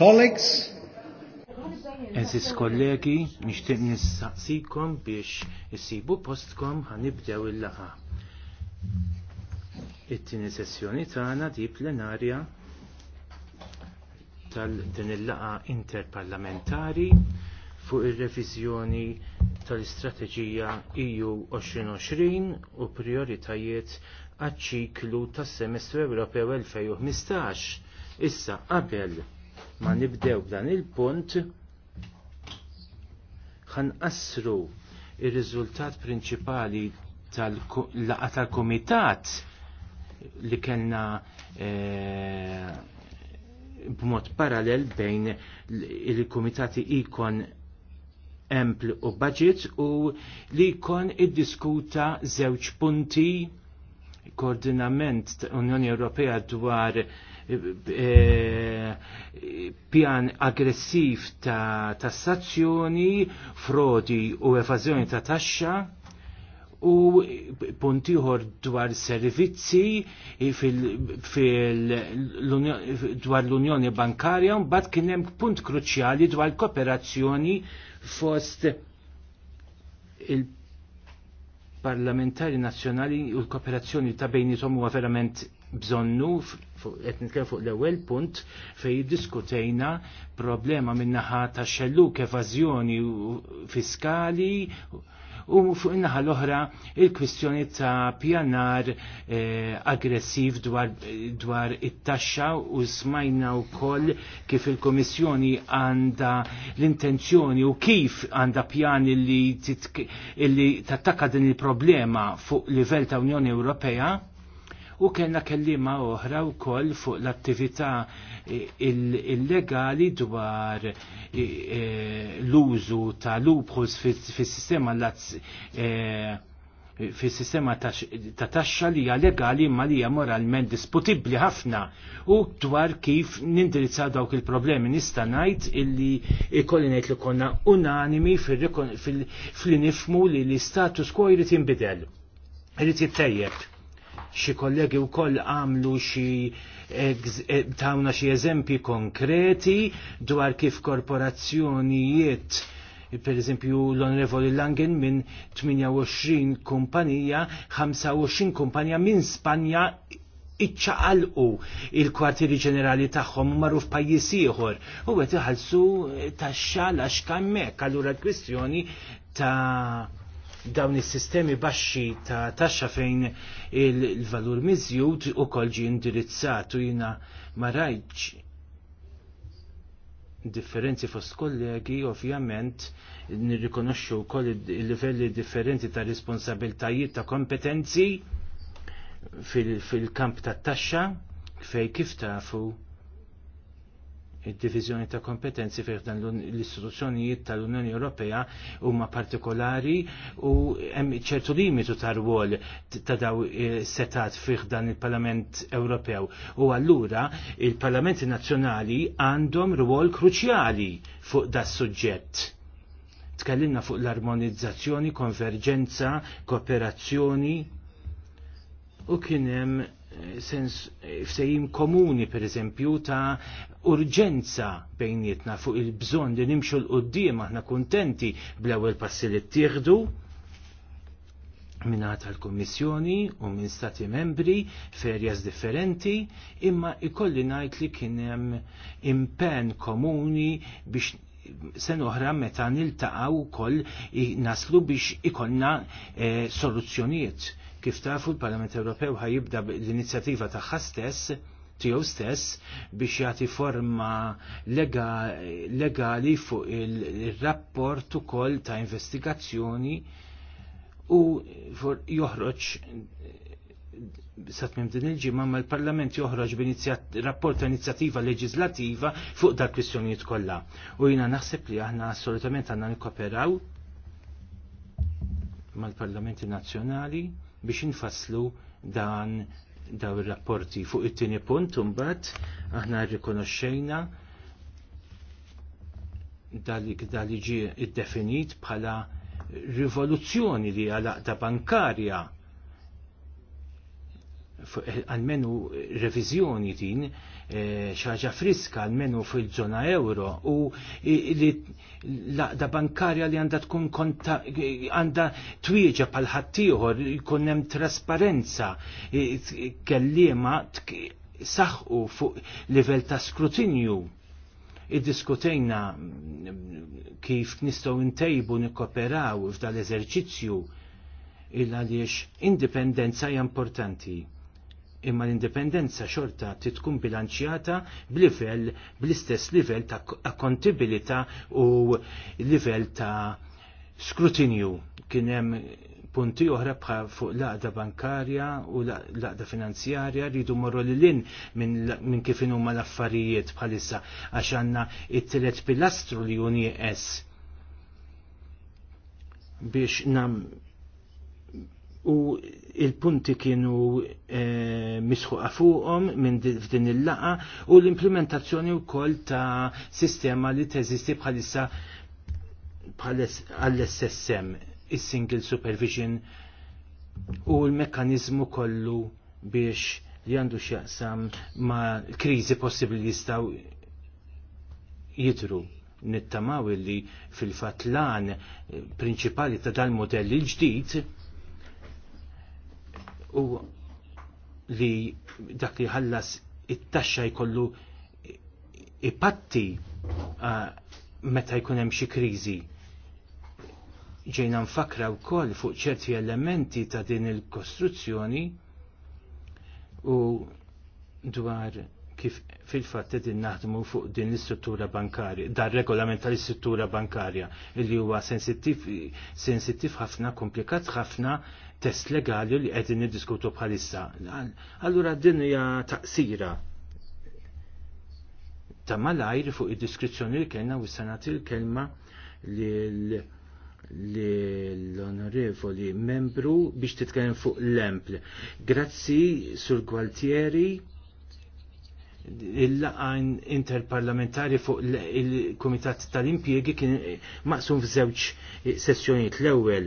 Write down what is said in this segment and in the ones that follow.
Colleagues, Eżis kollegi, nishtiq nistaqsikom biex isibu postkom ħanibdew il-laqa. It-tieni sessjoni tagħna di plenarja tal-din il-laqa interparlamentari fuq ir-reviżjoni tal-istrateġija EU 2020 u prioritajiet għaċ-ċiklu tas-semestru Ewropew 2015. Issa qabel ma nibdew dan il-punt ħanqasru ir-riżultat il prinċipali tal-laqa tal-komitat li kellna eh, b'mod parallel bejn il-komitati ikon empl u budget u li kon id-diskuta zewċ punti koordinament Unjoni Ewropea dwar pjan aggressiv ta' tassazzjoni, frodi u evażjoni ta' taxxa u puntiħor dwar servizzi dwar l-Unjoni Bankarja un bat kienem punt kruċjali dwar kooperazzjoni fost il-parlamentari nazjonali u l-kooperazzjoni ta' bejni huwa verament bżonnu qed fuq l-ewwel punt fejn diskutejna problema min-naħa ta' xelluk evażjoni fiskali u fuq in-naħa l-oħra il-kwistjoni ta' pjanar eh, aggressiv dwar it-taxxa u smajna wkoll kif il-Komissjoni għandha l-intenzjoni u kif għandha pjan li tattakka din il-problema fuq livell ta' Unjoni Ewropea u kellna kellima oħra wkoll fuq l-attività illegali dwar l-użu ta' loopholes fis-sistema fis sistema ta' taxxa li hija legali imma li hija moralment disputibbli ħafna u dwar kif nindirizzaw dawk il-problemi nista' ngħid illi ikolli ngħid li konna unanimi fil-nifmu li l-istatus quo jrid jinbidel. Irid jittejjeb xi kollegi wkoll għamlu xi e, tawna xi eżempji konkreti dwar kif korporazzjonijiet per eżempju l-Onrevoli Langen minn 28 kumpanija, 25 kumpanija minn Spanja iċċaqalqu il-kwartieri ġenerali tagħhom marru f'pajjiż ieħor. U qed iħallsu taxxa għax hemmhekk allura l-kwistjoni ta' dawn is-sistemi baxxi ta' taxxa fejn il-valur miżjud ukoll ġie indirizzat u jina ma rajtx differenzi fost kollegi ovvjament nirrikonoxxu wkoll il-livelli differenti ta' responsabiltajiet ta' kompetenzi fil-kamp fil tat taxxa fej kif tafu id-diviżjoni ta' kompetenzi fih dan l-istituzzjonijiet tal-Unjoni Ewropea huma partikolari u hemm ċertu limitu ta' rwol ta' daw eh, setat fih dan il-Parlament Ewropew. U allura il-Parlamenti Nazzjonali għandhom rwol kruċjali fuq das suġġett tkellimna fuq l-armonizzazzjoni, konverġenza, kooperazzjoni u kien hemm sens fsejjim komuni per eżempju ta' urġenza bejnietna fuq il-bżon li nimxu l-qoddim aħna kontenti bl-ewwel passi li ttieħdu minna tal-Komissjoni u minn stati membri ferjas differenti imma ikolli najt li kienem impen komuni biex sen oħra meta niltaqgħu wkoll naslu biex ikollna e, soluzzjonijiet. Kif tafu l-Parlament Ewropew ħajibda l-inizjattiva tagħha stess tiegħu stess biex jagħti forma legali fuq il-rapport ukoll ta' investigazzjoni u joħroġ satmim din il-ġimma ma l-Parlament joħroġ rapport ta' inizjattiva leġislativa fuq dal kwistjonijiet kollha. U jina naħseb li aħna assolutament għandna nikkoperaw mal-Parlamenti Nazzjonali biex infasslu dan daw ir-rapporti fuq it-tieni punt mbagħad aħna rrikonoxxejna dal-li ġie iddefinit bħala rivoluzzjoni li għalaqda bankarja Eh, għalmenu revizjoni din eh, xaġa friska għalmenu fil-ġona euro u l-aqda bankarja li għanda tkun għanda twieġa pal ħaddieħor jkun hemm trasparenza kellima saħu fuq livell ta' skrutinju id-diskutejna mm, kif nistgħu ntejbu nikkoperaw f'dal eżerċizzju il għaliex indipendenza hija importanti imma l-indipendenza xorta titkun bilanċjata b'livell bl-istess livell ta' accountability u livell ta' skrutinju kien hemm punti oħra bħal fuq laqda bankarja u laqda finanzjarja rridu morru li lin minn min kif huma l-affarijiet bħalissa għax għandna it-tielet pilastru li huni es biex nam u il-punti kienu eh, misħuqa fuqhom minn f'din il-laqa u l-implementazzjoni wkoll ta' sistema li teżisti bħalissa għall-SSM, is-Single Supervision u l mekanizmu kollu biex li għandu x'jaqsam ma' kriżi possibbli jistaw jistgħu jidru nittamaw li fil-fatlan eh, prinċipali ta' dal-modell il-ġdid u li dak li ħallas it-taxxa jkollu ipatti meta jkun hemm xi kriżi. Ġejna nfakra wkoll fuq ċerti elementi ta' din il-kostruzzjoni u dwar kif fil-fatt din naħdmu fuq din l-istruttura bankarja, dar regolament tal-istruttura bankarja, li huwa sensittiv ħafna, komplikat ħafna test legali li qegħdin niddiskutu bħalissa. Allura din hija taqsira ta' malajr fuq id-diskrizzjoni li kellna u sanat il-kelma li l-onorevoli membru biex titkellem fuq l-empl. Grazzi sur Gualtieri il-laqan interparlamentari fuq il-Komitat tal-Impjegi kien maqsum f'żewġ sessjonijiet l-ewwel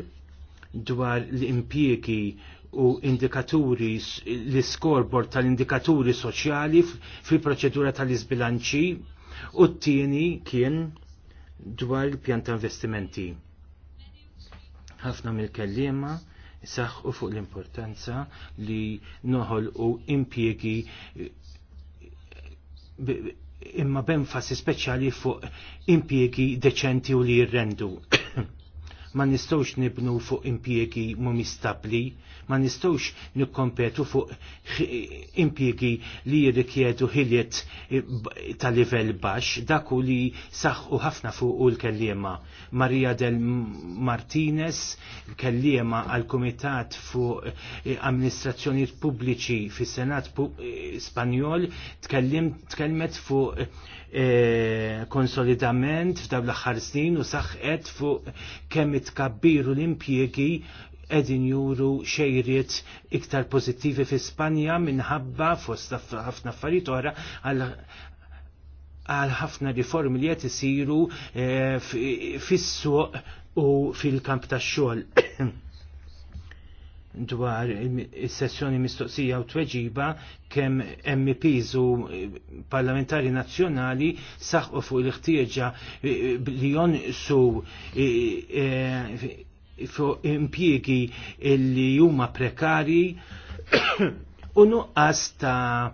dwar l-impjiegi u indikaturi l-scoreboard tal-indikaturi soċjali fil-proċedura tal-izbilanċi u t-tieni kien dwar il-pjan ta' investimenti. Ħafna mill-kellima saħħu fuq l-importanza li noħol u impjiegi eh, imma b'enfasi speċjali fuq impjiegi deċenti u li jirrendu ma nistgħux nibnu fuq impjiegi mhumiex stabbli, Ma nistgħux nikkompetu fuq impjiegi li jirrikjedu ħiliet eh, ta' livell baxx, dak u li saħħu ħafna fuq u l-kelliema. Maria del Martinez, kelliema għal kumitat fuq eh, Amministrazzjoni pubbliċi fis-Senat eh, Spanjol, tkellmet fuq konsolidament f'dawn l-aħħar snin u saħħet fuq kemm itkabbiru l-impjiegi edin juru xejriet iktar pozittivi fi Spanja minħabba fost ħafna affarijiet oħra għal ħafna riformi li qed isiru eh, fis-suq u fil-kamp tax-xogħol. dwar is-sessjoni mistoqsija u tweġiba kemm MPs u parlamentari nazzjonali saħqu fuq l-ħtieġa eh, li jonqsu eh, fuq impjiegi li huma prekari u nuqqas ta'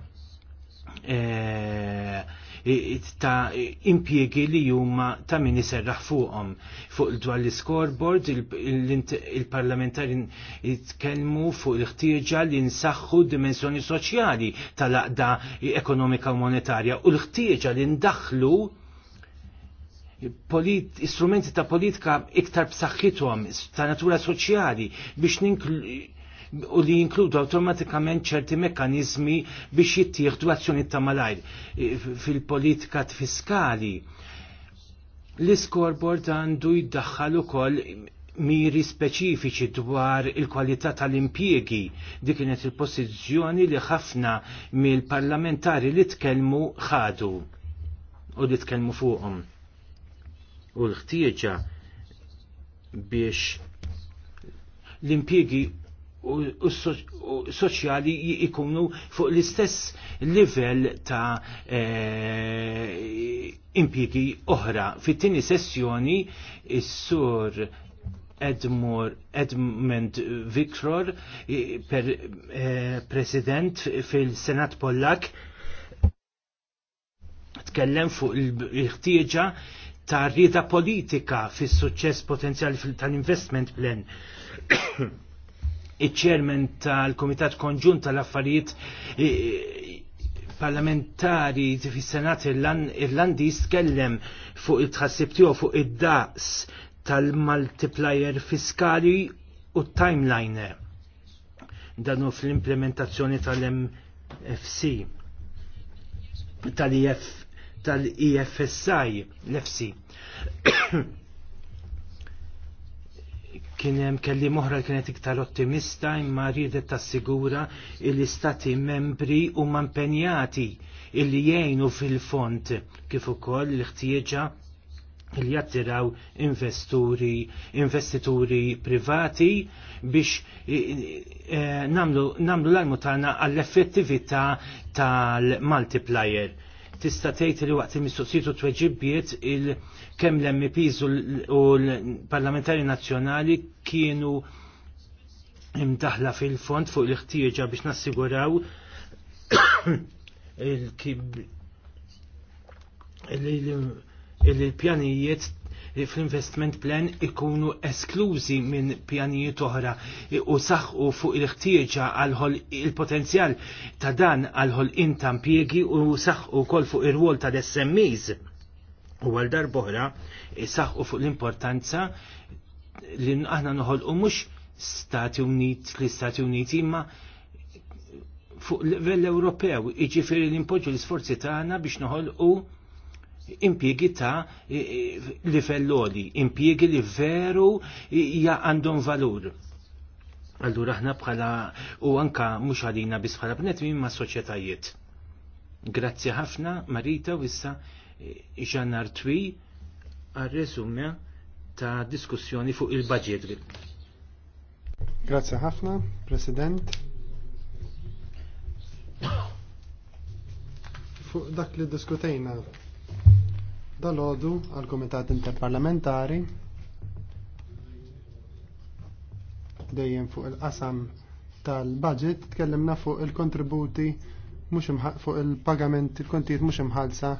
eh, ta' impjiegi li juma ta' min iserraħ fuqhom. Fuq dwar l-scoreboard il-parlamentari jitkellmu fuq l-ħtieġa li nsaħħu dimensjoni soċjali tal-aqda ekonomika u monetarja u l-ħtieġa li ndaħlu polit, istrumenti ta' politika iktar b'saħħithom ta' natura soċjali biex u li jinkludu automatikament ċerti mekkanizmi biex jittieħdu azzjoni ta' malajr fil-politika fiskali. L-iskorbord għandu jiddaħħal ukoll miri speċifiċi dwar il-kwalità tal-impjiegi. Dik kienet il-pożizzjoni li ħafna mill-parlamentari li tkellmu ħadu u li tkellmu fuqhom u l-ħtieġa biex l impiegi u soċjali ikunu fuq l-istess livell ta' eh, impiegi oħra. Fit-tieni sessjoni s sur Edmur, Edmund Victor, per, eh, president fil-Senat Pollak, tkellem fuq il-ħtieġa ta' rrieda politika fis suċċess potenzjali tal-investment plan. Iċ-ċermen tal-Komitat Konġunt tal-Affarijiet parlamentari fis-Senat Irlandis tkellem fuq il-tħassib tiegħu fuq id-daqs tal-multiplier fiskali u timeline danu fl-implementazzjoni tal-MFC tal-IF tal-EFSI nefsi. kien hemm kelli moħra kienet iktar ottimista imma rridet tassigura il-istati membri huma impenjati illi jgħinu fil-font kif ukoll l-ħtieġa li jattiraw investuri, investituri privati biex e, namlu, namlu l armu tagħna għall-effettività tal-multiplier tista' tgħid li waqt il-mistoqsijiet u tweġibiet il kemm l-MPs u l-parlamentari nazzjonali kienu imdaħla fil-fond fuq l-ħtieġa biex nassiguraw il-pjanijiet fl-investment plan ikunu esklużi minn pjanijiet oħra u saħħu fuq il-ħtieġa għal il-potenzjal ta' dan għal intam piegi u saħħu kol fuq ir-wol tal-SMEs. U għal darbohra saħħu fuq l-importanza li aħna nħol u mux Stati Uniti, l-Stati Uniti, imma fuq livell Ewropew, iġifiri l-impoġu l-sforzi tagħna biex noħolqu impjiegi ta' livelloli, impjiegi li veru ja għandhom valur. Allura aħna bħala u anka mhux għalina biss bħala b'net minn ma' soċjetajiet. Grazzi ħafna Marita u issa ġannar twi għal-resume ta' diskussjoni fuq il-budget. Grazzi ħafna, President. Fuq dak li diskutejna Dalodu għal Komitat Interparlamentari dejjem fuq il-qasam tal-budget tkellimna fuq il-kontributi fuq il-pagament il-kontijiet mhux imħalsa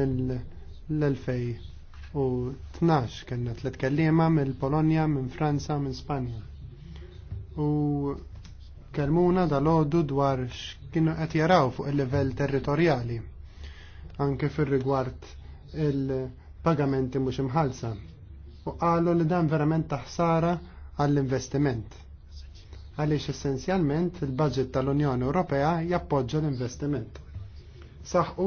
mill-2012 kellna tlet kellima mill-Polonja, minn Franza, minn Spanja. U kelmuna dal-għodu dwar x'kienu qed jaraw fuq il-livell territorjali anke fir-rigward il-pagamenti mhux imħalsa u qalu li dan verament taħsara għall-investiment. Għaliex essenzjalment il-budget tal-Unjoni Ewropea jappoġġa l-investiment. Saħqu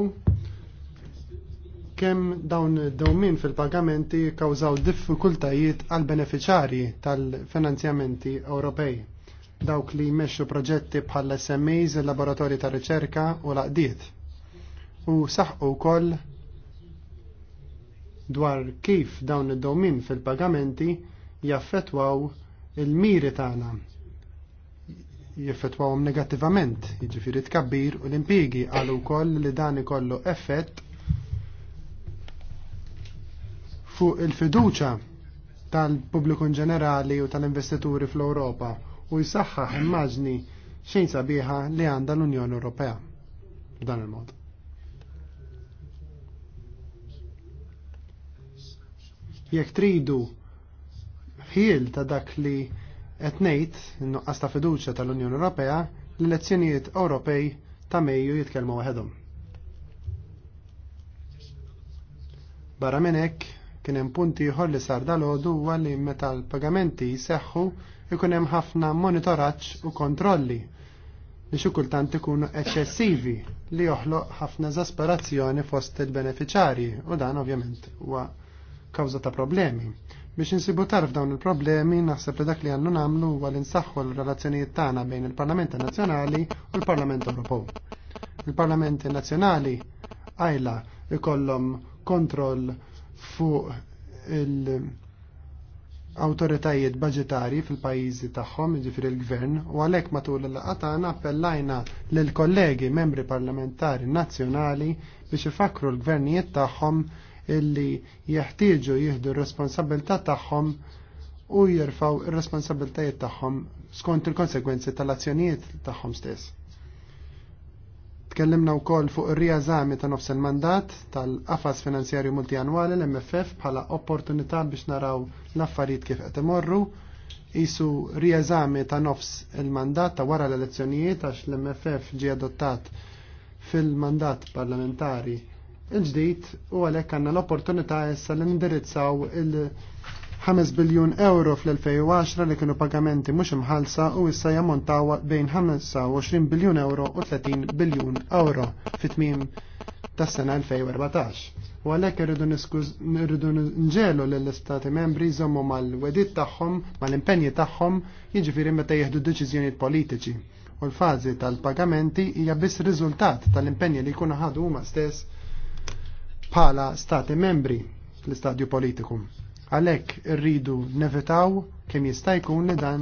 kemm dawn dawmin fil-pagamenti kawżaw diffikultajiet għal beneficjarji tal-finanzjamenti Ewropej dawk li jmexxu proġetti bħal SMEs, il-laboratorji ta' riċerka u l-aqdiet. U saħqu wkoll dwar kif dawn id-domin fil-pagamenti jaffetwaw il-miri tagħna. Jaffetwawhom negattivament, jiġifieri tkabbir u l-impigi għal ukoll li dan ikollu effett fuq il-fiduċa tal-pubbliku ġenerali u tal-investituri fl-Ewropa u jsaħħaħ immaġni xejn sabiħa li għandha l-Unjoni Ewropea b'dan il-mod. jekk tridu ħil ta' dak li qed ngħid nuqqas ta' fiduċja tal-Unjoni Ewropea l-elezzjonijiet Ewropej ta' Mejju jitkellmu waħedhom. Barra minn hekk kien hemm punti ieħor li sar dalodu huwa li meta l-pagamenti jseħħu ikun hemm ħafna monitoraġġ u kontrolli li xi kultant ikunu eċċessivi li joħloq ħafna eżasperazzjoni fost il-beneficjarji u dan ovvjament huwa kawża ta' problemi. Biex insibu tarf dawn il-problemi, naħseb li dak li għannu namlu huwa li nsaħħu l-relazzjonijiet tagħna bejn il-Parlament Nazzjonali u l-Parlament Ewropew. il parlament Nazzjonali għajla ikollhom kontroll fuq il- autoritajiet budgetari fil-pajizi tagħhom, ġifir il-gvern, u għalhekk matul il-laqatana appellajna lil kollegi membri parlamentari nazzjonali biex ifakru l-gvernijiet tagħhom illi jeħtieġu jieħdu r-responsabilità tagħhom u jirfaw ir-responsabiltajiet tagħhom skont il-konsekwenzi tal-azzjonijiet tagħhom stess. Tkellimna wkoll fuq ir-riażami ta' nofs il-mandat tal-qafas finanzjarju multianwali l-MFF bħala opportunità biex naraw l-affarijiet kif qed imorru isu riażami ta' nofs il-mandat ta' wara l-elezzjonijiet għax l-MFF ġie adottat fil-mandat parlamentari il-ġdid u għalhekk għandna l-opportunità jessa li nindirizzaw il-5 biljun euro fl-2010 li kienu pagamenti mhux imħalsa u issa jammontaw bejn 25 biljun euro u 30 biljun euro fit-tmiem tas-sena 2014. U għalhekk irridu nġelu lill-Istati membri jżommu mal wedit tagħhom, mal-impenji tagħhom, jiġifieri meta jieħdu deċiżjonijiet politiċi. U l-fażi tal-pagamenti hija biss riżultat tal-impenji li jkunu ħadu huma stess bħala stati membri fl-istadju politiku. Għalhekk irridu nevitaw kem jista' jkun li dan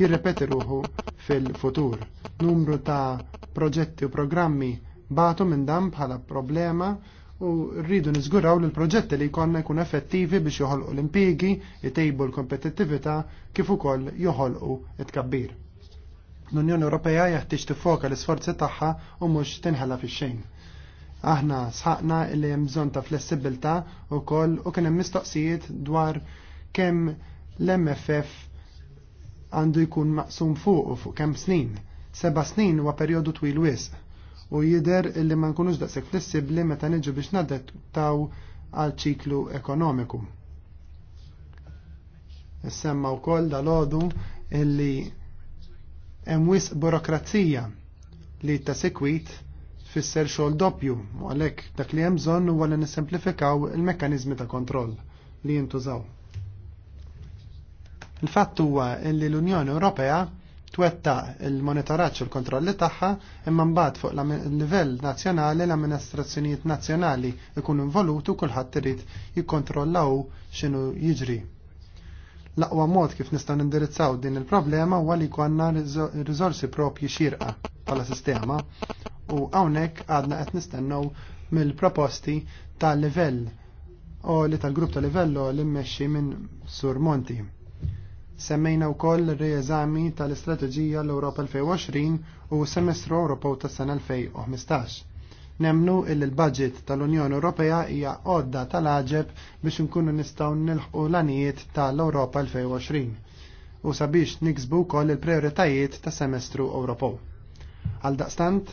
jirrepeti ruħu fil-futur. Numru ta' proġetti u programmi batu minn dan bħala problema u rridu niżguraw li l-proġetti li jkollna jkun effettivi biex joħolqu l-impjegi, jtejbu l-kompetittività kif ukoll joħolqu it-kabbir. L-Unjoni Ewropea jeħtieġ tiffoka l-isforzi tagħha u mhux tinħela fix-xejn. Aħna sħaqna li hemm bżonn ta' flessibilità wkoll u kien hemm mistoqsijiet dwar kemm l-MFF għandu jkun maqsum fuq u fuq kemm snin. Seba' snin huwa perjodu twil wisq u jider illi ma nkunux daqseg flessibli meta niġu biex taw għal ċiklu ekonomiku. Semma u koll dal-ħodu il-li emwis burokrazija li ta' sekwit tfisser xogħol doppju, u għalhekk dak li hemm bżonn huwa li nissemplifikaw il-mekkaniżmi ta' kontroll li jintużaw. Il-fatt huwa li l-Unjoni Ewropea twetta il monitoraġġ u l-kontrolli tagħha imma mbagħad fuq il-livell nazzjonali l-amministrazzjonijiet nazzjonali ikunu involuti u kulħadd irid jikkontrollaw x'inhu jiġri. L-aqwa mod kif nistgħu nindirizzaw din il-problema huwa li jkollna risorsi propji xirqa bħala sistema u hawnhekk għadna qed nistennu mill-proposti tal-livell u li tal-grupp tal-livell li mmexxi minn Sur Monti. Semmejna wkoll rieżami tal-Istrateġija l-Ewropa 2020 u semestru Ewropew tas-sena 2015. Nemnu il l-budget tal-Unjoni Ewropea hija għodda tal-aġeb biex nkunu nistgħu nilħqu l-anijiet tal-Ewropa 2020 u sabiex niksbu koll il-prioritajiet ta' semestru Ewropew. Għal daqstant,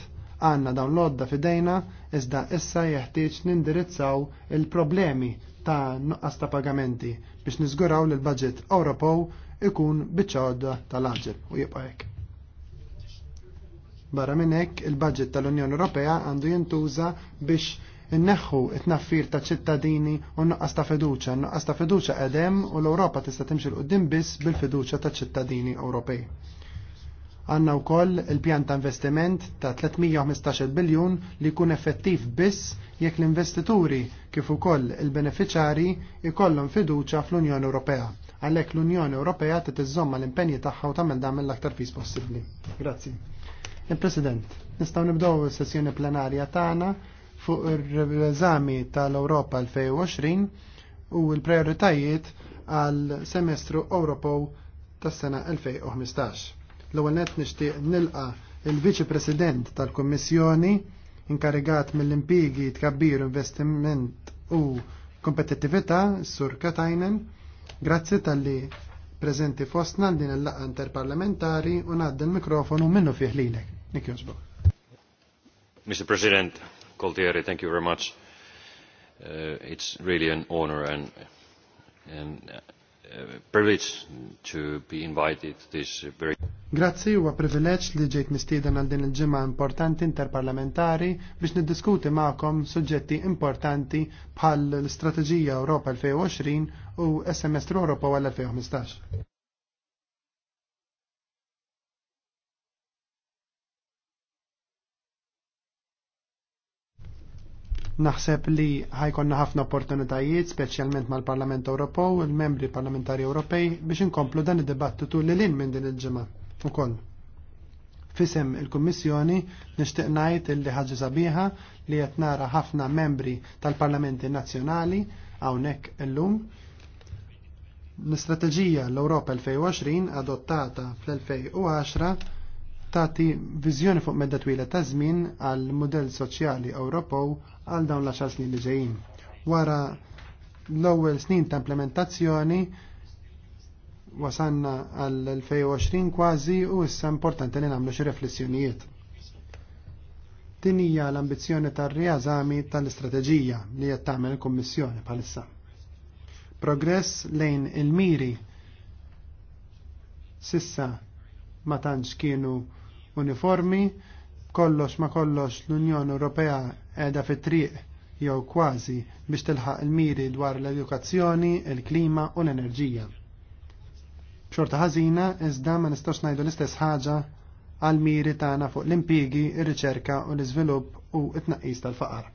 għanna dawn lodda fidejna, iżda issa jeħtieġ nindirizzaw il-problemi ta' nuqqas ta' pagamenti biex niżguraw li l-budget Ewropew ikun biċċodda tal-aġel u jibqa' hekk. Barra minn hekk il-budget tal-Unjoni Ewropea għandu jintuża biex inneħħu it-naffir ta' ċittadini u nuqqas ta' fiduċa. Nuqqas ta' fiduċa edem u l-Ewropa tista' timxi l biss bil-fiduċa ta' ċittadini Ewropej. Għanna wkoll il-pjan ta' investiment ta' 315 biljun li jkun effettiv biss jekk l-investituri kif ukoll il-beneficjari ikollhom fiduċa fl-Unjoni Ewropea. Għalhekk l-Unjoni Ewropea titiżomma l-impenji tagħha u tagħmel dan mill-aktar fis possibbli. Grazzi. Il-President, eh, nistgħu nibdew is-sessjoni plenarja tagħna fuq ir-reżami tal-Ewropa 2020 u l-prioritajiet għal semestru Ewropew tas-sena 2015. L-ewwel qed nixtieq nilqa' il-Viċi President tal-Kummissjoni inkarigat mill-impigi tkabbir investiment u kompetittività, Sur Katajnen. Grazzi tal-li prezenti fostna din il-laqqa interparlamentari u ngħaddi l-mikrofonu minnu fih lilek. Nik Mr. President, Coltieri, thank you very much. Uh, it's really an honor and, and privilege to be invited this very Grazzi huwa privileġġ li ġejt mistieden għal din il-ġimgħa importanti interparlamentari biex niddiskuti magħkom suġġetti importanti bħal l-Istrateġija Ewropa 2020 u SMS Europa għal 2015. Naħseb li ħajkonna ħafna opportunitajiet, speċjalment mal-Parlament Ewropew u l-membri parlamentari Ewropej biex inkomplu dan id-dibattitu li lin minn din il-ġimgħa ukoll. Fisem il-Kummissjoni nixtieq ngħid li ħaġa sabiħa li qed nara ħafna membri tal-Parlamenti Nazzjonali hawnhekk illum. L-istrateġija l-Ewropa 2020 adottata fl-2010 tagħti viżjoni fuq medda twila ta' żmien għal mudell soċjali Ewropew għal dawn l-10 snin li ġejjin. Wara l-ewwel snin ta' implementazzjoni wasanna għal 2020 kważi u issa importanti li nagħmlu xi riflessjonijiet. Din hija l-ambizzjoni tar-riażami tal-istrateġija li qed tagħmel il-Kummissjoni bħalissa. Progress lejn il-miri sissa ma tantx kienu uniformi, kollox ma kollox l-Unjoni Ewropea qiegħda fit-triq jew kważi biex tilħaq il-miri dwar l-edukazzjoni, il-klima u l-enerġija. Xorta ħażina iżda ma nistax ngħidu l-istess ħaġa għal miri tagħna fuq l-impigi, ir-riċerka u l-iżvilupp u t-tnaqqis tal-faqar.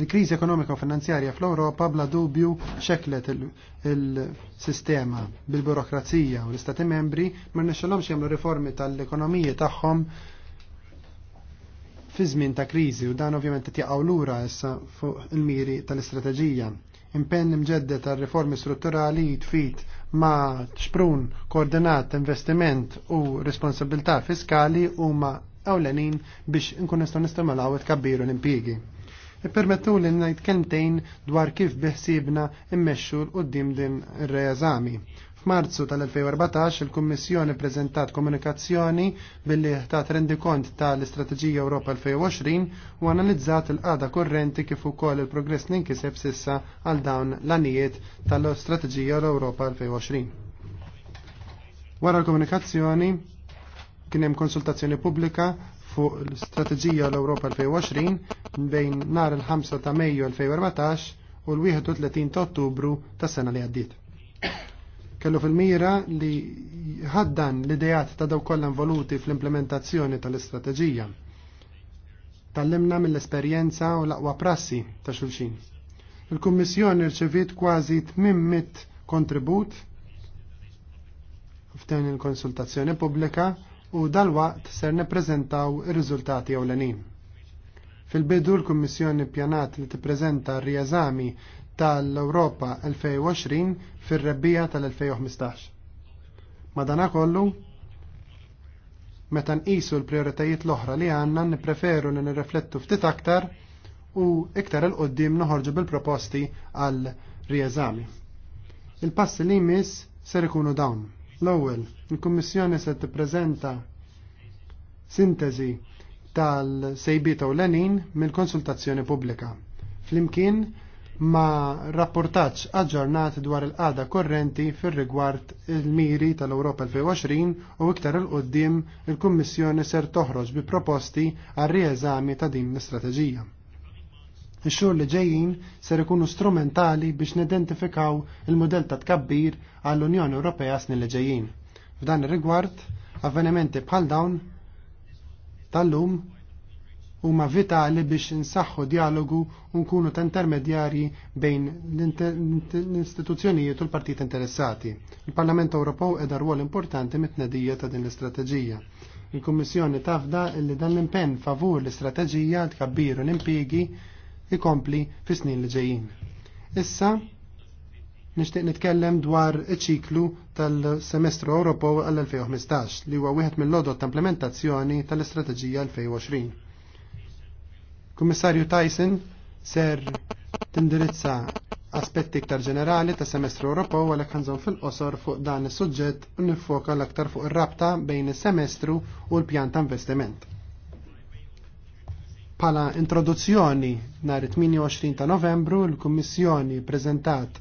Il-kriżi ekonomika u finanzjarja fl-Ewropa bla dubju xeklet il-sistema bil-burokrazija u l-Istati membri ma nexxelhomx jagħmlu reformi tal-ekonomiji tagħhom fi żmien ta' kriżi u dan ovvjament qed jaqgħu lura issa fuq il-miri tal-istrateġija. Impenn imġeddet tal riformi strutturali jitfit ma' xprun koordinat investiment u responsabilità fiskali huma ewlenin biex nkun nistgħu nistimulaw it-kabbiru l-impjiegi. Ippermettu li ngħid kentejn dwar kif biħsibna immexxu l qoddim din ir-reżami. F'Marzu tal-2014 il-Kummissjoni preżentat komunikazzjoni billi ħtat rendikont tal-Istrateġija Ewropa 2020 u analizzat il-qada korrenti kif ukoll il-progress ninkiseb sissa għal dawn l-anijiet tal-Istrateġija Ewropa 2020. Wara l-komunikazzjoni kien hemm konsultazzjoni pubblika fuq l-Strateġija l-Europa 2020 bejn nar il-5 ta' Mejju 2014 u l-31 ta' Ottubru ta' sena li għaddiet. Kellu fil-mira li ħaddan l-idejat ta' daw kollha involuti fl-implementazzjoni tal-istrateġija. Tallimna mill-esperjenza u l-aqwa prassi ta' xulxin. Il-Kummissjoni rċevit kważi 800 kontribut f'dan il-konsultazzjoni pubblika u dal-waqt ser neprezentaw ir-riżultati ewlenin. Fil-bidu l-Kummissjoni pjanat li tippreżenta r-rieżami tal-Europa 2020 fir-rebbija tal-2015. Madana kollu, meta nqisu l-prioritajiet l-oħra li għanna nippreferu li nirreflettu ftit aktar u iktar il-qoddim noħorġu bil-proposti għal rieżami. Il-passi li jmiss ser ikunu dawn. L-ewwel, il-Kummissjoni se tippreżenta sintesi tal-sejbiet ewlenin mill-konsultazzjoni pubblika. Flimkien ma rapportaċ aġġornat dwar il-qada korrenti fir rigward il-miri tal-Europa 2020 u iktar il-qoddim il-Kummissjoni ser toħroġ bi proposti għal rieżami ta' din l-istrateġija. Ix-xogħol li ġejjin ser ikunu strumentali biex nidentifikaw il-modell ta' tkabbir għall-Unjoni Ewropea snin li ġejjin. F'dan ir-rigward, avvenimenti bħal dawn tal-lum huma vitali biex insaħħu dialogu u nkunu ta' intermedjarji bejn l-istituzzjonijiet u l-partit interessati. Il-Parlament Ewropew edha rwol importanti mit-tnedija ta' din l-istrateġija. Il-Kummissjoni tafda li dan l-impenn favur l-istrateġija tkabbiru l-impjegi ikompli fis-snin li ġejjin. Issa nixtieq nitkellem dwar iċiklu tal-semestru Ewropew għall-2015 li huwa wieħed mill-lodot ta' implementazzjoni tal-Istrateġija 2020. Kummissarju Tyson ser tindirizza aspetti iktar ġenerali ta' semestru Ewropew għalhekk ħanżon fil-qosor fuq dan is-suġġett u nifoka l-aktar fuq ir-rabta bejn is-semestru u l-pjan ta' investiment. Pala introduzzjoni nhar 28 ta' Novembru l-Kummissjoni preżentat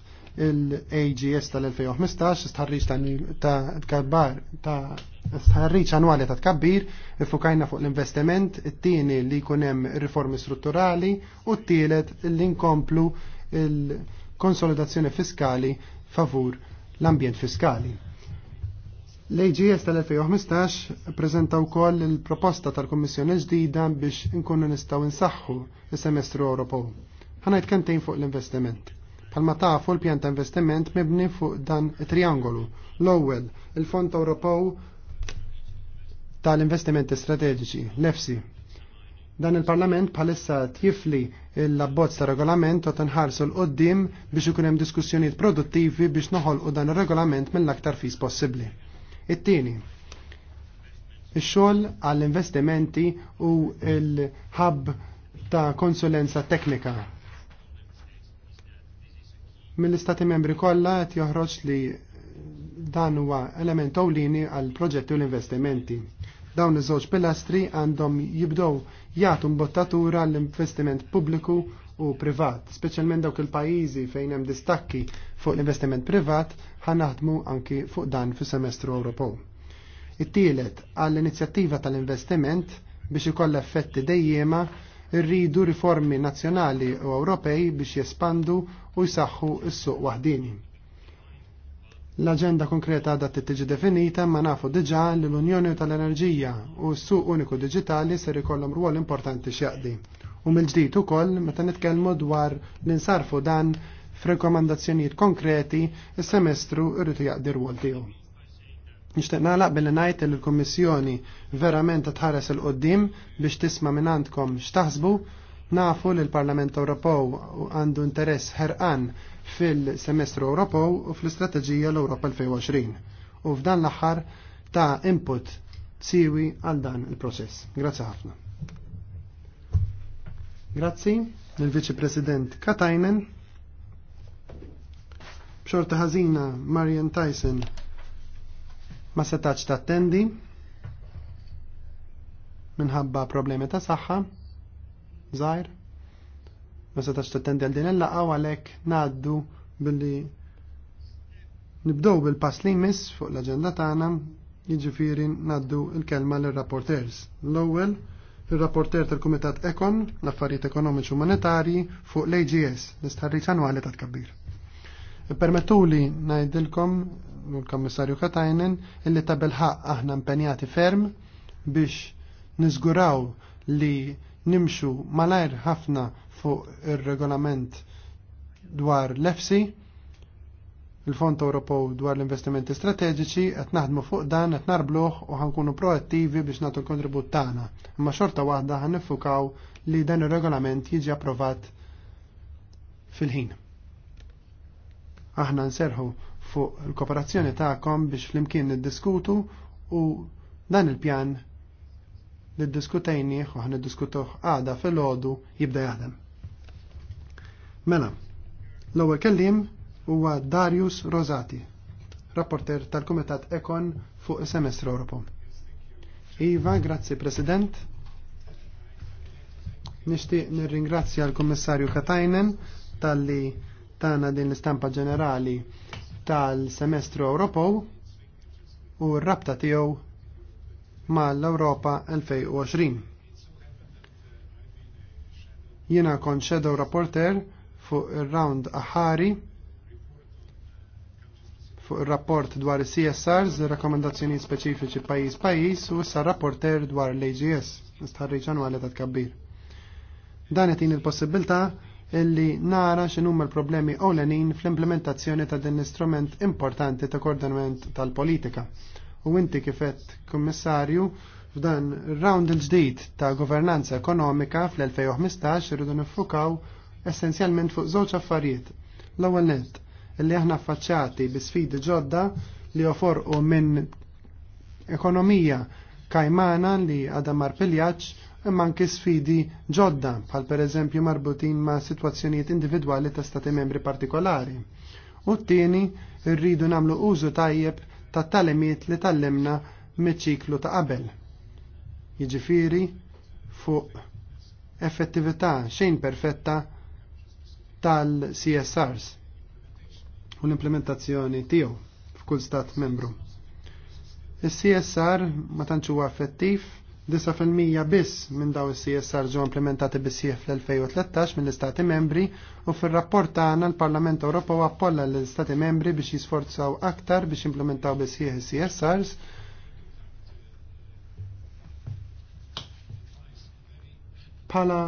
il-AGS tal-2015, stħarriċ ta' tkabbar, ta' stħarriċ annwali ta' tkabbir, fukajna fuq l-investiment, it-tieni li kunem riformi strutturali u t-tielet li nkomplu il-konsolidazzjoni fiskali favur l-ambjent fiskali. L-AGS tal-2015 prezenta wkoll il-proposta tal-Kommissjoni ġdida biex nkunu nistgħu nsaħħu is-semestru Ewropew. Ħanajt kentejn fuq l-investiment Palma tafu l-pjan ta' investiment mibni fuq dan triangolu. L-ewwel, il-Fond Ewropew tal-investimenti strateġiċi, l-EFSI. Dan il-Parlament bħalissa tjifli l-abbozz ta' regolament u tanħarsu l-qoddim biex ikun hemm diskussjonijiet produttivi biex noħolqu dan ir-regolament mill-aktar fis possibbli. It-tieni, ix-xogħol għall-investimenti u l-ħabb ta' konsulenza teknika Mill-istati membri kollha qed joħroġ li dan huwa element ewlieni għal proġetti u l-investimenti. Dawn iż-żewġ pilastri għandhom jibdew jagħtu mbottatura għall investiment pubbliku u privat, speċjalment dawk il-pajjiżi fejn hemm distakki fuq l-investiment privat naħdmu anki fuq dan fis-semestru Ewropew. It-tielet għall-inizjattiva tal-investiment biex ikollha effetti dejjema rridu riformi nazzjonali u Ewropej biex jespandu u jsaħħu s-suq waħdini. L-agenda konkreta għadha tiġi definita ma nafu diġà li l-Unjoni tal-Enerġija u s-suq uniku diġitali ser ikollhom rwol importanti x'jaqdi. U mill-ġdid ukoll meta nitkellmu dwar l-insarfu dan f'rekomandazzjonijiet konkreti is-semestru irrid jaqdi rwol tiegħu. Nixtieq nagħlaq billi ngħid li l-Kummissjoni verament tħares il qoddim biex tisma' minn għandkom x'taħsbu. Nafu li l-Parlament Ewropew għandu interess ħerqan fil-semestru Ewropew u fl-istrateġija l-Ewropa 2020. U f'dan l-aħħar ta' input siwi għal dan il-proċess. Grazzi ħafna. Grazzi l viċi President Katajnen. B'xorta ħażina Marian Tyson ma setax tattendi minħabba problemi ta' saħħa żgħir ma setax tattendi għal din il-laqgħa għalhekk ngħaddu billi nibdew bil-pass li jmiss fuq l-aġenda tagħna jiġifieri ngħaddu l-kelma l rapporters L-ewwel il-rapporter tal-Kumitat Ekon l-Affarijiet Ekonomiċi Monetarji fuq l-AGS, l-istħarriċ annwali ta' tkabbir. Permettuli ngħidilkom l-Kommissarju Katajnen illi ta' bilħaq aħna impenjati ferm biex niżguraw li nimxu malajr ħafna fuq ir-regolament dwar l-EFSI, il-Fond Ewropew dwar l-investimenti strateġiċi, qed naħdmu fuq dan qed narbluh u ħankunu proattivi biex nagħtu l-kontribut tagħna. Imma xorta waħda ħannifukaw li dan ir-regolament jiġi approvat fil-ħin. Aħna nserħu fuq il-kooperazzjoni tagħkom biex flimkien niddiskutu u dan il-pjan li u ħan diskutuh għada fil-ħodu jibda jaħdem. Mela, l-ewwel kellim huwa Darius Rosati, rapporter tal-Kumitat Ekon fuq semestru Europol. Iva, grazzi President. Nishtiq nirringrazzja l-Kommissarju Katajnen tal-li tana din l-istampa ġenerali tal-semestru Ewropew u r-rabta tiegħu mal-Ewropa 2020. Jiena kont shadow rapporter fuq ir-round aħari fuq ir-rapport dwar is-CSRs, rakkomandazzjoni speċifiċi pajjiż pajjiż u issa rapporter dwar l-AGS, istħarriġ annwali ta' tkabbir. Dan qed il-possibilità illi nara x'inhuma l-problemi ewlenin fl-implementazzjoni ta' din l-istrument importanti ta' koordinament tal-politika. U inti kifet kummissarju f'dan round il-ġdid ta' governanza ekonomika fl-2015 irridu nifukaw essenzjalment fuq żewġ affarijiet. L-ewwel nett illi aħna affaċċjati bi sfidi ġodda li joforqu minn ekonomija kajmana li għadha marpiljaċ imma anke sfidi ġodda, bħal pereżempju marbutin ma' sitwazzjonijiet individwali ta' stati membri partikolari. U t-tieni rridu nagħmlu użu tajjeb ta' talimiet li tallimna miċ-ċiklu ta' qabel. Jiġifieri fuq effettività xejn perfetta tal-CSRs u l-implementazzjoni tiegħu f'kull stat membru. Is-CSR ma tantx huwa effettiv 9% biss minn daw is-CSR ġew implementati bis-sieħ fl-2013 mill-Istati membri u fir-rapport tagħna l-Parlament Ewropew appolla l-Istati membri biex jisforzaw aktar biex implementaw bisieħ is-CSRs bħala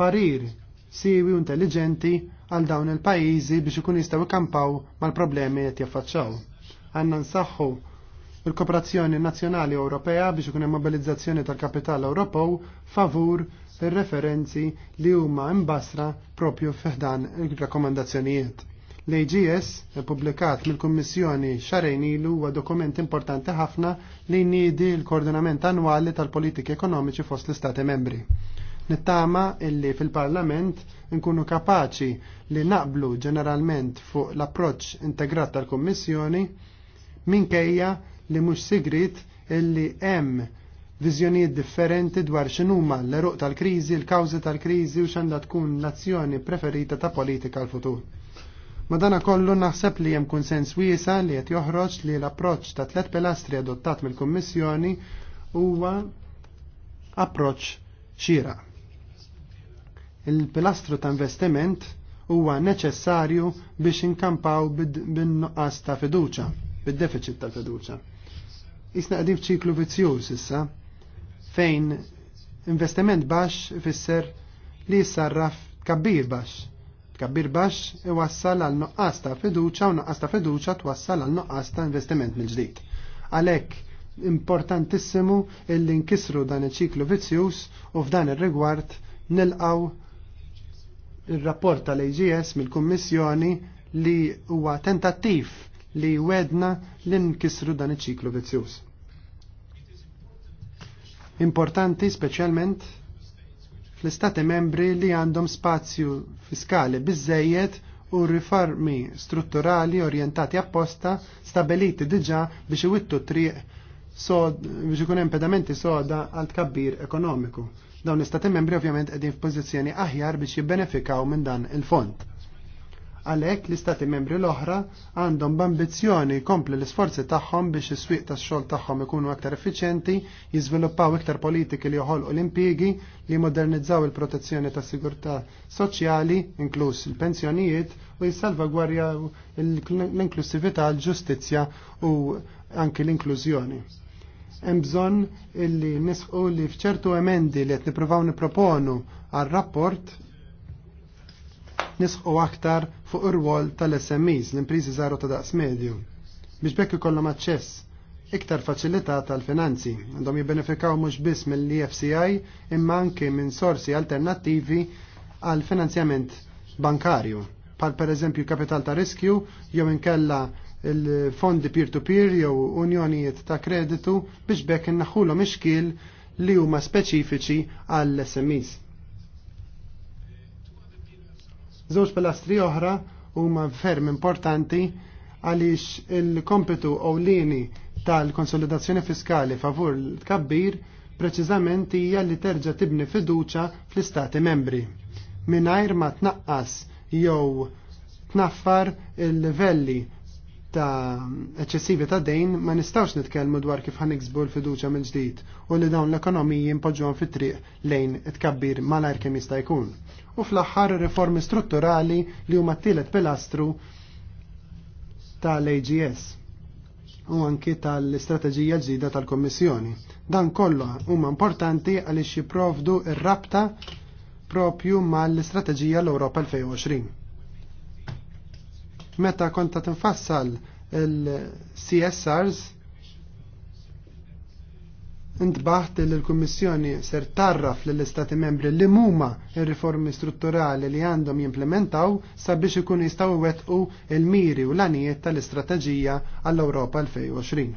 parir siwi u intelligenti għal dawn il-pajjiżi biex ikun jistgħu ikkampaw mal-problemi qed jaffaċċaw. Għandna nsaħħu il-Kooperazzjoni Nazzjonali Ewropea biex ikun hemm mobilizzazzjoni tal-kapital Ewropew favur ir-referenzi li huma mbasra propju fiħdan il-rakkomandazzjonijiet. L-AGS, e publikat mill-Kummissjoni xarejn ilu huwa dokument importanti ħafna li jniedi l-koordinament annwali tal-politiki ekonomiċi fost l-Istati membri. Nittama illi fil-Parlament nkunu kapaċi li naqblu ġeneralment fuq l-approċċ integrat tal-Kummissjoni minkejja li mhux sigrit illi hemm viżjonijiet differenti dwar x'inhuma l-eruq tal-kriżi, l-kawżi tal-kriżi u x'għandha tkun l-azzjoni preferita ta' politika l-futur. Madana kollu naħseb li hemm konsens wiesa li qed joħroġ li l-approċċ ta' tliet pilastri adottat mill-Kummissjoni huwa approċċ xira. Il-pilastru ta' investiment huwa neċessarju biex inkampaw bin-nuqqas ta' fiduċa, bid-deficit tal-fiduċa Isna qegħdin ċiklu vizzjuż issa fejn investiment baxx ifisser li jissarraf kabbir baxx. kabbir baxx iwassal għal noqqas ta' fiduċa u nuqqas ta' fiduċa twassal għal noqqas ta' investiment mill-ġdid. Għalhekk importantissimu illi nkisru dan il-ċiklu vizzjuż u f'dan ir-rigward nilqaw il-rapport tal-AGS mill-Kummissjoni li huwa tentattiv li wedna li nkisru dan il ċiklu vizzjuż importanti speċjalment fl-istati membri li għandhom spazju fiskali biżejjed u riformi strutturali orjentati apposta stabiliti diġa biex iwittu triq sod, biex ikun impedamenti soda għal tkabbir ekonomiku. Dawn l-istati membri ovvjament qegħdin f'pożizzjoni aħjar biex jibbenefikaw minn dan il-fond. Għalhekk l-istati membri l-oħra għandhom b'ambizzjoni jkomplu l-isforzi tagħhom biex is-swieq tax-xogħol tagħhom ikunu aktar effiċjenti, jiżviluppaw iktar politiki li joħolqu l-impjiegi, li modernizzaw il-protezzjoni tas-sigurtà soċjali, inkluż il-pensjonijiet, u jissalvagwarja l-inklusività l-ġustizzja u anki l-inklużjoni hemm bżonn illi nisqu li f'ċertu emendi li qed nippruvaw nipproponu għar-rapport nisħu aktar fuq ir-rwol tal-SMEs, l-imprizi zaru ta' daqs medju, biex bekk ikollhom aċċess iktar faċilità tal-finanzi għandhom jibbenefikaw mhux biss mill-EFCI imma anke minn sorsi alternattivi għal finanzjament bankarju, pal per eżempju kapital ta' riskju jew inkella il-fondi peer-to-peer jew unjonijiet ta' kreditu biex bekk innaħħulhom ixkil li huma speċifiċi għall-SMEs. Żewġ pilastri oħra huma ferm importanti għaliex il-kompitu ewlieni tal-konsolidazzjoni fiskali favur l-tkabbir preċiżament hija li terġa' tibni fiduċa fl-istati membri. Mingħajr ma tnaqqas jew tnaffar il-livelli ta' eċċessivi ta' dejn ma nistawx nitkellmu dwar kif ħaniksbu l-fiduċa mill-ġdid u li dawn l-ekonomiji jimpoġġuhom fit-triq lejn it-kabbir malajr kemm jista' jkun. U fl-aħħar riformi strutturali li huma t-tielet pilastru tal-AGS u anki tal-istrateġija ġdida tal-Kommissjoni. Dan kollha huma importanti għaliex jipprovdu r-rabta propju mal-istrateġija l-Ewropa 2020. Meta konta tinfassal il-CSRs, intbaħt li l-Kummissjoni ser tarraf lill istati membri li huma il riformi strutturali li għandhom jimplementaw sabiex ikun jistgħu wettqu il-miri u l-anijiet tal-istrateġija għall-Ewropa 2020.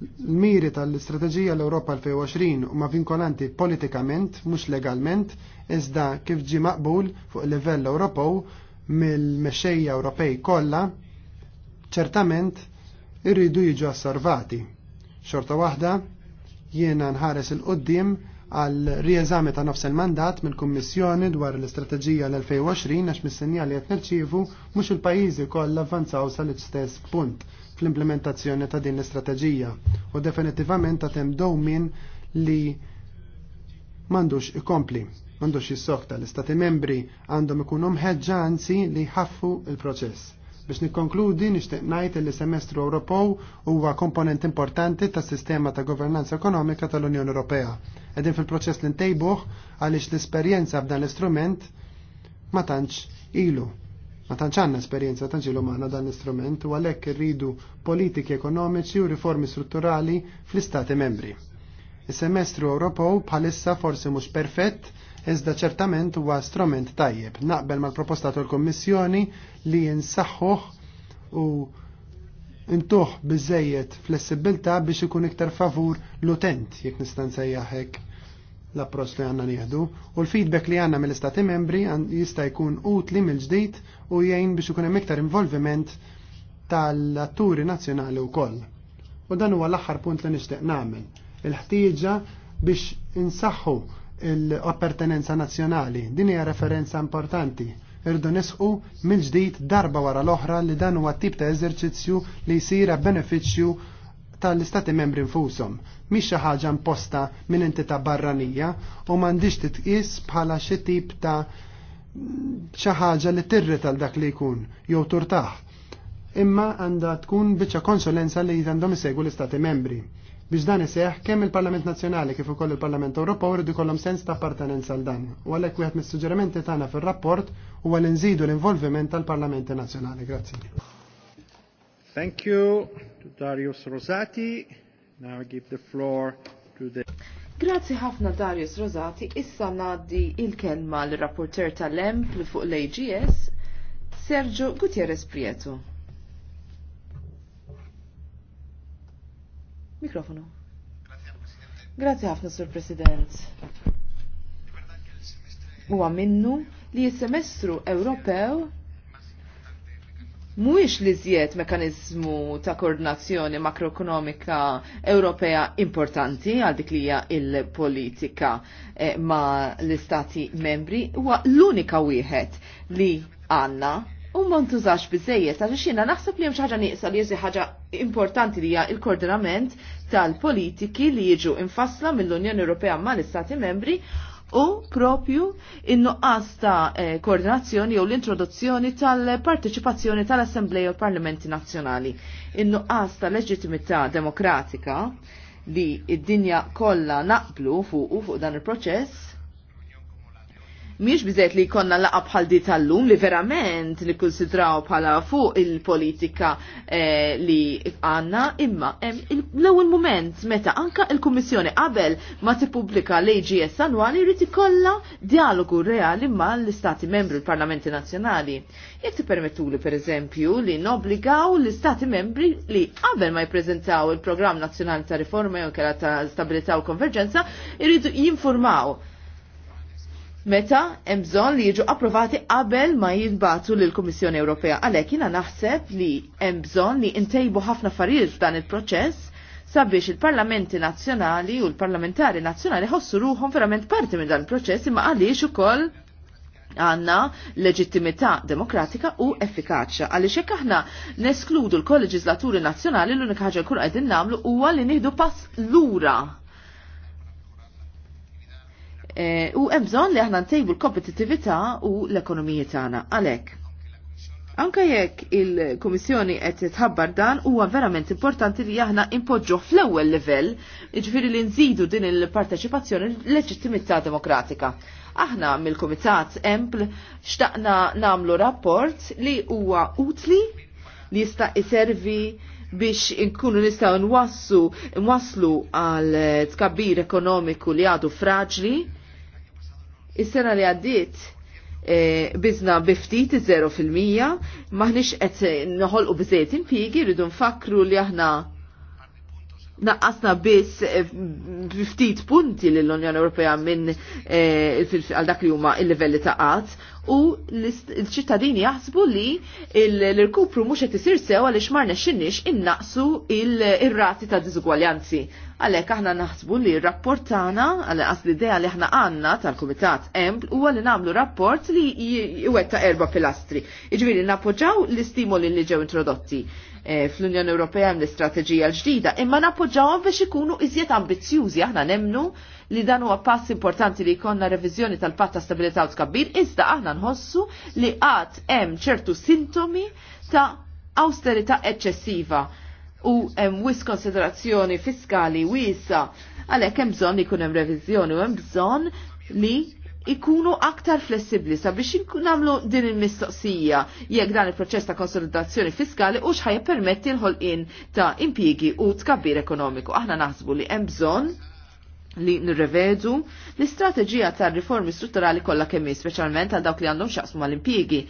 L-miri tal-istrateġija l-Ewropa 2020 huma vinkolanti politikament mhux legalment iżda kif ġi maqbul fuq livell Ewropew mill-mexxejja Ewropej kollha ċertament irridu jiġu osservati. Xorta waħda jiena nħares il-qoddim għal rieżami ta' nofs il-mandat mill-Kummissjoni dwar l-Istrateġija l-2020 għax mis-sinja li qed nirċievu mhux il-pajjiżi kollha avvanzaw sal-istess punt fl-implementazzjoni ta' din l-istrateġija u definittivament ta' hemm dowmin li m'għandux ikompli m'għandux jissokta l-Istati membri għandhom ikunhom mħeġġa anzi li jħaffu il-proċess. Biex nikkonkludi nixtieq ngħid li semestru Ewropew huwa komponent importanti tas-sistema ta' governanza ekonomika tal-Unjoni Ewropea. Qegħdin fil-proċess li ntejbuh għaliex l-esperjenza f'dan l-istrument ma tantx ilu. Ma tantx għandna esperjenza tantx ilu magħna dan l-istrument u għalhekk irridu politiki ekonomiċi u riformi strutturali fl-Istati membri. Is-semestru Ewropew bħalissa forsi mhux perfett iżda ċertament huwa strument tajjeb. Naqbel mal-proposta tal-Kommissjoni li jinsaħħuh u intuħ biżejjed flessibilta biex ikun iktar favur l-utent jekk nista' nsejjaħek l-approċċ li għandna nieħdu u l-feedback li għandna mill-istati membri jista' jkun utli mill-ġdid u jgħin biex ikun hemm iktar involviment tal-atturi nazzjonali wkoll. U dan huwa l-aħħar punt li nixtieq nagħmel. Il-ħtieġa biex insaħħu l-appartenenza nazzjonali. Din hija referenza importanti. Irdu nisqu mill-ġdid darba wara l-oħra li dan huwa tip ta' eżerċizzju li jsir benefiċċju tal-istati membri nfushom. Mhix xi ħaġa imposta minn entità barranija u m'għandix titqis bħala xi tip ta' xi ħaġa li tirri tal dak li jkun jew turtaħ. Imma għandha tkun biċċa konsulenza li għandhom isegwu l-istati membri Biex dan iseħ, kemm il-Parlament Nazzjonali kif ukoll il-Parlament Ewropew rridu jkollhom sens ta' appartenenza għal dan. U għalhekk wieħed mis-suġġerimenti tagħna fir-rapport huwa li nżidu l-involviment tal-Parlamenti Nazzjonali. Grazzi. Thank you to Darius Rosati. Now I give the floor to the Grazzi ħafna Darius Rosati, issa naddi il-kelma l-rapporter tal-EMP fuq l-AGS, Sergio Gutierrez Prieto. Mikrofonu. Grazie ħafna, Sur President. Huwa minnu li s-semestru Ewropew mhuwiex li żjed mekanizmu ta' koordinazzjoni makroekonomika Ewropea importanti għal dik li hija il-politika eh, ma' l-istati membri huwa l-unika wieħed li għandna U ma ntużax bizzejiet, għax xina naħseb li hemm xi ħaġa nieqsa li jeżi ħaġa importanti li hija l-koordinament tal-politiki li jiġu infassla mill-Unjoni Ewropea mal-Istati Membri u propju in-nuqqas ta' eh, koordinazzjoni jew l-introduzzjoni tal-partiċipazzjoni tal-Assembleja u Parlamenti Nazzjonali. In-nuqqas ta' leġitimità demokratika li id-dinja kollha naqblu fuq u fuq dan il-proċess miex bizet li konna laqab bħal di tal-lum li verament li konsidraw bħala fuq il-politika eh, li għanna imma l-ewwel moment meta anka il-Kummissjoni qabel ma tippubblika l-AGS annwali jrid ikollha dialogu reali mal-Istati membri l-Parlamenti Nazzjonali. Jek ti pereżempju li nobligaw l-Istati membri li qabel ma jippreżentaw il-Programm Nazzjonali ta' Riforma jew kera ta' Stabilità u Konverġenza jridu jinformaw meta hemm bżonn li jiġu approvati qabel ma jinbatu lil kummissjoni Ewropea. Għalhekk jiena naħseb li hemm bżonn li ntejbu ħafna affarijiet f'dan il-proċess sabiex il-parlamenti nazzjonali u l-parlamentari nazzjonali ħossu ruhom verament parti minn dan il-proċess imma għaliex ukoll għanna leġittimità demokratika u effikaċja. Għaliex hekk aħna neskludu l-kolleġislaturi nazzjonali l-unika ħaġa l qegħdin nagħmlu huwa li nieħdu pass lura Eh, u hemm bżonn li aħna ntejbu l kompetitività u l-ekonomiji tagħna. Għalhekk. Anka jekk il-Kummissjoni qed titħabbar dan huwa verament importanti li aħna impoġġu fl-ewwel livell, jiġifieri li nżidu din il-parteċipazzjoni l leġittimità demokratika. Aħna mill-Kumitat Empl xtaqna namlu rapport li huwa utli li jista' iservi biex inkunu nistaw nwassu, nwaslu għal tkabbir ekonomiku li għadu fraġli Is-sena li għaddiet E, bizna biftit 0% maħnix qed noħolqu bżejt impigi rridu nfakru li aħna naqqasna biss eh, ftit punti lill-Unjoni Ewropea minn eh, għal dak li huma il-livelli ta' qatt u l-ċittadini jaħsbu li l-irkupru mhux qed isir sew għaliex ma rnexxinniex innaqsu ir rati ta' diżugwaljanzi. Għalhekk aħna naħsbu li r-rapport tagħna għalqas l-idea li aħna għandna tal-Kumitat Empl huwa li nagħmlu rapport li jwetta erba' pilastri. Jiġifieri nappoġġaw l-istimoli li ġew introdotti Eh, fl-Unjoni Ewropea hemm l-istrateġija l-ġdida, imma nappoġġawhom biex ikunu iżjed ambizzjużi aħna nemnu li dan huwa pass importanti li jkollna reviżjoni tal-patt ta' stabilità u tkabbir, iżda aħna nħossu li qatt hemm ċertu sintomi ta' austerità eċċessiva u hemm wis konsiderazzjoni fiskali wiesa għalhekk hemm bżonn ikun hemm reviżjoni u hemm bżonn li ikunu aktar flessibli sabiex namlu din il-mistoqsija jekk dan il-proċess ta' konsolidazzjoni fiskali u xħaj permetti l-ħolqin ta' impjiegi u tkabbir ekonomiku. Aħna naħsbu li hemm bżonn li nirrevedu l-istrateġija ta' riformi strutturali kollha kemm specialment għal dawk li għandhom xaqsmu mal-impjiegi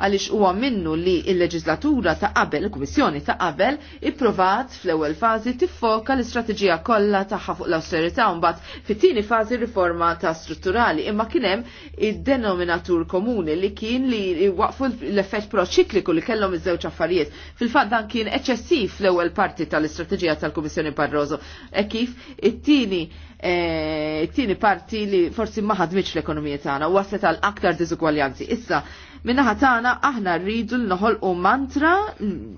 għaliex huwa minnu li il-leġislatura ta' qabel, il-Kummissjoni ta' qabel, ipprovat fl-ewwel fażi tiffoka l-istrateġija kollha tagħha fuq l-austerità mbagħad fit-tieni fażi riforma ta' strutturali, imma kien hemm id-denominatur komuni li kien li waqfu l-effett proċikliku li kellhom iż-żewġ affarijiet. Fil-fatt dan kien eċċessiv fl-ewwel parti tal-istrateġija tal-Kummissjoni Barroso. E kif it-tieni e, it-tieni parti li forsi ma ħadmitx l-ekonomija tagħna u waslet għal aktar diżugwaljanzi. Issa Minnaħa tagħna aħna rridu noħol u mantra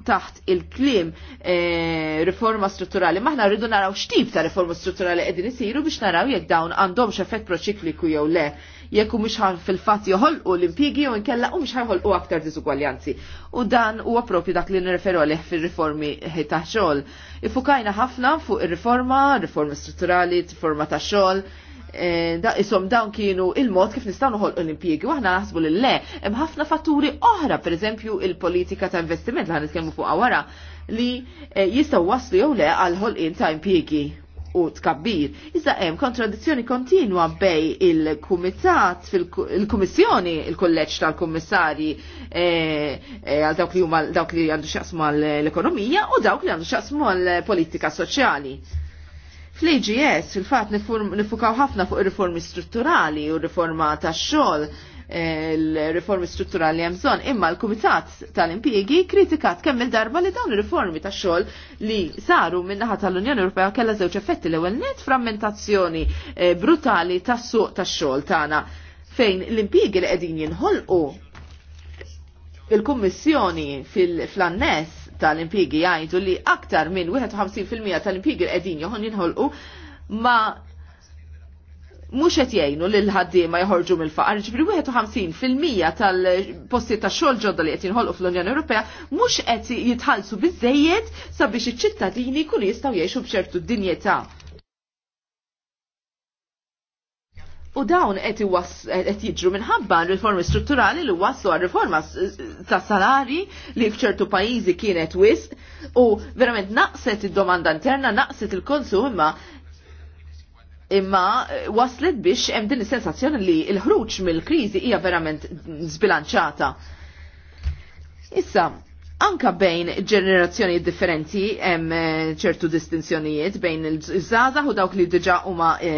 taħt il-klim e, riforma strutturali. Maħna rridu naraw x'tip ta' riforma strutturali qegħdin isiru biex naraw jekk dawn għandhomx effett proċikliku jew le jekk mhux fil-fatt joħolqu l-impjiegi jew nkella u mhux ħajħolqu aktar disugwaljanzi. U dan huwa għapropju dak li nreferu għalih fil riformi ħitaħxol. xogħol. Ifukajna ħafna fuq ir-riforma, riforma strutturali, riforma taħxol. xogħol, Eh, da isom dawn kienu il-mod kif nistgħu noħolqu l-impjiegi waħna naħsbu li le hemm ħafna fatturi oħra, pereżempju il-politika ta' investiment li ħanitkellmu fuq wara li eh, jistgħu waslu jew le għal ħolqien ta' impjiegi u tkabbir. Iżda hemm kontradizzjoni kontinwa bej il-kumitat il-kummissjoni il-kolleġġ tal-kummissarji eh, għal dawk li huma dawk li għandu x'jaqsmu l-ekonomija u dawk li għandu x'jaqsmu l-politika soċjali Fl-AGS fil-fat nifukaw ħafna fuq ir-riformi strutturali u riforma tax-xogħol eh, l-riformi strutturali hemm bżonn, imma l-Kumitat tal impiegi kritikat kemm il-darba li dawn il riformi tax-xogħol li saru min-naħa tal-Unjoni Ewropea kellha żewġ effetti l-ewwel net frammentazzjoni eh, brutali ta' suq tax-xogħol tagħna fejn l-impjiegi li qegħdin jinħolqu il-Kummissjoni fil-annes tal impiegi jgħidu li aktar minn 51% tal-impjegi l-qegħdin joħon jinħolqu ma mhux qed jgħinu lil ħaddiema jħorġu mill-faqar, ġifri 51% tal-posti ta' xogħol ġodda li qed jinħolqu fl-Unjoni Ewropea mhux qed jitħallsu biżejjed sabiex iċ-ċittadini jkunu jistgħu jgħixu b'ċertu dinjetà. U dawn qed jiġru minħabba riformi strutturali li waslu għal riforma ta' salari li f'ċertu pajjiżi kienet wisq u verament naqset id-domanda interna, naqset il-konsum imma imma waslet biex hemm din is-sensazzjoni li l-ħruġ mill-kriżi hija verament zbilanċata. Issa, anka bejn ġenerazzjoni differenti hemm eh, ċertu distinzjonijiet bejn il-żgħażagħ u dawk li diġà huma e,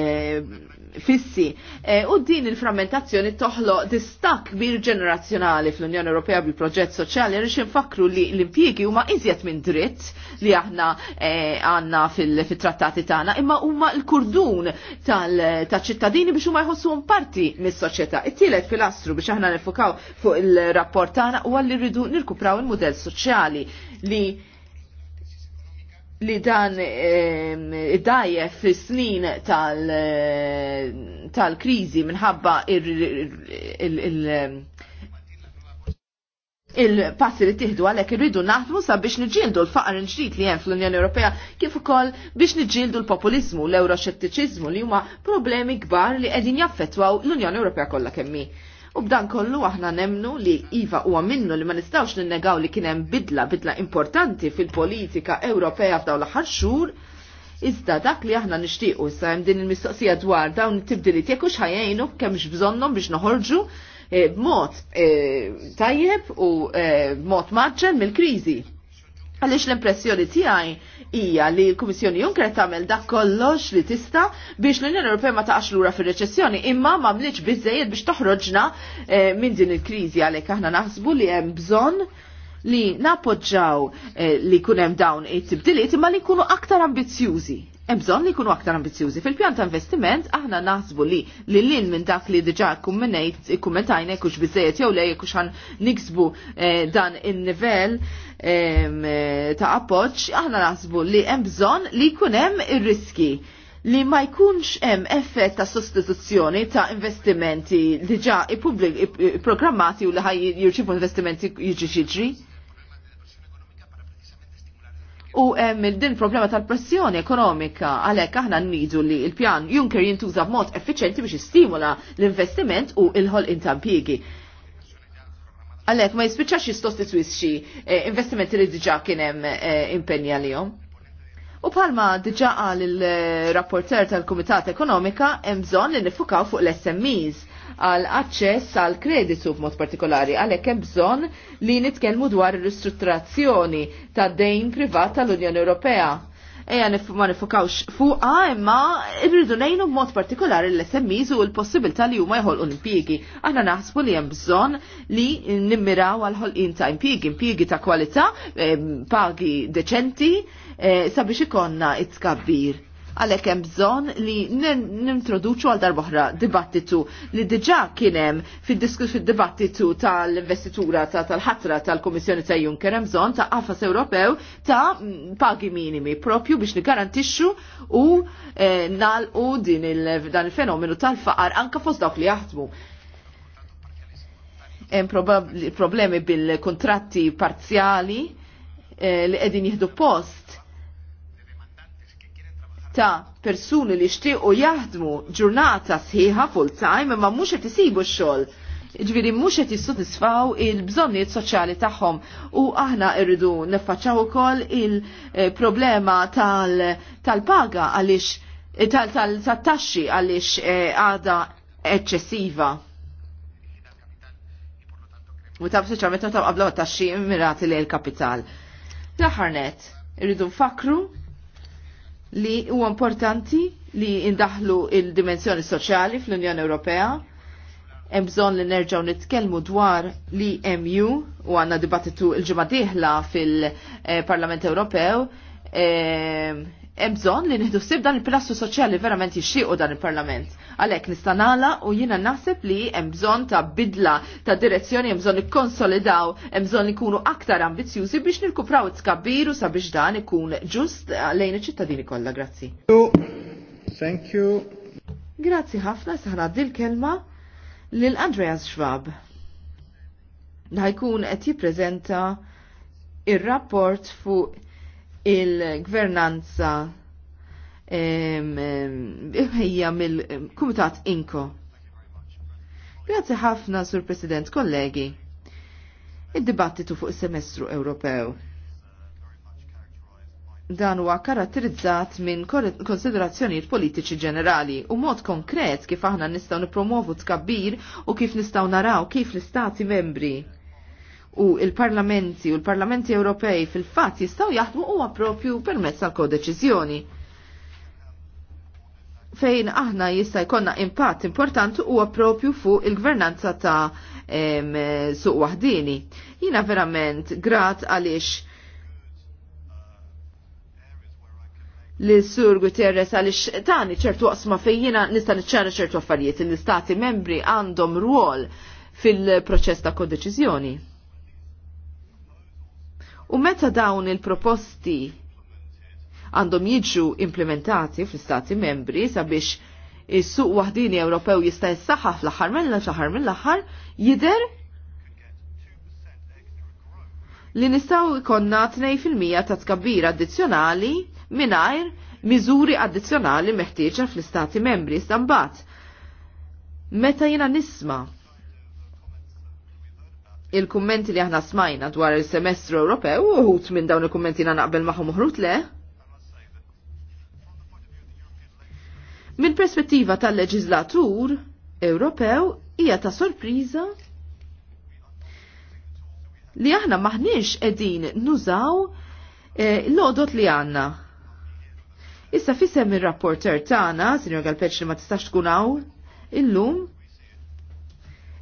fissi. Eh, u din il-frammentazzjoni toħloq distak kbir ġenerazzjonali fl-Unjoni Ewropea bil proġett soċjali rix infakru li l-impjiegi huma iżjed minn dritt li aħna eh, għandna fit-trattati tagħna, imma huma l-kurdun tal-ċittadini biex huma jħossuhom parti mis-soċjetà. It-tielet pilastru biex aħna nifukaw fuq il-rapport tagħna huwa li rridu nirkupraw il-mudell soċjali li li dan id-dajjef fi snin tal-krizi minħabba il-passi li tiħdu għalek irridu naħdmu sabiex nġildu l-faqar ġdid li hemm fl-Unjoni Ewropea kif ukoll biex nġildu l-populizmu, l-euroxettiċizmu li huma problemi kbar li qegħdin jaffettwaw l-Unjoni Ewropea kollha kemmi. U b'dan kollu aħna nemnu li Iva huwa minnu li ma nistawx ninnegaw li kien hemm bidla bidla importanti fil-politika Ewropea f'dawn l-aħħar xhur, iżda dak li aħna nixtiequ issa hemm din il-mistoqsija dwar dawn it-tibdiliet jekk hux ħajjejnu kemmx bżonnhom biex noħorġu eh, b'mod eh, tajjeb u eh, b'mod maġġel mill-kriżi. Għaliex l-impressjoni tiegħi hija li l-Kummissjoni Juncker tagħmel dak kollox li tista biex l-Unjoni Ewropea ma taqax lura fir-reċessjoni, imma mliċ bizzejed biex toħroġna eh, minn din il-kriżi għalhekk aħna naħsbu li hemm bżonn li nappoġġaw eh, li kunem dawn it-tibdiliet imma li kunu aktar ambizjużi. Ebżon li kunu aktar ambizjużi. Fil-pjan ta' investiment, aħna naħsbu li li l minn dak li diġa kummentajna jekux bizzejet jew lej jekux għan niksbu eh, dan il nivell eh, ta' appoċ, aħna naħsbu li ebżon li kunem il-riski li ma jkunx hemm effett ta' sostituzzjoni ta' investimenti diġa i-programmati u li ħaj jirċivu investimenti jiġi xiġri u hemm il-din problema tal-pressjoni ekonomika għalhekk aħna nnidu li l-pjan Juncker jintuża b'mod effiċenti biex jistimula l-investiment u l-ħolqien ta' impjiegi. Għalhekk ma jispiċċax jistosti eh, investimenti li diġà kien hemm eh, impenja lihom. U palma diġa għal il-rapporter tal-Kumitat Ekonomika hemm bżonn li nifukaw fuq l-SMEs għal aċċess għal kreditu b'mod partikolari għalhekk hemm bżonn li nitkellmu dwar ir-ristrutturazzjoni tad dejn privat tal-Unjoni Ewropea. Eja ma nifukawx fuqa imma irridu ngħinu b'mod partikolari l-SMEs u l-possibilità li huma jħolqu impjiegi. Aħna naħsbu li hemm bżonn li nimmiraw għal ħolqien ta' impjiegi, impjiegi ta' kwalità, eh, pagi deċenti, Eh, sabiex ikonna it-tkabbir għalek hemm bżonn li nintroduċu għal oħra dibattitu li diġà kien hemm fid-dibattitu tal-investitura tal-ħatra tal-Kummissjoni ta' Juncker hemm bżonn ta' qafas Ewropew ta' pagi minimi propju biex nigarantixxu u eh, nalqu din dan il-fenomenu tal-faqar anka fost dawk li jaħdmu hemm problemi bil-kontratti parzjali eh, li qegħdin jieħdu post ta' persuni li xtiequ jaħdmu ġurnata sħiħa full time imma mhux qed isibu x-xogħol. Ġviri mhux qed jissodisfaw il-bżonnijiet soċjali tagħhom u aħna rridu niffaċċaw ukoll il-problema tal-paga għaliex tal-taxxi għaliex eh, għada eċċessiva. U ta' b'siċa metta ta' qabla taxxi immirati li l-kapital. L-aħarnet, irridu nfakru li huwa importanti li indaħlu il-dimensjoni soċjali fl-Unjoni Ewropea. Hemm bżonn li nerġgħu nitkellmu dwar li MU u għandna dibattitu l-ġimgħa dieħla fil-Parlament Ewropew hemm bżonn li nħidu ssib dan il-pilastru soċjali verament jixxiequ dan il-Parlament. Għalhekk nista' u jiena naħseb li hemm bżonn ta' bidla ta' direzzjoni hemm bżonn ikkonsolidaw, hemm bżonn ikunu aktar ambizjużi biex nirkupraw it-tkabbiru sabiex dan ikun ġust lejn iċ-ċittadini kollha. Grazzi. Thank you. Grazzi ħafna saħna dil-kelma lil Andreas Schwab. Ħajkun qed jippreżenta ir-rapport fuq il-gvernanza hija mill-Kumitat Inko. Grazzi ħafna, Sur President, kollegi. Id-dibattitu fuq is-semestru Ewropew dan huwa karatterizzat minn konsiderazzjonijiet politiċi ġenerali u mod konkret kif aħna nistgħu nippromovu tkabbir u kif nistgħu naraw kif l-istati membri u il-parlamenti u l-parlamenti Ewropej fil-fatt jistaw jaħdmu huwa propju permezz tal kodeċiżjoni fejn aħna jista' jkollna impatt importanti huwa propju fuq il-gvernanza ta' suq waħdini. Jina verament grat għaliex li sur Guterres għalix tani ċertu qasma jina nista' niċċara ċertu affarijiet il-istati membri għandhom rwol fil-proċess ta' kodeċiżjoni. U meta dawn il-proposti għandhom jiġu implementati fl-Stati membri sabiex is-suq waħdini Ewropew jista' jissaħħa fl-aħħar mill-aħħar mill-aħħar jidher li nistgħu jkollna 2% ta' tkabbir addizzjonali mingħajr miżuri addizzjonali meħtieġa fl-Istati membri stambat. Meta jiena nisma' il-kummenti li aħna smajna dwar il-semestru Ewropew uħut minn dawn il-kummenti na naqbel magħhom muħrut le. Minn perspettiva tal leġizlatur Ewropew hija ta' sorpriża li aħna maħniex edin nużaw eh, l-odot li għanna. Issa fissem il-rapporter tana, Sinjor Galpeċ li ma tistax tkun hawn illum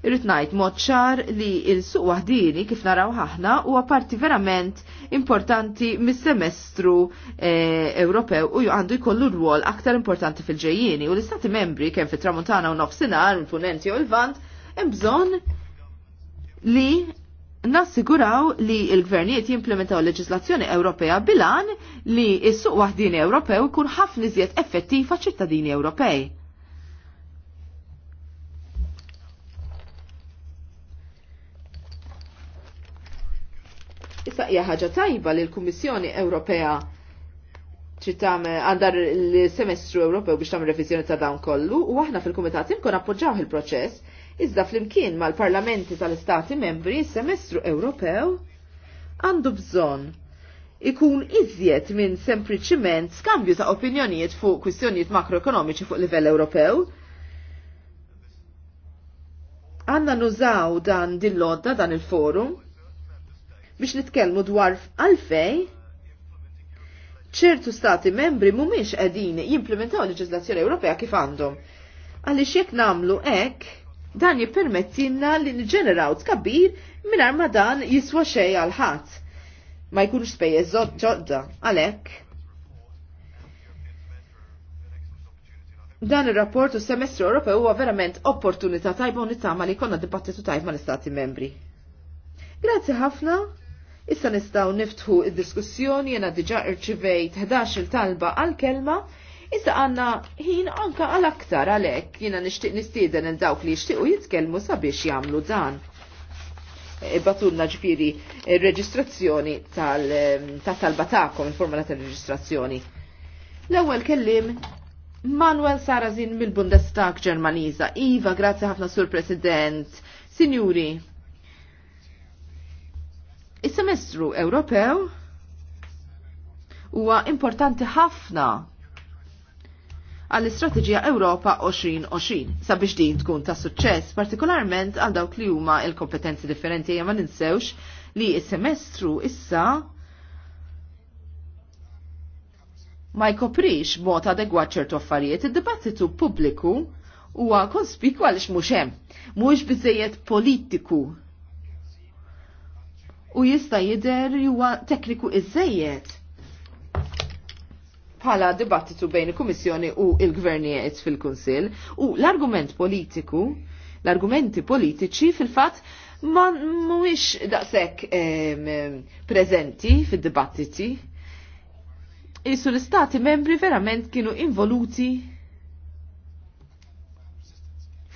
Irrid ngħid mod ċar li il suq wahdini kif naraw ħahna huwa parti verament importanti mis-semestru eh, Ewropew u għandu jkollu rwol aktar importanti fil ġejjini u l-Istati membri kemm fit-Tramuntana u nofsinhar, il-Punenti u l-Vant hemm bżonn li nassiguraw li il-gvernijiet jimplementaw leġislazzjoni Ewropea bilan li s-suq wahdini Ewropew kun ħafna iżjed effettiva ċittadini Ewropej. Issa hija ħaġa tajba li l-Kummissjoni Ewropea trid tagħmel għandha l-semestru Ewropew biex tam reviżjoni ta' dawn kollu u aħna fil-Kumitat imkun appoġġaw il-proċess iżda flimkien mal-parlamenti tal-istati membri semestru Ewropew għandu bżonn ikun iżjed minn sempliċiment skambju ta' opinjonijiet fuq kwistjonijiet makroekonomiċi fuq livell Ewropew. Għanna nużaw dan din lodda dan il-forum biex nitkellmu dwar għalfej ċertu stati membri mumiex qegħdin jimplementaw leġislazzjoni Ewropea kif għandhom. Għaliex jekk nagħmlu hekk, dan jippermettilna li nġeneraw tkabbir mingħajr ma dan jiswa xejn għal ħadd. Ma jkunx spejjeż ġodda għalhekk. Dan ir-rapport u semestru Ewropew huwa verament opportunità tajba u nittama li konna dibattitu tajb mal-Istati membri. Grazzi ħafna Issa nistaw niftħu id-diskussjoni jena diġa irċivejt 11 talba għal-kelma, issa għanna ħin anka għal-aktar għalek jena nishtiq nistieden il-dawk li jishtiqu jitkelmu sabiex jamlu dan. E, batulna ġifiri reġistrazzjoni tal-talba ta'kom, il-formula tal-reġistrazzjoni. L-ewel kellim Manuel Sarazin mill-Bundestag Ġermaniza. Iva, grazzi ħafna sur President. Signuri, Is-semestru Ewropew huwa importanti ħafna għall-istrateġija Ewropa 2020 sabiex din tkun ta' suċċess, partikolarment għal dawk li huma l-kompetenzi differenti ma ninsewx li s-semestru issa ma jkoprix mod adegwat ċertu affarijiet, id-dibattitu pubbliku huwa konspikwa għaliex mhux hemm, mhux biżejjed politiku u jista jider huwa tekniku iżejjed bħala dibattitu bejn il-Kummissjoni u il-Gvernijiet fil-Kunsill u l-argument politiku, l-argumenti politiċi fil-fatt ma mhuwiex daqshekk preżenti fid-dibattiti. Isu l-istati membri verament kienu involuti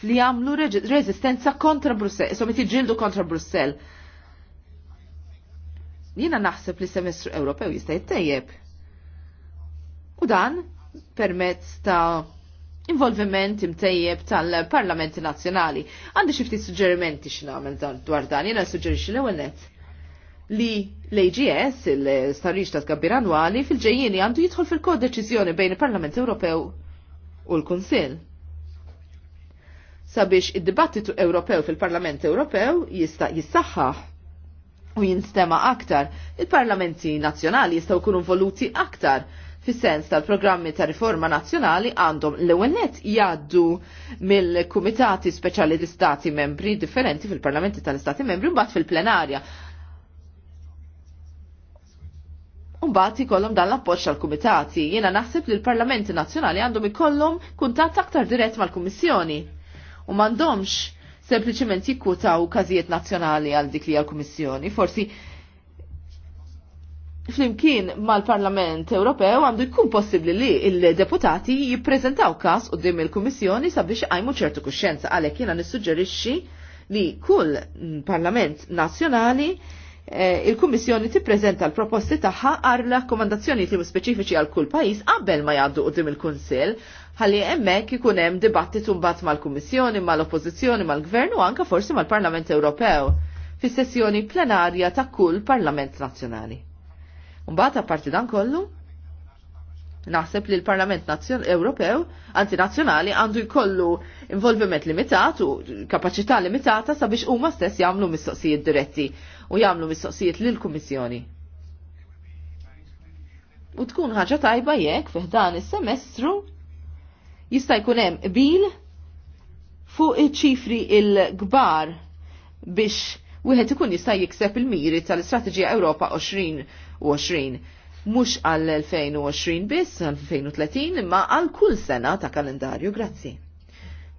li jagħmlu rezistenza kontra Brussell, somet ġildu kontra Brussell Jiena naħseb li semestru Ewropew jista' jittejjeb. U dan permezz ta' involviment imtejjeb tal-Parlamenti Nazzjonali. Għandi xi ftit suġġerimenti dan dwar dan, jiena suġġerixxi l-ewwel nett li l-AGS, il starriġ ta' tkabbir annwali, fil-ġejjini għandu jidħol fil-kod bejn il-Parlament Ewropew u l-Kunsil. Sabiex id-dibattitu Ewropew fil-Parlament Ewropew jista' jissaħħaħ u jinstema aktar, il-parlamenti nazzjonali jistgħu jkunu involuti aktar fis-sens tal-programmi ta' riforma nazzjonali għandhom l-ewwel jaddu jgħaddu mill-kumitati speċjali l-istati membri differenti fil-parlamenti tal-istati membri mbagħad fil-plenarja. Mbagħad ikollhom dan l-appoġġ tal-kumitati. Jiena naħseb li l-parlamenti nazzjonali għandhom ikollhom kuntatt aktar dirett mal-Kummissjoni u m'għandhomx sempliciment jikkutaw każijiet nazzjonali għal dik li għal-Kummissjoni. Forsi flimkien mal-Parlament Ewropew għandu jkun possibli li il-deputati jippreżentaw kas u dim il-Kummissjoni sabiex għajmu ċertu kuxenza għalek jena nissuġġerixxi li kull Parlament nazzjonali eh, il-Kummissjoni tippreżenta l-proposti tagħha għar rakkomandazzjoni li speċifiċi għal kull pajjiż qabel ma jgħaddu dim il-Kunsill ħalli hemmhekk ikun hemm dibattitu mbagħad mal-Kummissjoni, mal-Oppożizzjoni, mal-Gvern u anke forsi mal-Parlament Ewropew fis-sessjoni plenarja ta' kull Parlament Nazzjonali. Mbagħad apparti dan kollu, naħseb li l-Parlament Ewropew, anzi nazzjonali, għandu jkollu involviment limitat u kapacità limitata sabiex huma stess jagħmlu mistoqsijiet diretti u jagħmlu mistoqsijiet lil kummissjoni U tkun ħaġa tajba jekk fih is-semestru jista' jkun hemm bil fuq iċ-ċifri il-kbar biex wieħed ikun jista' jikseb il-miri tal-Istrateġija Ewropa 2020 mhux għal 2020 biss, għal 2030, imma għal kull sena ta' kalendarju. Grazzi.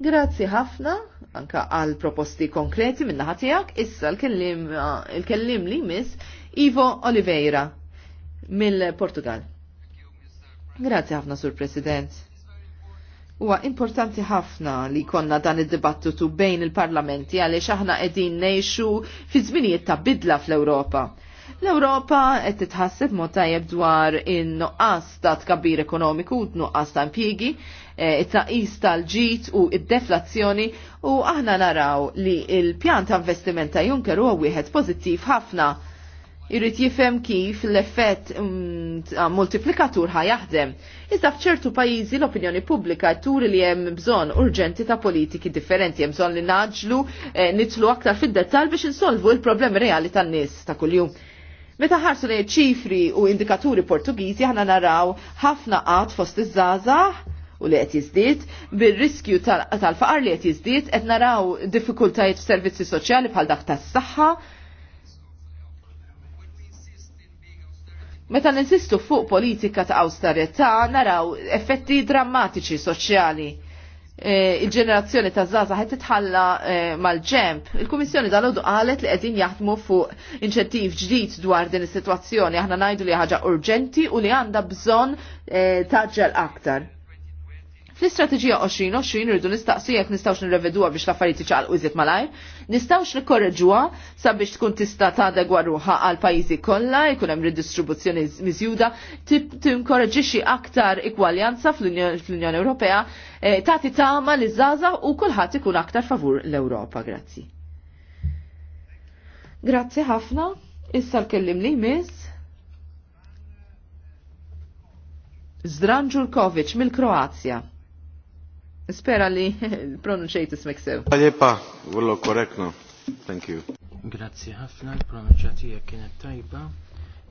Grazzi ħafna anka għal proposti konkreti minna ħatijak, issa l-kellim li miss Ivo Oliveira mill-Portugal. Grazzi ħafna, Sur President. Huwa importanti ħafna li konna dan id-dibattitu bejn il-parlamenti għaliex aħna qegħdin ngħixu fi żminijiet ta' bidla fl-Ewropa. L-Ewropa qed titħasseb mod tajjeb dwar in-nuqqas ta' tkabbir ekonomiku u nuqqas ta' impjiegi, eh, it-taqis tal-ġit u id-deflazzjoni u aħna naraw li il-pjan ta' investiment ta' Juncker huwa wieħed pożittiv ħafna irrit jifem kif l-effett mm, multiplikatur ħa jaħdem. Iżda fċertu pajizi l-opinjoni pubblika turi li hemm bżonn urġenti ta' politiki differenti, hemm bżonn li naġlu eh, nitlu aktar fid-dettal biex insolvu il-problemi reali tan-nies ta' kulju. Meta ħarsu li ċifri u indikaturi Portugiżi ħana naraw ħafna qatt fost iż żaza u li qed jiżdied, bir-riskju tal-faqar li qed jiżdied qed naraw diffikultajiet f'servizzi soċjali bħal dak tas-saħħa, Meta ninsistu fuq politika ta' awstarjetà naraw effetti drammatiċi soċjali. E, Il-ġenerazzjoni ta' zaza ħed titħalla e, mal-ġemp. Il-Kummissjoni dal ħodu qalet li qegħdin jaħdmu fuq inċentiv ġdid dwar din is-sitwazzjoni. Aħna ngħidu li ħaġa urġenti u li għandha bżonn e, taġġel aktar. Fl-istrateġija 2020 irridu nistaqsu jekk nistgħux nirreveduha biex l-affarijiet iċaqalqu iżjed malajr, nistgħux nikkorreġuha sabiex tkun tista' tadegwa ruħha għal pajjiżi kollha, jkun hemm ridistribuzzjoni miżjuda, tinkoreġixxi aktar ikwaljanza fl-Unjoni Ewropea, eh, tagħti tama li żgħażagħ u kulħadd ikun aktar favur l-Ewropa. Grazzi. Grazzi ħafna. Issa l-kellim li miss. Zdranġur Kovic mill-Kroazja. Spera li pronunċejt ismek sew. Għalipa, ullo korrekno. Thank you. Grazzi ħafna, l-pronunċatija kienet tajba.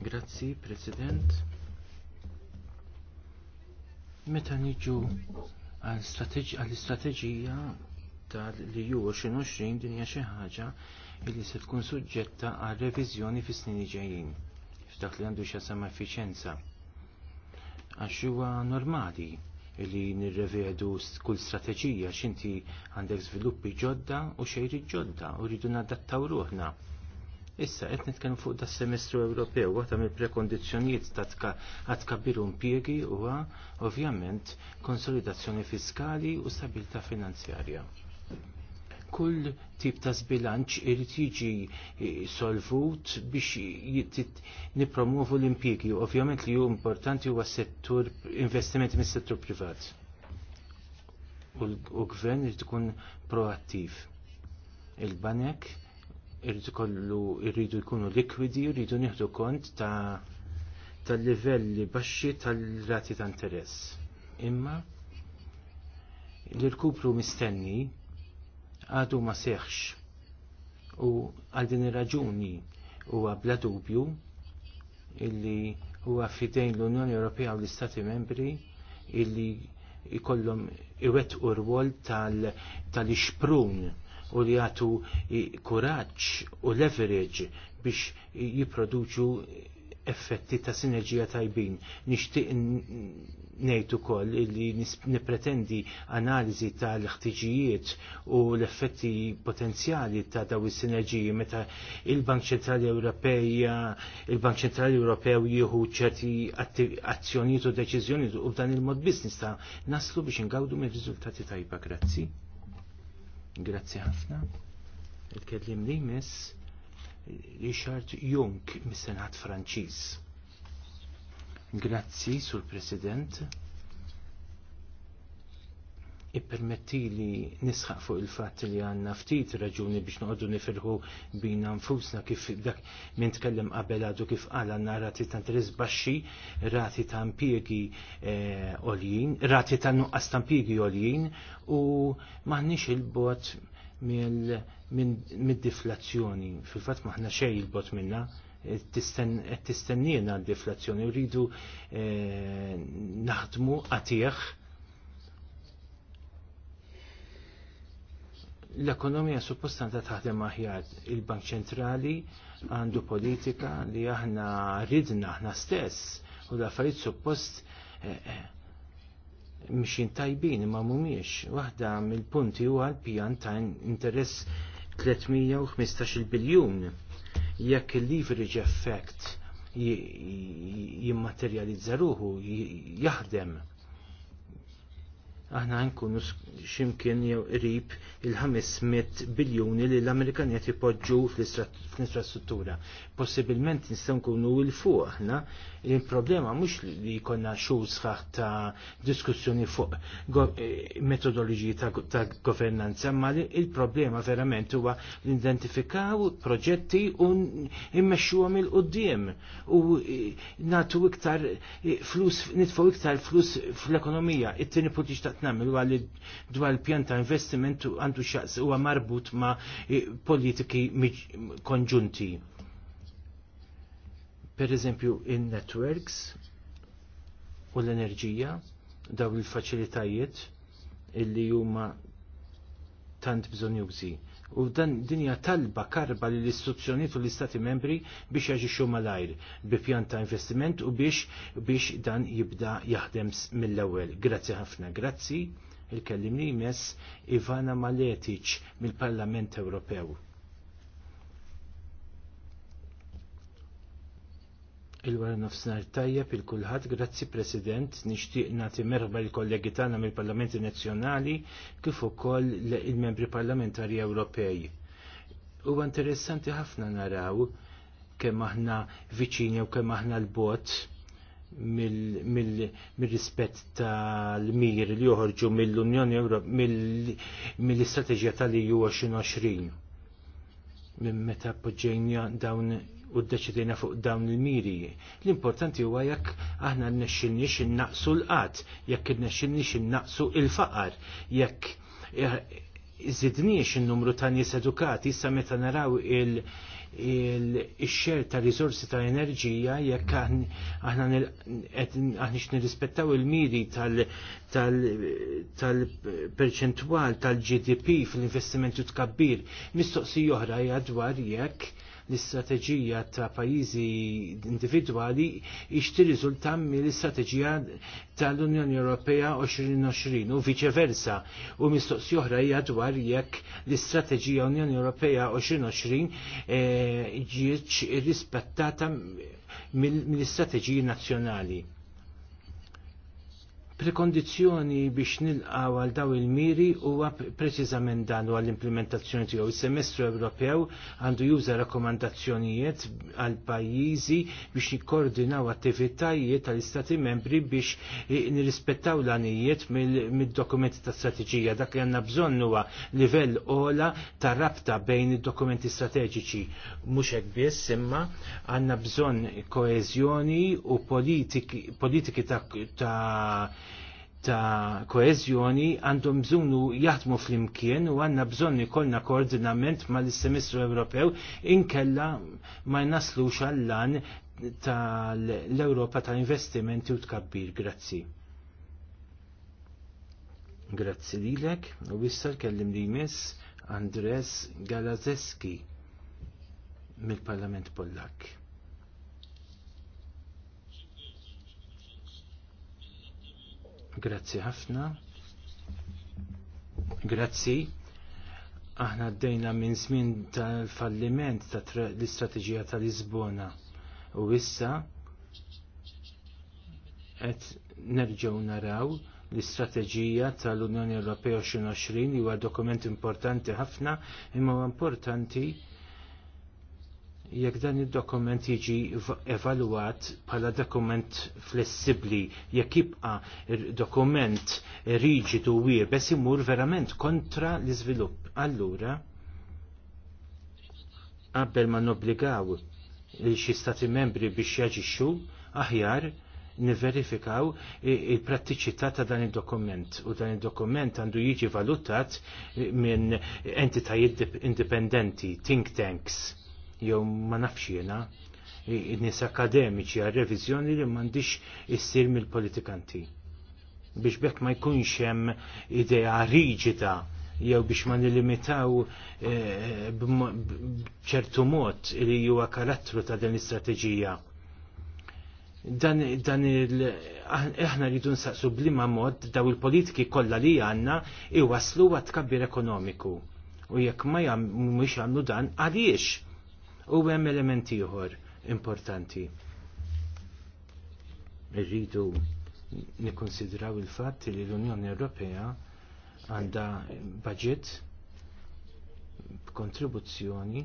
Grazzi, President. Meta niġu għall-istrateġija tal ju 2020 din hija xi ħaġa li se tkun suġġetta għal reviżjoni fis-snin ġejjin f'dak li għandu sema' effiċenza. Għax huwa normali li nirrevedu kull strateġija x'inti għandek żviluppi ġodda u xejri ġodda u rridu nadattaw ruħna. Issa qed nitkellmu fuq das semestru Ewropew waqt mill-prekondizzjonijiet ta' għad-kabbiru impjiegi huwa ovvjament konsolidazzjoni fiskali u stabilità finanzjarja kull tip ta' zbilanċ irid jiġi eh, solvut biex nipromovu l-impjegi. Ovvjament li hu importanti huwa settur investimenti mis-settur privat. U gvern irid ikun proattiv. Il-banek irid ikollu irridu jkunu likwidi, irridu nieħdu kont ta' tal-livelli baxxi tal-rati ta' interess. Imma l-irkupru mistenni għadu ma seħx u għal din ir-raġuni huwa bla dubju illi huwa fidejn l-Unjoni Ewropea u l-Istati Membri illi jkollhom iwet u rwol tal-ixprun u li għatu kuraġġ u leverage biex jipproduċu effetti ta' sinerġija tajbin. Nixtieq ngħid ukoll li nippretendi analiżi tal-ħtiġijiet u l-effetti potenzjali ta' daw is-sinerġiji meta il-Bank Ċentrali Ewropej il-Bank Ċentrali Ewropew jieħu ċerti azzjonijiet u deċiżjonijiet u dan il-mod business ta' naslu biex ingawdu mir-riżultati tajba. Grazzi. Grazzi ħafna. Il-kellim li miss Richard Jung mis-Senat Franċiż. Grazzi Sur President. Ippermetti li nisħaq fuq il-fatt li għanna ftit raġuni biex noqogħdu nifirħu bina nfusna kif dak minn tkellem qabel għadu kif għala għandna rati ta' interess baxxi, rati ta' impjiegi eh, oljin, rati ta' nuqqas ta' impjiegi oljin u m'aħniex il-bot mill mid-deflazzjoni. Fil-fatt maħna xej il-bot minna, qed e, tistennina d-deflazzjoni, rridu e, naħdmu għatieħ l-ekonomija suppostanta taħdem aħjar. Il-Bank Ċentrali għandu politika li aħna ridna aħna stess u l-affarijiet suppost e, mxin tajbin imma mumiex. Waħda mill-punti huwa l-pjan ta' interess 315 biljun jekk il-leverage effect jimmaterializzaruhu ruħu, jaħdem. Aħna nkunu ximkien jew qrib il-500 biljuni li l-Amerikani qed ipoġġu fl-infrastruttura. Possibilment nistgħu nkunu il fuq aħna il-problema mhux li jkollna xhur sħaħ ta' diskussjoni fuq eh, metodoloġiji ta' governanza, ma il-problema verament huwa l-identifikaw proġetti u immexxuhom il-qudiem u eh, natu iktar eh, flus nitfgħu iktar flus fl-ekonomija. It-tieni punti ta' nagħmel huwa dwar il-pjan ta' investiment għandu xaqs huwa marbut ma' politiki konġunti. Per eżempju, in-networks u l-enerġija, daw il-faċilitajiet illi huma tant jużi. U dan dinja talba karba li l istruzzjoniet u l-istati membri biex jaġixxu malajr bi pjan ta' investiment u biex biex dan jibda jaħdem mill-ewwel. Grazzi ħafna, grazzi il-kellimni jmess Ivana Maletic mill-Parlament Ewropew. Il-wara nofsnar tajjeb il-kulħadd, grazzi President, nixtieq nagħti merħba l-kollegi tagħna mill-Parlamenti Nazzjonali kif ukoll il-membri parlamentari Ewropej. Huwa interessanti ħafna naraw kemm aħna viċini u kemm aħna l-bot mill-rispett tal-mir li joħorġu mill-Unjoni Ewropea mill-istrateġija tal-EU 2020. Minn meta poġġejna dawn u d-deċidina fuq dawn il-miri. L-importanti huwa jekk aħna nnexxilniex innaqsu l-qatt, jekk nnexxilniex innaqsu il-faqar, jekk zidniex eh, in-numru ta' nies edukati, sa meta naraw il- il-xer ta' risorsi ta' enerġija jekk aħna aħniex nirrispettaw il-miri tal-perċentwal tal-GDP fil-investimentu tkabbir. Mistoqsi oħra dwar jekk l-istrateġija ta' pajjiżi individwali ixti riżulta mill-istrateġija tal-Unjoni Ewropea 2020 u versa u mistoqsi oħra hija dwar jekk l-istrateġija Unjoni Ewropea 2020 eh, ġietx rispettata mill-istrateġiji nazzjonali Prekondizjoni biex nilqaw għal daw il-miri huwa preċiżament dan għall implementazzjoni tiegħu. Is-semestru Ewropew għandu juża rakkomandazzjonijiet għal pajjiżi biex jikkoordinaw attivitajiet tal istati membri biex nirrispettaw l-għanijiet mid-dokumenti ta' strateġija. Dak li għandna bżonn huwa livell ola ta' rabta bejn id-dokumenti strateġiċi. Mhux hekk biss imma għandna bżonn koeżjoni u politiki, politiki ta' ta' koezjoni għandhom bżonu jaħdmu fl-imkien u għanna bżonni kolna koordinament ma' l-Semestru Ewropew inkella ma' naslu xallan tal-Europa ta' investimenti u tkabbir. Grazzi. Grazzi lilek u issa kellim li jmiss Andres Galazeski mill-Parlament Pollak. Grazzi ħafna. Grazzi. Aħna għaddejna minn żmien tal-falliment ta' l-istrateġija tal-Lisbona u issa qed nerġgħu naraw l-istrateġija tal-Unjoni Ewropea 2020 huwa dokument importanti ħafna imma importanti jekk dan id-dokument jiġi evalwat bħala dokument flessibli, jekk jibqa dokument riġidu wiebes imur verament kontra l-iżvilupp. Allura, qabel ma nobbligaw li xi stati membri biex jaġixxu aħjar niverifikaw il-prattiċità ta' dan il-dokument u dan il-dokument għandu jiġi valutat minn entitajiet indipendenti, think tanks jew ma nafx jiena nies akademiċi għal reviżjoni li m'għandix issir mill-politikanti. Biex bekk ma jkunx hemm idea riġida jew biex ma nilimitaw eh, b'ċertu mod li huwa karattru ta' din l-istrateġija dan, dan il aħna rridu nsaqsu blima mod daw il-politiki kollha li għandna iwaslu għat kabbir ekonomiku. U jekk ma mhux għandu dan għaliex U hemm elementi ieħor importanti. Irridu nikkonsidraw il-fatt li l-Unjoni Ewropea għandha budget kontribuzzjoni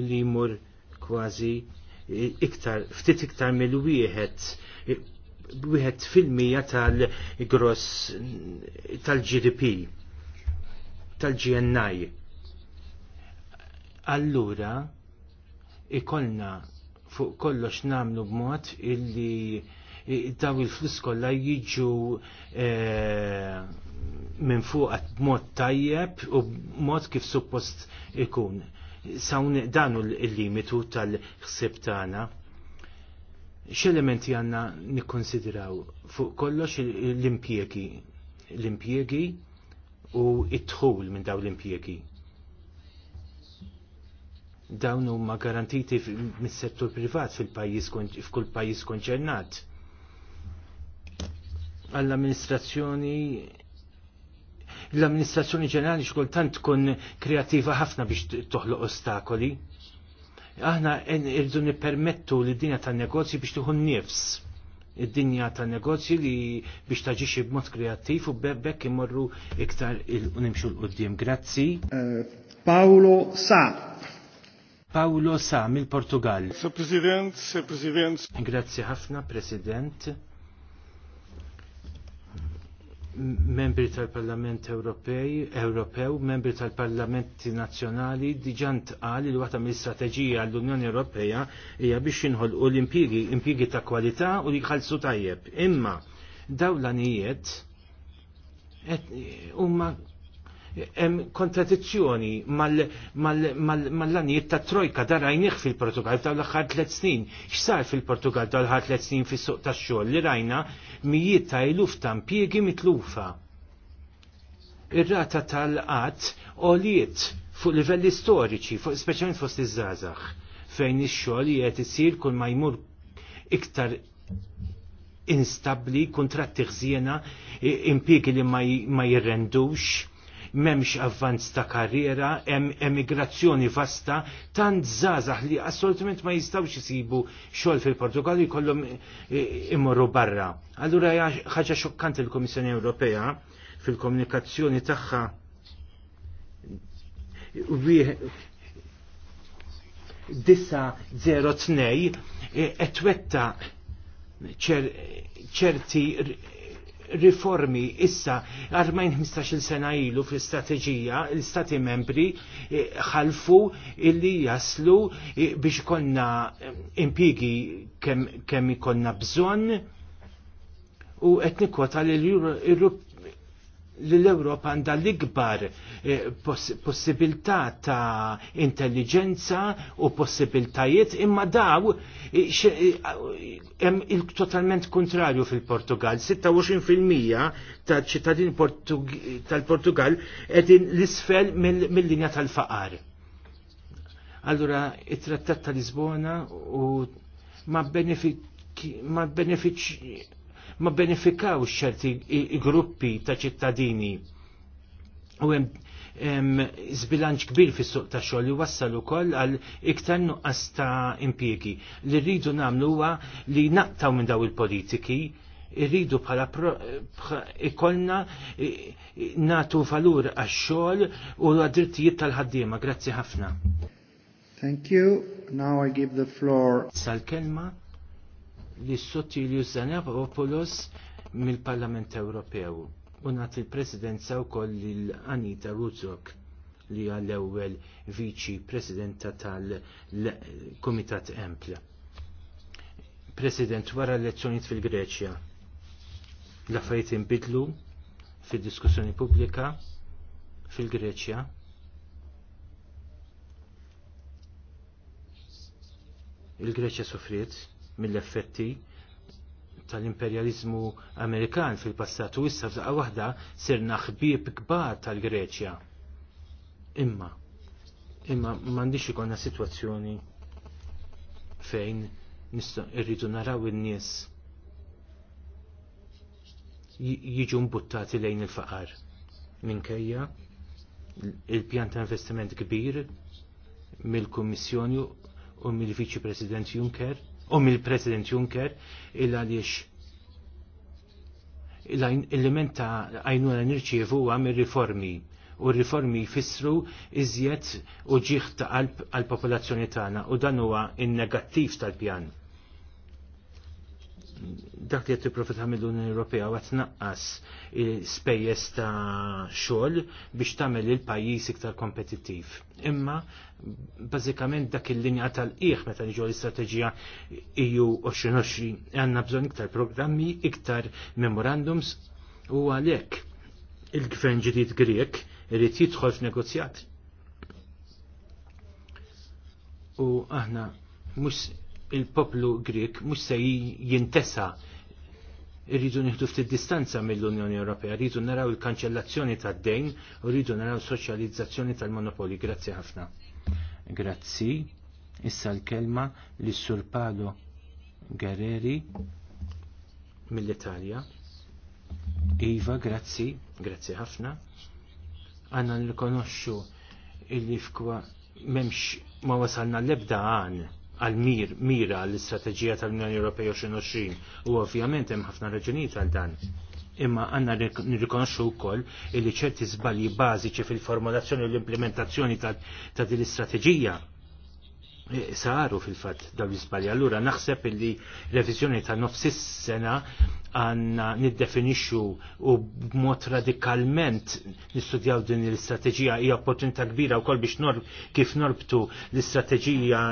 illi jmur kważi iktar, ftit iktar mill-wieħed wieħed fil-mija tal-gross tal-GDP tal-GNI allura ikollna fuq kollox namlu b'mod illi daw il-flus kollha jiġu e, minn fuq b'mod tajjeb u b'mod kif suppost ikun. Sawn danu il-limitu tal-ħsib tagħna. X'elementi għandna nikkonsidraw fuq kollox l-impjegi, l-impjegi u t dħul minn daw l-impjegi dawn huma garantiti mis-settur privat fil-pajjiż f'kull pajjiż konċernat. Għall-amministrazzjoni l-amministrazzjoni ġenerali tant tkun kreativa ħafna biex toħloq ostakoli. Aħna irdu nippermettu li dinja tan negozji biex tieħu nifs. id-dinja tan negozji li biex taġixi b'mod kreattiv u bebek imorru iktar il-nimxu l-qoddim. Grazzi. Eh, Paolo Sa. Paolo Sa mill-Portugal. Sir President, Sir President. Grazzi ħafna, President. Membri tal-Parlament Ewropej, Ewropew, membri tal-Parlamenti Nazzjonali diġant għal li wata mill-istrateġija għall-Unjoni Ewropeja hija biex jinħolqu l-impjiegi, impjiegi ta' kwalità u li jħallsu tajjeb. Imma dawn nijiet, huma hemm kontradizzjoni mal-lanijiet ta' trojka da fil-Portugal tal l-aħħar tliet snin. X'sar fil-Portugal tal aħħar tliet snin fis-suq tax-xogħol li rajna mijiet ta' iluf ta' impjiegi mitlufa. Ir-rata tal-qatt oliet fuq livelli storiċi, fuq speċjalment fost iż-żgħażagħ fejn ix-xogħol qiegħed isir kull ma jmur iktar instabli, kontratti ħsiena, impjiegi li ma jirrendux memx avvanz ta' karriera, em emigrazzjoni vasta, tant żgħażagħ li assolutament ma jistgħux jisibu xogħol fil-Portugal jkollhom imorru barra. Allura ħaġa xokkant il komissjoni Ewropea fil-komunikazzjoni tagħha disa 02 etwetta e-, ċerti riformi issa għarmajn 15 sena ilu fl-istrateġija l-istati membri eh, ħalfu illi jaslu eh, biex konna eh, impigi kemm kem ikonna bżonn u etnikota l-Europe l-Europa għandha l-ikbar eh, possibilità ta' intelligenza u possibiltajiet imma daw eh, eh, hemm il-totalment kontrarju fil-Portugal. 26% ta' ċittadin tal-Portugal qegħdin l-isfel mill-linja tal-faqar. Allura, it-trattat ta' Lisbona u ma' benefiċ ma' benefiċ ma benefikaw xerti gruppi ta' ċittadini. U hemm zbilanċ kbir fis-suq ta' xogħol li wassal ukoll għal iktar nuqqas ta' impjiegi. Li rridu nagħmlu huwa li naqtaw minn daw il-politiki irridu bħala ikollna natu valur għax-xogħol u għad-drittijiet tal-ħaddiema. Grazzi ħafna. Thank you. Now I give the floor. Sal-kelma li s-Sottilius Zanavopoulos mill-Parlament Ewropew. U nat il-Presidenza u koll l-Anita Ruzok li għall-ewel viċi Presidenta tal-Komitat Empla. President wara l elezzjonijiet fil-Greċja. l fajt imbidlu fil-diskussjoni pubblika fil-Greċja. Il-Greċja soffriet mill-effetti tal-imperializmu Amerikan fil-passat u issa f'daqqa waħda sirna ħbieb kbar tal-Greċja. Imma, imma m'għandix ikonna sitwazzjoni fejn irridu naraw in-nies jiġu mbuttati lejn il-faqar minkejja il-pjan ta' investiment kbir mill-Kummissjoni u mill-Viċi President Juncker u mill-President Juncker il għaliex l-element ta' għajnuna nirċievu għam riformi u riformi jfissru iżjed u ġieħ ta' għal popolazzjoni tagħna u dan huwa in-negattiv tal-pjan dak li qed tipprofitha mill-Unjoni Ewropea għat qed naqqas spejjeż ta' xogħol biex tagħmel il-pajjiż iktar kompetittiv. Imma bażikament dak il-linja tal-qiegħ meta niġu l-istrateġija EU 2020 għandna bżonn iktar programmi, iktar memorandums u għalhekk il-gvern ġdid Grek irid jidħol f'negozjat. U aħna mhux il-poplu Grek mhux se jintesa irridu nieħdu ftit distanza mill-Unjoni Ewropea, rridu naraw il-kanċellazzjoni tad-dejn u rridu naraw soċjalizzazzjoni tal-monopoli. Grazzi ħafna. Grazzi. Issa l-kelma lis sur Paolo Guerreri mill-Italja. Iva, grazzi, grazzi ħafna. Għanna nirkonoxxu li fkwa memx ma wasalna l-ebda għan għal-mir, mira l-istrateġija tal-Unjoni Ewropea 2020 u ovvjament hemm ħafna raġuni għal dan. Imma għanna nirrikonoxxu wkoll li ċerti żbalji bażiċi fil-formulazzjoni u l-implementazzjoni ta' din l-istrateġija e, saru fil-fatt dawn l-iżbalji. Allura naħseb li reviżjoni ta' nofs sena għanna niddefinixxu u b'mod radikalment nistudjaw din l-istrateġija hija opportunità kbira wkoll biex nor kif norbtu l-istrateġija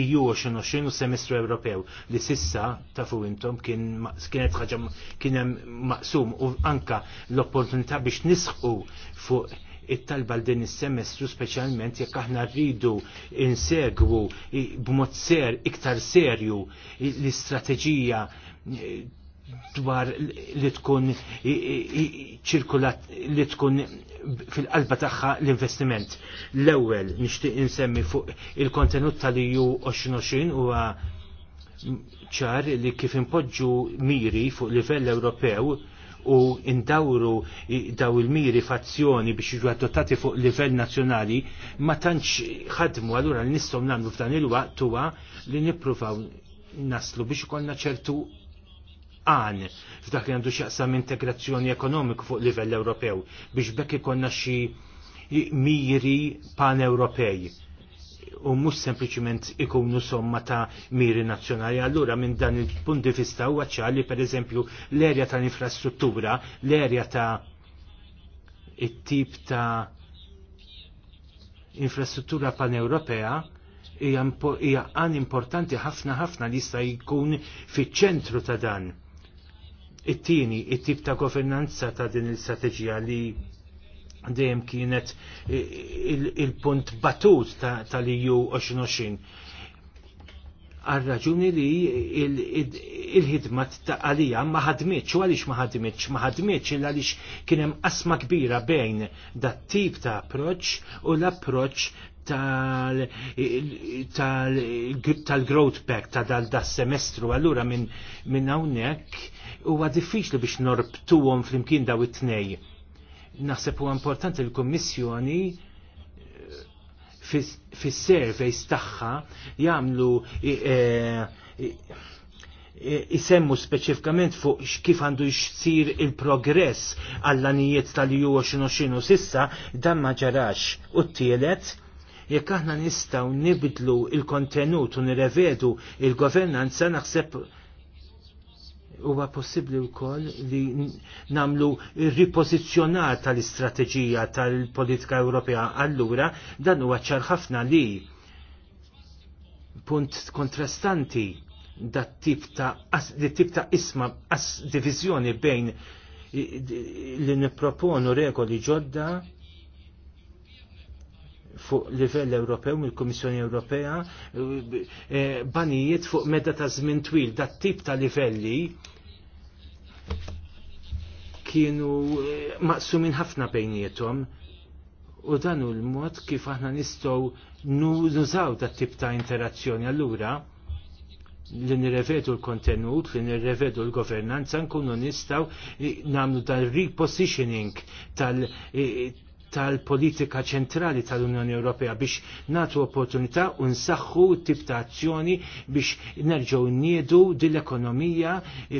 EU xinu xinu semestru Ewropew li sissa tafu intom kien kienet ħaġa kien hemm maqsum u anka l-opportunità biex nisħu fuq it-talba l din is-semestru speċjalment jekk aħna rridu insegwu b'mod ser iktar serju l-istrateġija dwar li tkun ċirkulat li tkun fil-qalba tagħha l-investiment. L-ewwel nixtieq insemmi fuq il-kontenut tal-EU 2020 huwa ċar li kif impoġġu miri fuq livell Ewropew u indawru daw il-miri fazzjoni biex jiġu adottati fuq livell nazzjonali ma tantx ħadmu allura li nistgħu nagħmlu f'dan il-waqt huwa li nippruvaw naslu biex ikollna ċertu għan f'dak li għandu xaqsam integrazzjoni ekonomiku fuq livell Ewropew biex bekk ikonna xi miri pan-Ewropej u mhux sempliciment ikunu somma ta' miri nazzjonali. Allura minn dan il-punt di vista huwa per pereżempju l-erja tal-infrastruttura, l-erja ta' it-tip ta' infrastruttura pan-Ewropea hija għan importanti ħafna ħafna li jista' jkun fiċ-ċentru ta' dan it-tieni, it-tip ta' governanza ta' din il-strateġija li dejjem kienet il-punt batut tal-EU 2020 għal-raġuni li il ħidmat ta' għalija ma ħadmitx, u għalix ma ħadmitx, ma il għalix kienem asma kbira bejn dat tip ta' approċ u l-approċ tal-growth pack ta' dal da' semestru. Allura minn hawnhekk huwa diffiċli biex norbtuhom flimkien daw it-tnej. Naħseb huwa importanti l-Kummissjoni eh, fis servej tagħha jagħmlu jisemmu eh, eh, speċifikament fuq kif għandu jxsir il-progress għall-anijiet tal-ju xinu sissa dan ma ġarax u t-tielet jekk aħna nistgħu nibdlu il-kontenut u nirrevedu il-governanza naħseb huwa possibbli wkoll li namlu ripożizzjonar tal-istrateġija tal-politika Ewropea. Allura dan huwa ċar ħafna li punt kontrastanti dat tip ta' tip ta' isma as diviżjoni bejn li nipproponu regoli ġodda fuq livell Ewropew mill-Kummissjoni Ewropea eh, eh, banijiet fuq medda ta' żmien twil dat tip ta' livelli kienu eh, maqsumin ħafna bejnietom u dan hu l-mod kif aħna nistgħu nużaw dat tip ta' interazzjoni allura li nirrevedu l-kontenut, li nirrevedu l-governanza, nkunu nistaw namlu dal repositioning tal tal-politika ċentrali tal-Unjoni Ewropea biex natu opportunità u nsaħħu tip ta' azzjoni biex nerġgħu nniedu din l-ekonomija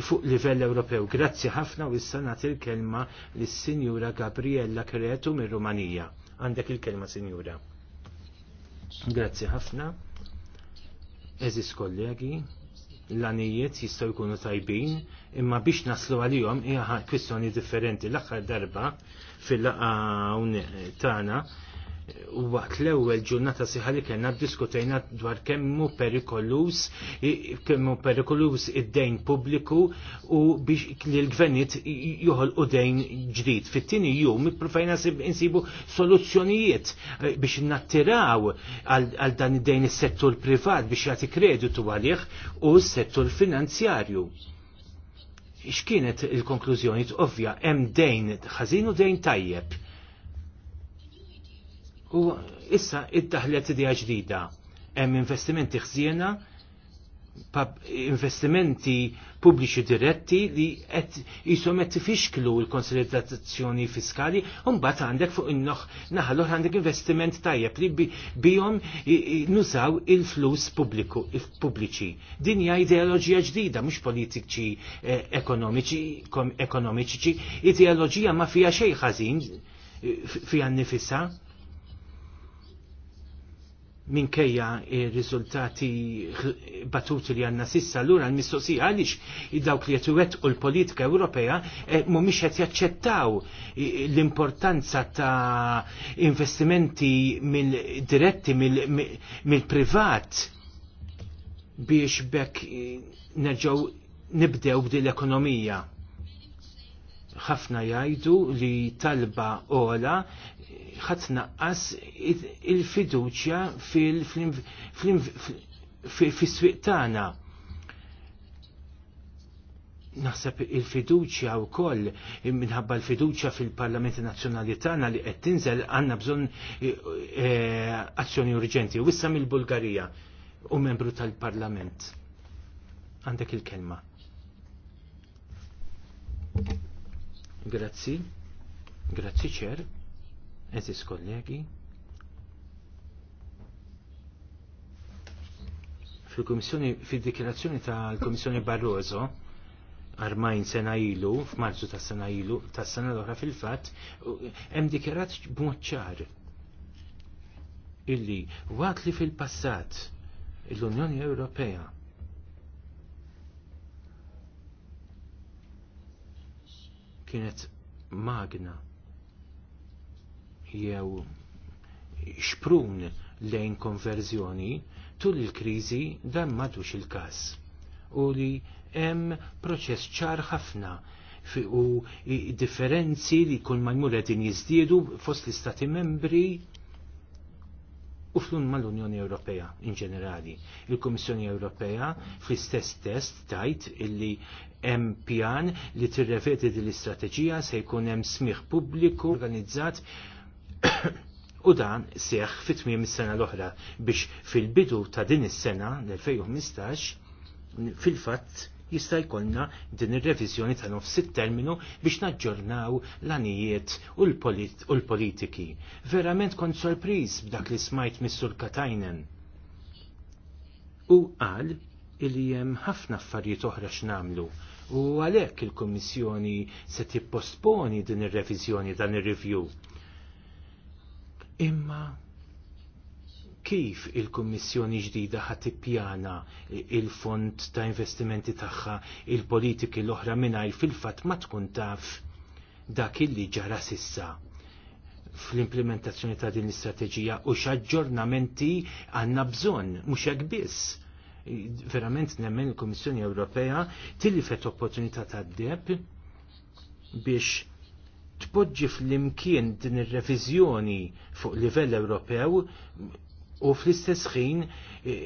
fuq livell Ewropew. Grazzi ħafna u issa nagħti l-kelma lis-Sinjura Gabriella Kretu mir-Rumanija. Għandek il-kelma, Sinjura. Grazzi ħafna. Eżis kollegi l għanijiet jistaw jkunu tajbin, imma biex naslu għalihom hija kwistjoni differenti. L-aħħar darba fil-laqa tagħna u għat l-ewwel ġurnata siħa li kellna ddiskutejna dwar kemmu perikolus kemmu perikolus id-dejn pubbliku u biex li l juħol joħolqu dejn ġdid. Fit-tieni jum profajna insibu soluzzjonijiet eh, biex nattiraw għal dan id-dejn is-settur privat biex jagħti kreditu għalih u s-settur finanzjarju x'kienet il-konklużjoni ovvja hemm dejn ħażin u dejn tajjeb. U issa id-daħlet idea ġdida hemm investimenti ħsiena investimenti pubbliċi diretti li qed jisom qed tifixklu l-konsolidazzjoni fiskali u mbagħad għandek fuq innoħ noħ għandek investiment tajjeb li bihom nużaw il-flus pubbliku pubbliċi. Din hija ideoloġija ġdida mhux politiċi eh, ekonomiċi, ideoloġija ma fiha xejn ħażin eh, fiha nnifisha minkejja il-rizultati batuti li għanna sissa l-ura l-mistoqsija għalix id-dawk li jtuwet u l-politika Ewropea eh, mumiex qed jaċċettaw l-importanza ta' investimenti mill-diretti mill-privat biex bekk nerġaw nibdew b'din l-ekonomija ħafna jajdu li talba ola ħadd naqqas il-fiduċja fis-swieq tagħna. Naħseb il-fiduċja wkoll minħabba l-fiduċja fil-Parlamenti Nazzjonali tagħna li qed tinżel għandna bżonn eh, azzjoni urġenti u issa mill-Bulgarija u membru tal-Parlament. Għandek il-kelma. Grazzi. Grazzi ċer. Eżis kollegi. Fil-Komissjoni, fil-dikjerazzjoni tal-Komissjoni Barroso, armajn sena ilu, f'Marzu ta' sena ilu, ta' sena l-oħra fil-fat, hemm dikjerat b'mod ċar illi waqt li fil-passat l-Unjoni Ewropea kienet magna jew xprun lejn konverżjoni tul il-kriżi dan madux il-każ u li hemm proċess ċar ħafna u differenzi li kull ma jmur qegħdin jiżdiedu fost l-istati membri u flun mal-Unjoni Ewropea in ġenerali. il kummissjoni Ewropea fl-istess test tajt illi hemm pjan li tirrevedi din l-istrateġija se jkun hemm smih pubbliku organizzat U dan seħ fit-tmiem is-sena l-oħra biex fil-bidu ta' din is-sena l-2015 fil-fatt jista' jkollna din ir-reviżjoni ta' nofs it terminu biex naġġornaw l-anijiet u l-politiki. Verament kont sorpriż b'dak li smajt Mr. Katajnen. U qal illi hemm ħafna affarijiet oħra x'namlu. U għalhekk il-Kummissjoni se tipposponi din ir-reviżjoni dan ir-review Imma kif il-Kummissjoni ġdida ħat ippjana il-fond ta' investimenti tagħha il-politiki l-oħra mingħajr fil-fatt ma tkun taf dak illi ġara sissa fl-implementazzjoni ta' din l-istrateġija u x'aġġornamenti għandna bżonn mhux hekk biss. Verament nemmen il-Kummissjoni Ewropea tilifet opportunità ta' deb biex tpoġġi fl-imkien din ir-reviżjoni fuq livell Ewropew u fl-istess ħin e,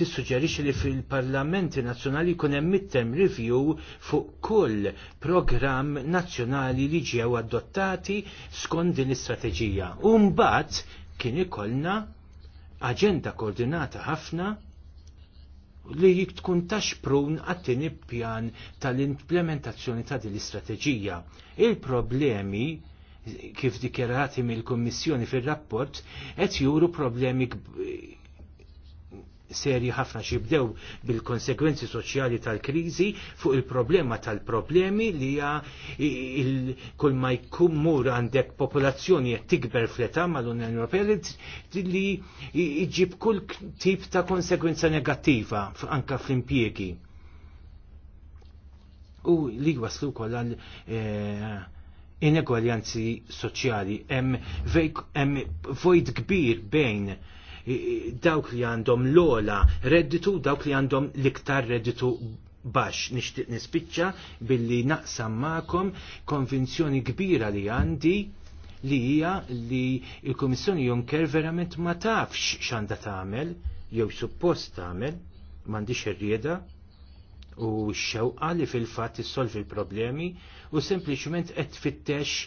tissuġġerixxi li fil-Parlamenti Nazzjonali jkun hemm mittem review fuq kull programm nazzjonali li ġew adottati skont din l-istrateġija. U mbagħad kien ikollna aġenda koordinata ħafna li tkun taxprun għattini pjan tal-implementazzjoni ta' din l-istrateġija. Il-problemi kif dikjerati mill-Kommissjoni fil-rapport qed juru problemi serji ħafna xibdew bil-konsekwenzi soċjali tal-krizi fuq il-problema tal-problemi li hija kull ma jkun għandek popolazzjoni qed tikber fleta ma mal-Unjoni Ewropea li iġib kull tip ta' konsekwenza negattiva anka fl-impjiegi. U li waslu wkoll għal eh, inegwaljanzi soċjali, hemm vojt kbir bejn dawk li għandhom l-ola redditu, dawk li għandhom l-iktar redditu bax nixtieq nispiċċa billi naqsam magħkom konvinzjoni kbira li għandi li hija li il komissjoni Juncker verament ma tafx x'għandha tagħmel jew suppost tagħmel m'għandix irrieda u x-xewqa li fil-fatt issolvi l-problemi u sempliċement qed fittex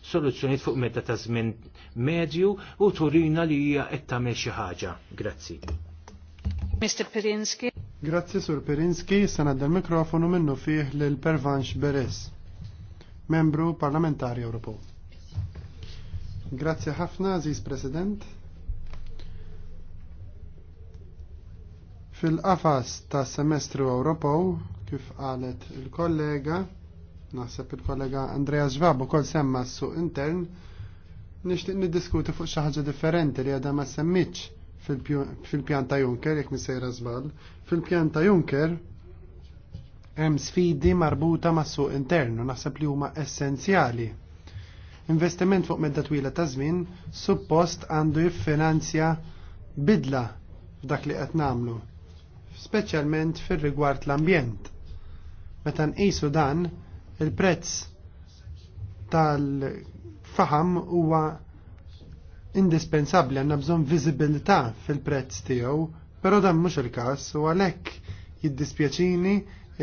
soluzzjonijiet fuq meta ta' żmien medju u turina li hija qed tagħmel xi ħaġa. Grazzi. Mr. Perinski. Grazzi Sur Perinski, sanad l mikrofonu minnu fih lil Pervanx Beres, membru parlamentari Ewropew. Grazzi ħafna, Aziz President. Fil-qafas ta' semestru Ewropew, kif qalet il-kollega, Naħseb il-kollega Andrea Ġvabu kol semma s-suq intern nixtieq niddiskuti fuq xi ħaġa differenti li għadha ma semmitx fil pjanta Junker Juncker jekk misejra żbal, fil pjanta Junker hemm sfidi marbuta mas suq u naħseb li huma essenzjali. Investiment fuq medda twila ta' żmien suppost għandu jiffinanzja bidla f'dak li qed nagħmlu, speċjalment fir-rigward l-ambjent. Meta nqisu dan, Il-prezz tal-faham huwa indispensabli għanna bżon viżibilità fil-prezz tiegħu, però dan mhux il-każ u għalhekk jiddispjaċini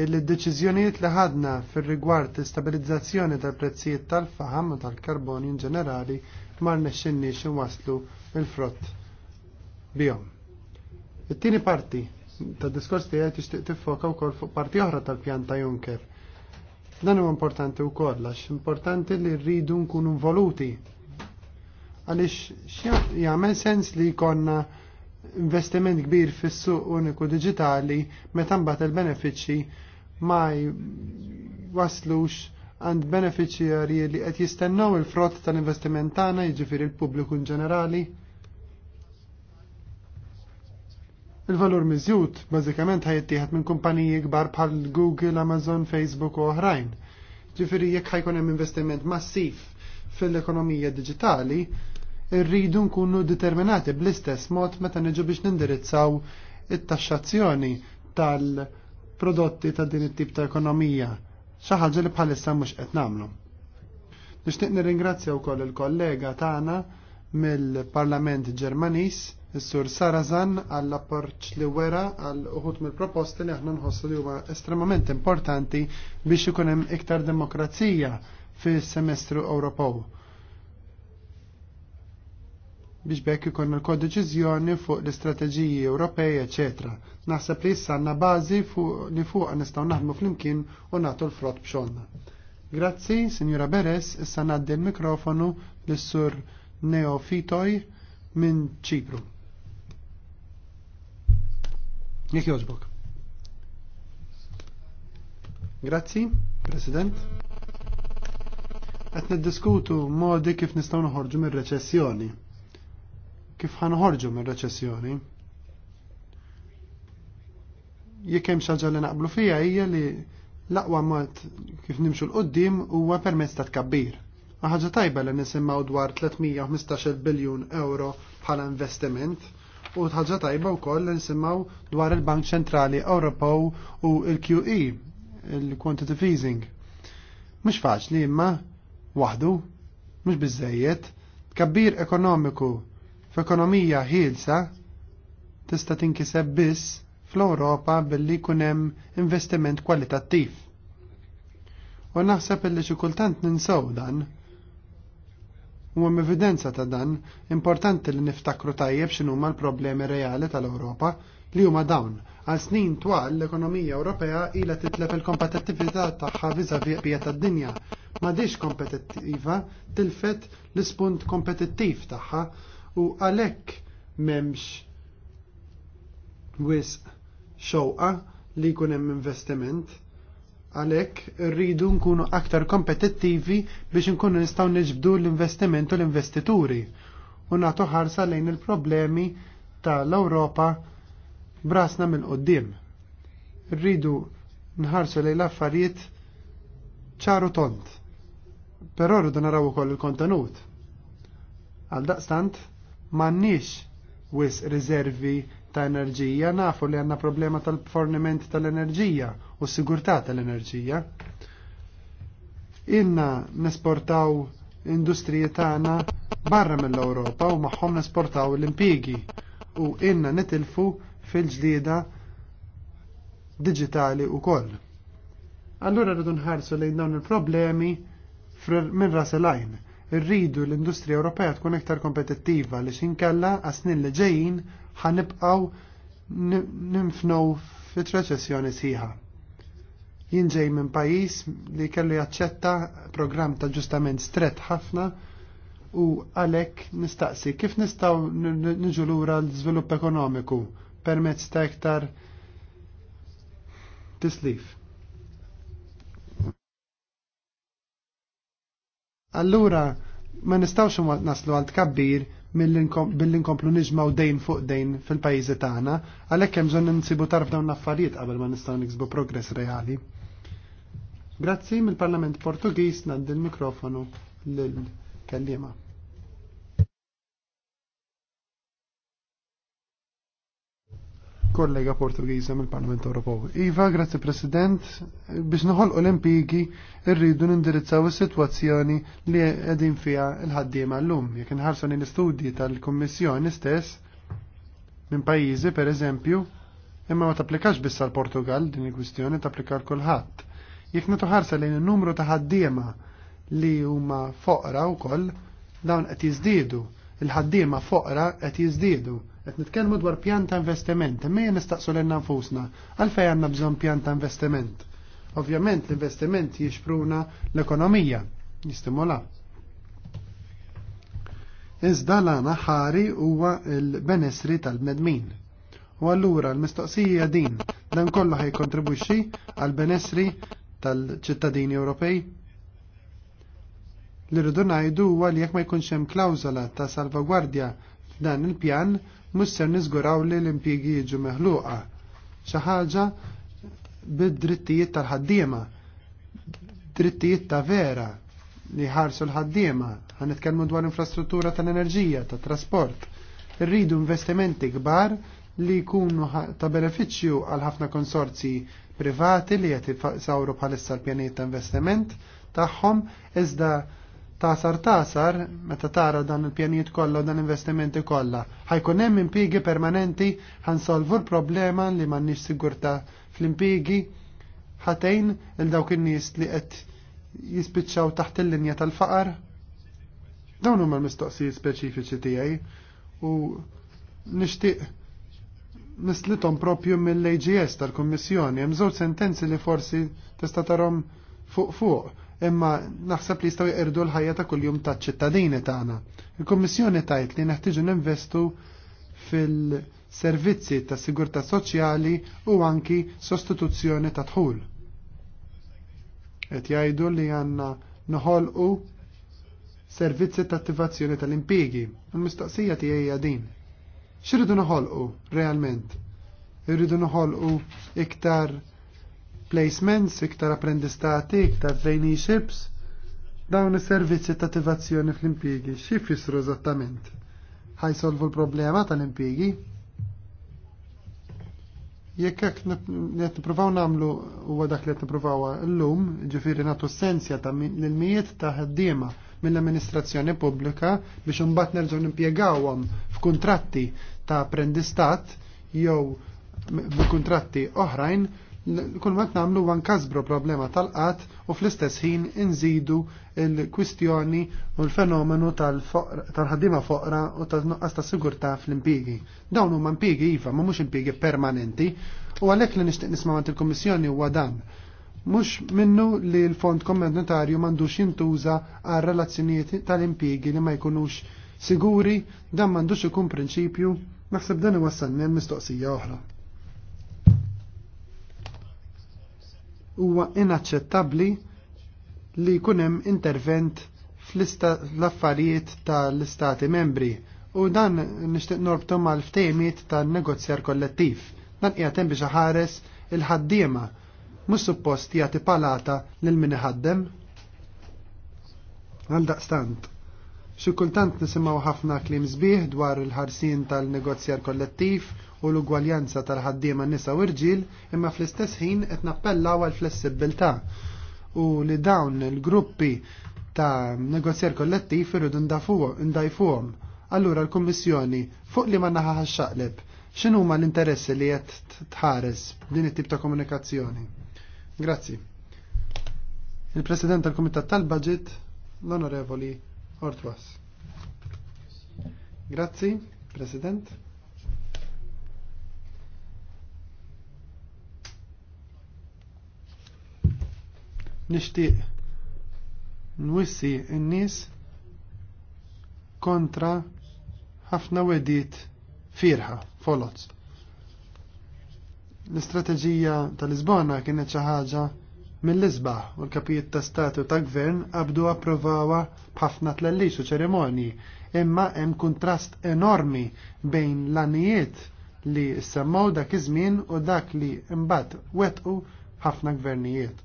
il-deċiżjonijiet li ħadna fir-rigward stabilizzazzjoni tal-prezzijiet tal-faham u tal-karbonju in ġenerali ma rnexxinniex waslu il-frott bihom. It-tieni parti tad diskors tiegħi tixtieq tiffoka wkoll fuq parti oħra tal-pjan ta' Juncker Dan huwa importanti wkoll għax importanti li rridu nkunu voluti. Għaliex jagħmel sens li jkollna investiment kbir fis-suq uniku diġitali meta bat il-benefiċċji ma waslux għand beneficjarji li qed jistennew il-frott tal-investiment tagħna jiġifieri il-pubbliku in ġenerali. Il-valur miżjud bażikament ħajtieħed minn kumpaniji kbar bħal Google, Amazon, Facebook u oħrajn. Ġifieri jekk ħajkun hemm investiment massiv fil-ekonomija diġitali, irridu nkunu determinati bl-istess mod meta niġu biex nindirizzaw it-taxxazzjoni tal-prodotti ta' din it-tip ta' ekonomija. Xi ħaġa li bħalissa mhux qed nagħmlu. Nixtieq nirringrazzja wkoll il-kollega tagħna mill-Parlament Ġermaniż Is-sur Sarazan għall apporċ li wera għal uħut mill-proposti li aħna nħossu li huma estremament importanti biex ikun hemm iktar demokrazija fis-semestru Ewropew. Biex bekk ikun il-kodeċiżjoni fuq l-istrateġiji Ewropej, eċetera. Naħseb li issa għandna bażi li fuq nistgħu naħdmu flimkien u nagħtu l-frott b'xogħolna. Grazzi, Sinjura Beres, issa ngħaddi l-mikrofonu lis-sur Neofitoj minn Ċipru. Jek joġbok. Grazzi, President. Qed niddiskutu modi kif nistgħu noħorġu mir-reċessjoni. Kif ħanħorġu mir-reċessjoni? Jekk hemm xaġa li naqblu fiha hija li l-aqwa mod kif nimxu l-qoddim huwa permezz ta' tkabbir. Ma ħaġa tajba li nisimgħu dwar 315 biljun euro bħala investiment u tħadġa tajba wkoll li nsimaw dwar il-Bank Ċentrali Ewropew u il-QE, il-Quantitative Easing. Mhux faċli imma waħdu, mhux bizzejiet, kabbir ekonomiku f'ekonomija ħielsa tista' tinkiseb biss fl-Ewropa billi jkun hemm investiment kwalitattiv. U naħseb illi xi kultant ninsew dan U għam evidenza ta' dan, importanti li niftakru tajjeb x'inhuma l-problemi reali tal-Ewropa li huma dawn. Għal snin twal l-ekonomija Ewropea ilha titlef il-kompetittività tagħha viżavi bija tad-dinja. Ma kompetittiva tilfet l-ispunt kompetittiv tagħha u għalhekk m'hemmx wisq xewqa li jkun hemm investiment Għalhekk rridu nkunu aktar kompetittivi biex nkunu nistgħu niġbdu l-investiment u l-investituri u nagħtu ħarsa lejn il-problemi tal-Ewropa brasna minn qoddim. Rridu nħarsu lejn l-affarijiet ċaru tont. Però rridu naraw ukoll il-kontenut. Għal daqstant, m'għandniex wis riservi ta' enerġija, nafu li għanna problema tal-forniment tal-enerġija u s-sigurtà tal-enerġija. Inna nesportaw industriji tagħna barra mill-Ewropa u magħhom nesportaw l-impigi u inna nitilfu fil-ġdida digitali u koll. Allura rridu nħarsu lejn dawn il-problemi minn raselajn. Irridu l-industrija Ewropea tkun iktar kompetittiva li xinkella għasnin li ġejjin ħanibqaw nimfnow fit reċessjoni sħiħa. Jien ġej minn pajjiż li kellu jaċċetta programm ta' ġustament stret ħafna u għalhekk nistaqsi kif nistgħu niġu lura l-żvilupp ekonomiku permezz ta' iktar tislif. Allura ma nistgħux naslu għal tkabbir bil-inkomplu niġmaw dejn fuq dejn fil-pajizi tagħna, għalhekk hemm bżonn tarf dawn l-affarijiet qabel ma nistgħu nixbu progress reali. Grazzi mill-Parlament Portugiż nad il-mikrofonu lill-kellima. kollega Portugiża mill-Parlament Ewropew. Iva, grazzi President, biex noħol l irridu rridu nindirizzaw is-sitwazzjoni li qegħdin fiha l-ħaddiema llum. Jekk inħarsu l-istudji tal-Kummissjoni stess minn pajjiżi pereżempju, imma ma tapplikax biss għall Portugal din il-kwistjoni tapplika l kulħadd. Jekk nagħtu ħarsa lejn in-numru ta' ħaddiema li huma foqra wkoll dawn qed jiżdiedu. Il-ħaddiema foqra qed jiżdiedu. Qed nitkellmu dwar pjan ta' investiment, imma nistaqsu lil nfusna għalfejn għandna bżonn pjan ta' investiment. Ovvjament l-investiment jixpruna l-ekonomija, jistimula. Iżda l-għana ħari huwa l-benessri tal-bnedmin. U allura l-mistoqsija din dan kollu ħaj għall għal benessri tal-ċittadini Ewropej? Li rridu ngħidu huwa li jekk ma jkunx hemm klawżola ta' salvagwardja f'dan il-pjan, mhux ser niżguraw li l-impjiegi jiġu meħluqa. Xi ħaġa bid-drittijiet tal-ħaddiema, drittijiet ta' vera li ħarsu l-ħaddiema, ħan nitkellmu dwar infrastruttura tal-enerġija, tat-trasport. Irridu investimenti kbar li jkunu ta' benefiċċju għal ħafna konsorzi privati li qed sawru bħalissa l-pjanijiet ta' investiment tagħhom iżda tasar tasar meta tara dan il-pjanijiet kollha u dan investimenti kollha. Ħajkun hemm impjiegi permanenti ħansolvu l-problema li m'għandniex sigurtà fl impigi ħatejn il dawk in-nies li qed jispiċċaw taħt il-linja tal-faqar. Dawn huma l-mistoqsijiet speċifiċi tiegħi u nixtieq mislitom propju mill-AGS tal-Kommissjoni. Hemm żewġ sentenzi li forsi tista' tarhom fuq fuq, imma naħseb li jistgħu jqirdu l-ħajja ta' kuljum taċ-ċittadini tagħna. Il-Kommissjoni tajt li neħtieġu ninvestu fil-servizzi ta' sigurtà soċjali u anki sostituzzjoni ta' dħul. Qed jgħidu li għandna noħolqu servizzi ta' attivazzjoni tal-impjegi. Il-mistoqsija tiegħi din Xirridu noħolqu realment? Irridu noħolqu iktar placements, iktar apprendistati, iktar traineeships, dawn is-servizzi ta' attivazzjoni fl-impjiegi. Xi jfissru eżattament? Ħajsolvu l-problema tal-impjiegi? Jekk hekk qed nippruvaw nagħmlu huwa dak li qed nippruvaw llum, ġifieri nagħtu essenzja ta' l-mijiet ta' ħaddiema mill-amministrazzjoni pubblika biex imbagħad nerġgħu nimpjegawhom f'kuntratti ta' apprendistat jew b'kuntratti oħrajn kull ma nagħmlu wan kasbru problema tal-qatt u fl-istess ħin inżidu l-kwistjoni u l-fenomenu tal-ħaddima foqra u tal-nuqqas ta' sigurtà fl-impigi. Dawn huma impigi iva, ma mhux impigi permanenti u għalhekk li nixtieq nisma' il-Kummissjoni huwa dan Mux minnu li l-fond kommentatarju mandux jintuża għal relazzjonijiet tal impiegi li ma jkunux siguri, dan mandux ikun prinċipju, naħseb dan iwassalni mistoqsija oħra. Huwa inaċċettabbli li kunem intervent fl-affarijiet tal-istati membri u dan nishtiq norbtu mal-ftejmiet tan-negozjar kollettiv. Dan qiegħed hemm biex ħares il-ħaddiema mhux suppost jagħti palata lil min iħaddem. Għal daqstant. Xi kultant nisimgħu ħafna kliem sbieħ dwar il-ħarsin tal-negozjar kollettiv u l-ugwaljanza tal ħaddima nisa u rġil, imma fl-istess ħin qed nappellaw għal flessibilità u li dawn il-gruppi ta' negozjar kollettiv irridu ndajfuhom. Allura l-Kummissjoni fuq li ma naħa xaqleb, x'inhuma l-interessi li qed tħares din it-tip ta' komunikazzjoni? Grazzi. Il-President tal-Kumitat tal-Budget, l-Onorevoli Ortwas. Grazzi, President. Nishtiq nwissi n-nis kontra ħafna wedit firħa, folots. L-istrateġija tal-Lisbona kienet xi ħaġa mill-isbaħ u l-kapijiet ta' statu ta' gvern qabdu approvawa b'ħafna tlellix u ċerimonji, imma hemm kontrast enormi bejn l-anijiet li semmaw dak iż-żmien u dak li mbagħad wetqu ħafna gvernijiet.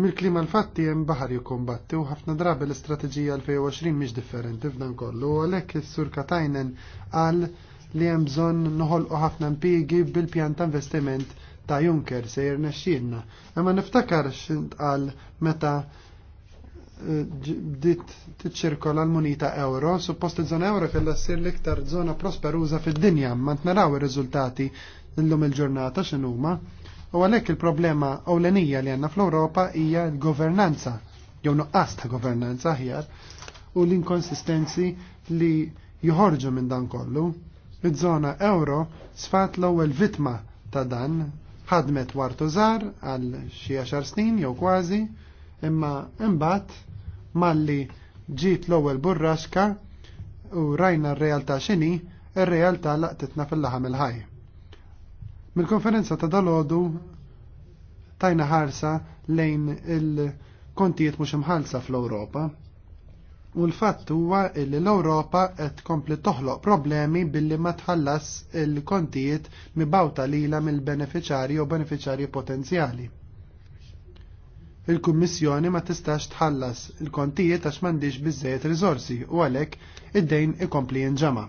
Mill-klima l-fatti hemm baħar jikkombatti u ħafna drabi l-istrateġija 2020 mhix differenti f'dan kollu u għalhekk is-Sur Katajnen qal li hemm bżonn noħolqu ħafna mpigi bil-pjan ta' investiment ta' Juncker se jirnexxielna. Imma niftakar għal meta eh, bdiet tiċċirkola l-munita euro, suppost iż-żona euro s ssir l-iktar żona prosperuża fid-dinja, ma naraw ir-riżultati llum il-ġurnata x'inhuma. U għalhekk il-problema ewlenija li għandna fl-Ewropa hija l-governanza, jew nuqqas ta' governanza aħjar, u l-inkonsistenzi li joħorġu minn dan kollu. id żona euro sfat l-ewwel vittma ta' dan ħadmet wartu żar għal xi għaxar snin jew kważi, imma imbagħad malli ġiet l-ewwel burraxka u rajna r-realtà x'inhi, r realtà laqtitna fil-laħam il-ħaj. Mill-konferenza ta' dalodu tajna ħarsa lejn il-kontijiet mhux imħalsa fl-Ewropa. U l-fatt huwa li l-Ewropa qed tkompli toħloq problemi billi ma tħallas il-kontijiet mibawta lila mill-beneficjarji u beneficjarji potenzjali. Il-Kummissjoni ma tistax tħallas il-kontijiet għax m'għandix biżejjed riżorsi u għalhekk id-dejn ikompli jinġama'.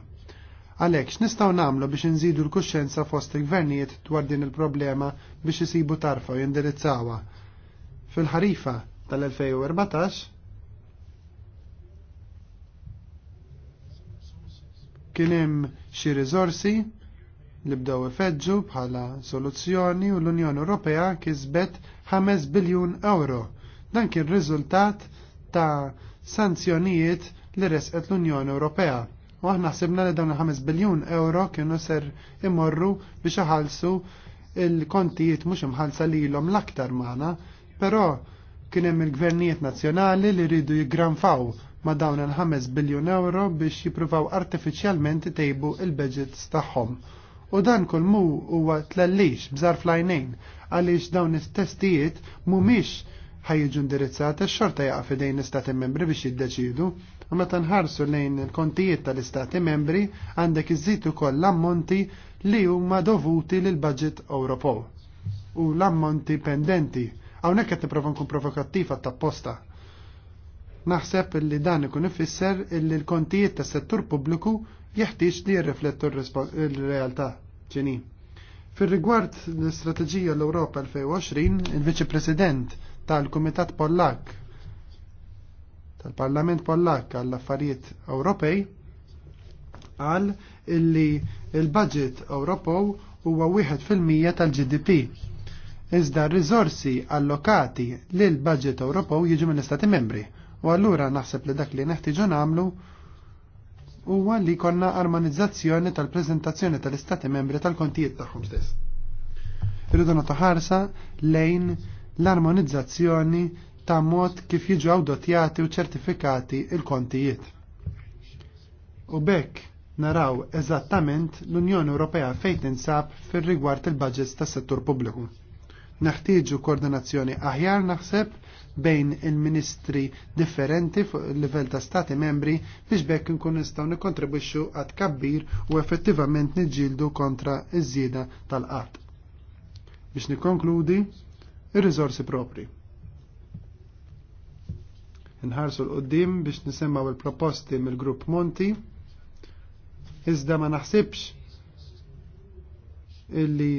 Għalhekk x'nistgħu nagħmlu biex inżidu l kuxxenza fost il-gvernijiet dwar din il-problema biex isibu tarfa u jindirizzawha. Fil-ħarifa tal-2014 kien hemm xi riżorsi li bdew ifeġġu bħala soluzzjoni u l-Unjoni Ewropea kisbet 5 biljun euro. Dan kien riżultat ta' sanzjonijiet li resqet l-Unjoni Ewropea u aħna ħsibna li dawn il-5 biljun euro kienu ser imorru biex iħallsu il-kontijiet mhux imħalsa lilhom l-aktar magħna, però kien hemm il-gvernijiet nazzjonali li rridu jiggranfaw ma' dawn il-5 biljun euro biex jippruvaw artifiċjalment tejbu il-budgets tagħhom. U dan kull mu huwa tlellix bżar flajnejn għaliex dawn it-testijiet mhumiex ħajġu indirizzat ix-xorta jaqa' fidejn istati membri biex jiddeċidu U meta nħarsu lejn il-kontijiet tal-Istati membri għandek iżid ukoll l-ammonti li huma dovuti lil budget Ewropew u l-ammonti pendenti. Hawnhekk qed nipprova nkun provokattiv għat-tapposta. Naħseb li dan ikun ifisser illi l-kontijiet tas-settur pubbliku jeħtieġ li jirriflettu r-realtà ġini. Fil-rigward l-Istrateġija l ewropa 2020, il-Viċi President tal-Kumitat Pollak tal-Parlament Pollak għall-affarijiet Ewropej qal illi il-budget Ewropew huwa wieħed fil-mija tal-GDP. Iżda r-riżorsi allokati lil budget Ewropew jiġu mill-Istati Membri. U allura naħseb li dak li neħtiġu nagħmlu huwa li konna armonizzazzjoni tal-preżentazzjoni tal-Istati Membri tal-kontijiet tagħhom stess. Irridu nagħtu ħarsa lejn l-armonizzazzjoni ta' mod kif jiġu awdotjati u ċertifikati il-kontijiet. U bekk naraw eżattament l-Unjoni Ewropea fejn tinsab fir-rigward il-budgets tas-settur pubbliku. Naħtieġu koordinazzjoni aħjar naħseb bejn il-ministri differenti fuq il livell ta' stati membri biex bekk nkun nistgħu nikkontribwixxu għad kabbir u effettivament niġġieldu kontra iż-żieda tal-qatt. Biex nikkonkludi, ir-riżorsi propri nħarsu l-qoddim biex nisemmaw il-proposti mill-grupp Monti, iżda ma naħsibx illi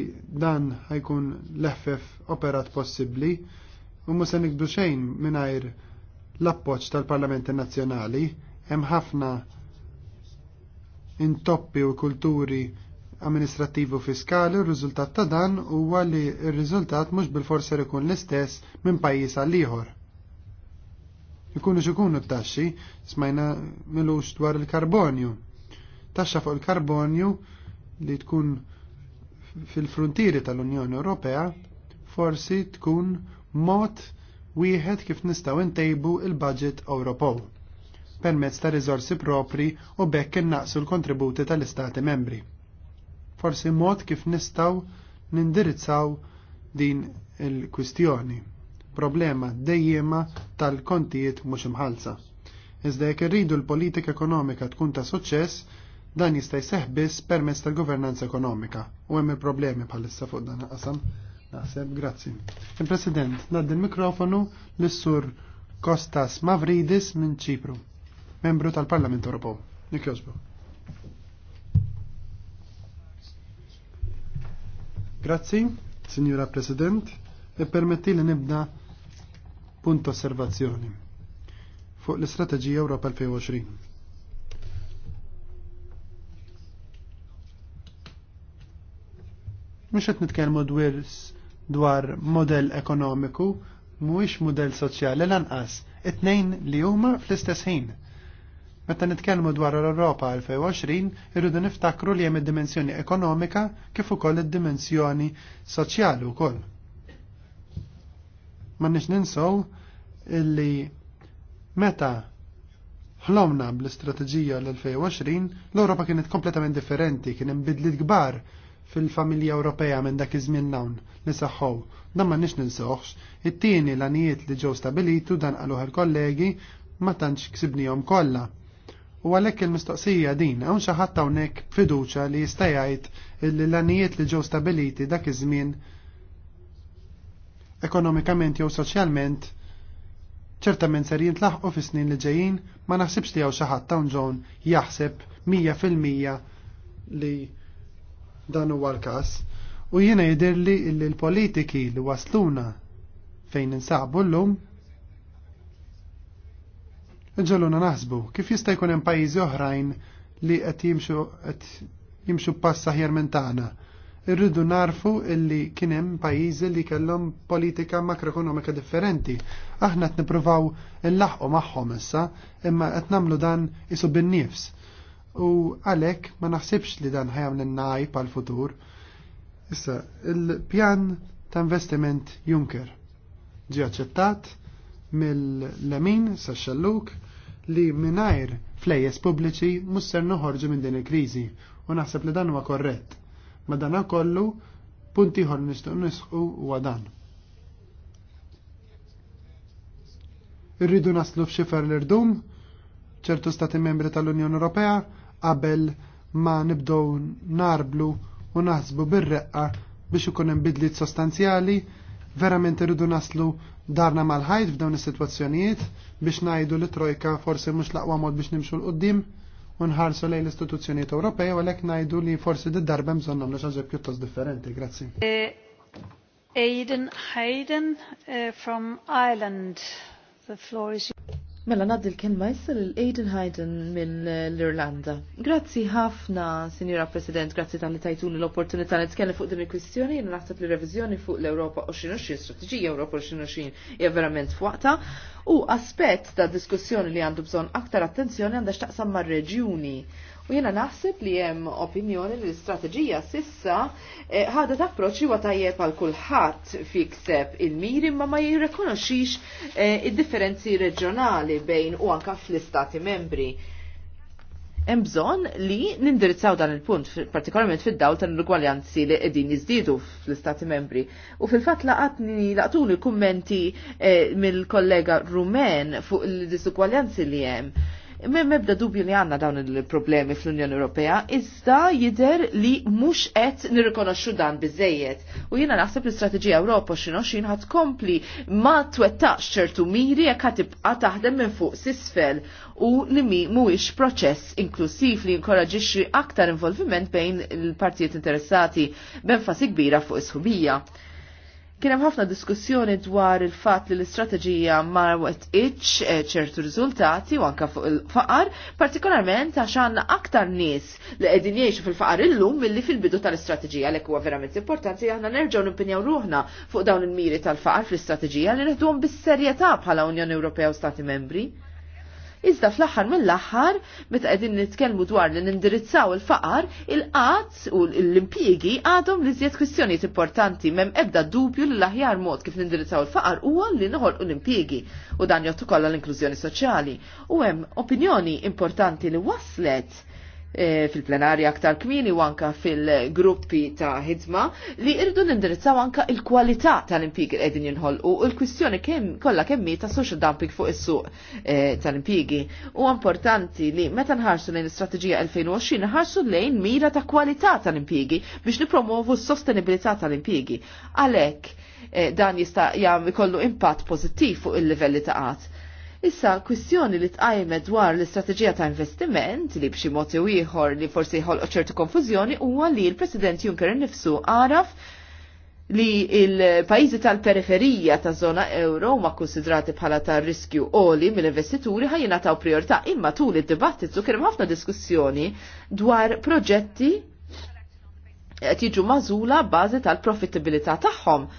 dan ħajkun leħfef operat possibli u musa nikbdu xejn mingħajr l-appoċ tal-Parlamenti Nazzjonali hemm ħafna intoppi u kulturi amministrativu fiskali, r-riżultat ta' dan huwa li r-riżultat mhux bil forsi ikun l-istess minn pajjiż għall ieħor Ikunu xikunu t-taxxi, smajna milux dwar il-karbonju. Taxxa fuq il-karbonju li tkun fil-frontieri tal-Unjoni Ewropea forsi tkun mod wieħed kif nistgħu ntejbu il-budget Ewropew permezz ta' riżorsi propri u bekk innaqsu l-kontributi tal-Istati membri. Forsi mod kif nistgħu nindirizzaw din il-kwistjoni problema dejjema tal-kontijiet mhux imħalsa. Iżda jekk irridu l-politika ekonomika tkun ta' suċċess, dan jista' jseħħ biss permezz tal-governanza ekonomika u hemm il-problemi bħalissa fuq dan qasam. Naħseb, grazzi. Il-President, naddi il-mikrofonu l-Sur Kostas Mavridis minn Ċipru, membru tal-Parlament Ewropew. Nik jozbu. Grazzi, Signora President, e permetti li nibda punt osservazzjoni fuq l-Istrateġija Ewropa 2020. Mhux qed nitkellmu dwar, dwar modell ekonomiku, mhuwiex modell soċjali lanqas, it-tnejn li huma fl-istess ħin. Meta nitkellmu dwar l-Europa 2020, irridu niftakru li hemm id-dimensjoni ekonomika kif ukoll id-dimensjoni soċjali wkoll ma nix ninsow illi meta ħlomna bl-istrateġija l-2020 l-Ewropa kienet kompletament differenti, kien hemm gbar kbar fil-familja Ewropea minn dak iż-żmien hawn li saħħow. Dan ma nix ninsawx, it-tieni l-anijiet li ġew stabilitu dan qaluh il-kollegi ma tantx ksibnihom kollha. U għalhekk il-mistoqsija din hawn xi ħadd hawnhekk fiduċa li jista' jgħid li l-anijiet li ġew stabiliti dak iż-żmien ekonomikament jew soċjalment ċertament ser jintlaħqu fis snin li ġejjin ma naħsibx li hawn xi ħadd hawn ġon jaħseb mija fil-mija li dan huwa l-każ. U jiena jidirli li l-politiki li wasluna fejn insaħbu llum Ġoluna naħsbu, kif jista' jkun hemm pajjiżi oħrajn li qed jimxu qed jimxu passa ħjar minn tagħna irridu narfu illi kien hemm pajjiżi li kellhom politika makroekonomika differenti. Aħna qed nippruvaw nlaħqu magħhom issa, imma qed nagħmlu dan isu bin-nifs. U għalhekk ma naħsibx li dan ħajam l-naj pal-futur. Issa, il-pjan ta' investiment Juncker ġi aċċettat mill-lemin sa' xalluk li minajr flejjes pubbliċi musser noħorġu minn din il-kriżi u naħseb li dan huwa korrett Madana kollu, punti ħor nistuq nisqu u għadan. Irridu naslu f'xifer l-irdum, ċertu stati membri tal-Unjoni Ewropea, qabel ma nibdow narblu u naħsbu bir-reqqa biex ikun hemm bidliet sostanzjali, verament irridu naslu darna mal-ħajt f'dawn is-sitwazzjonijiet biex ngħidu li trojka forsi mhux laqwa mod biex nimxu l-qudiem unħarsu lej l-istituzzjonijiet Ewropej u għalek najdu li forsi d darbem zonnom li xi pjuttos differenti. Grazzi. Eh, Aiden Hayden eh, from Ireland. The floor is Mela naddi l-kelma jissa l-Aiden Hayden mill-Irlanda. Eh, grazzi ħafna, Sinjora President, grazzi tal-li tajtuni l-opportunità li tkellem fuq din il-kwistjoni, jena naħseb li revizjoni fuq l-Europa 2020, strategija Europa 2020 hija verament fuqta. U aspett ta' diskussjoni li għandu bżonn aktar attenzjoni għandha x'taqsam mar-reġjuni U jena naħseb li hemm opinjoni li l-istrateġija sissa eh, ħadet approċċ li huwa tajjeb għal kulħadd fikseb il-miri ma ma jirrekonoxix eh, id-differenzi reġjonali bejn u anka fl-istati membri. Hemm bżonn li nindirizzaw dan il-punt, partikolarment fid-dawl l gwaljanzi li qegħdin jiżdiedu fl-Istati Membri. U fil-fatt laqatni laqtuni kummenti eh, mill-kollega Rumen fuq l-disugwaljanzi li hemm mebda dubju li għanna dawn il-problemi fl-Unjoni Ewropea, iżda jider li mux qed nirrikonoxxu dan biżejjed. U jiena naħseb l-Istrateġija Ewropa xin ħad kompli ma twettaqx ċertu miri jekk qed tibqa' taħdem minn fuq s'isfel u li mi mhuwiex proċess inklusiv li jinkoraġixxi aktar involviment bejn il-partijiet interessati b'enfasi kbira fuq is-ħubija. Kien hemm ħafna diskussjoni dwar il-fatt li l-istrateġija ma iċ eh, ċertu riżultati u anke fuq il-faqar, partikolarment għax għandna aktar nies li qegħdin jgħixu fil-faqar illum milli fil-bidu tal-istrateġija li huwa verament importanti aħna nerġgħu nimpinjaw ruħna fuq dawn il-miri tal-faqar fl-istrateġija li neħduhom bis-serjetà bħala Unjoni Ewropea u Stati Membri. Iżda fl-aħħar mill-aħħar, meta qegħdin nitkellmu dwar li nindirizzaw il-faqar, il-qatt u l-impjiegi għadhom li żjed kwistjonijiet importanti m'hemm ebda dubju li l-aħjar mod kif nindirizzaw il-faqar huwa li noħolqu l-impjiegi u dan jottu kollha l-inklużjoni soċjali. U hemm opinjoni importanti li waslet E, fil-plenarja aktar kmini u anka fil-gruppi ta' ħidma li irdu nindirizzaw anka il-kwalità tal-impjigi li qegħdin jinħolqu u l-kwistjoni kemm kollha kemm ta' social dumping fuq is-suq e, tal impjiegi U importanti li meta nħarsu lejn l-istrateġija 2020 nħarsu lejn mira ta' kwalità tal impjiegi biex nipromovu s-sostenibilità tal impjiegi Għalhekk e, dan jista' jagħmel kollu impatt pożittiv fuq il-livelli ta' qatt. Issa, kwistjoni li tqajmet dwar l-istrateġija ta' investiment li b'xi mod ieħor li forsi jħol ċertu konfużjoni huwa li l-President Juncker nifsu għaraf li il-pajizi tal-periferija ta' zona euro ma' konsidrati bħala ta' riskju oli mill-investituri ħajjina ta' priorità imma tul id-dibattitu kien ħafna diskussjoni dwar proġetti qed jiġu mażula bazi tal-profittibilità tagħhom.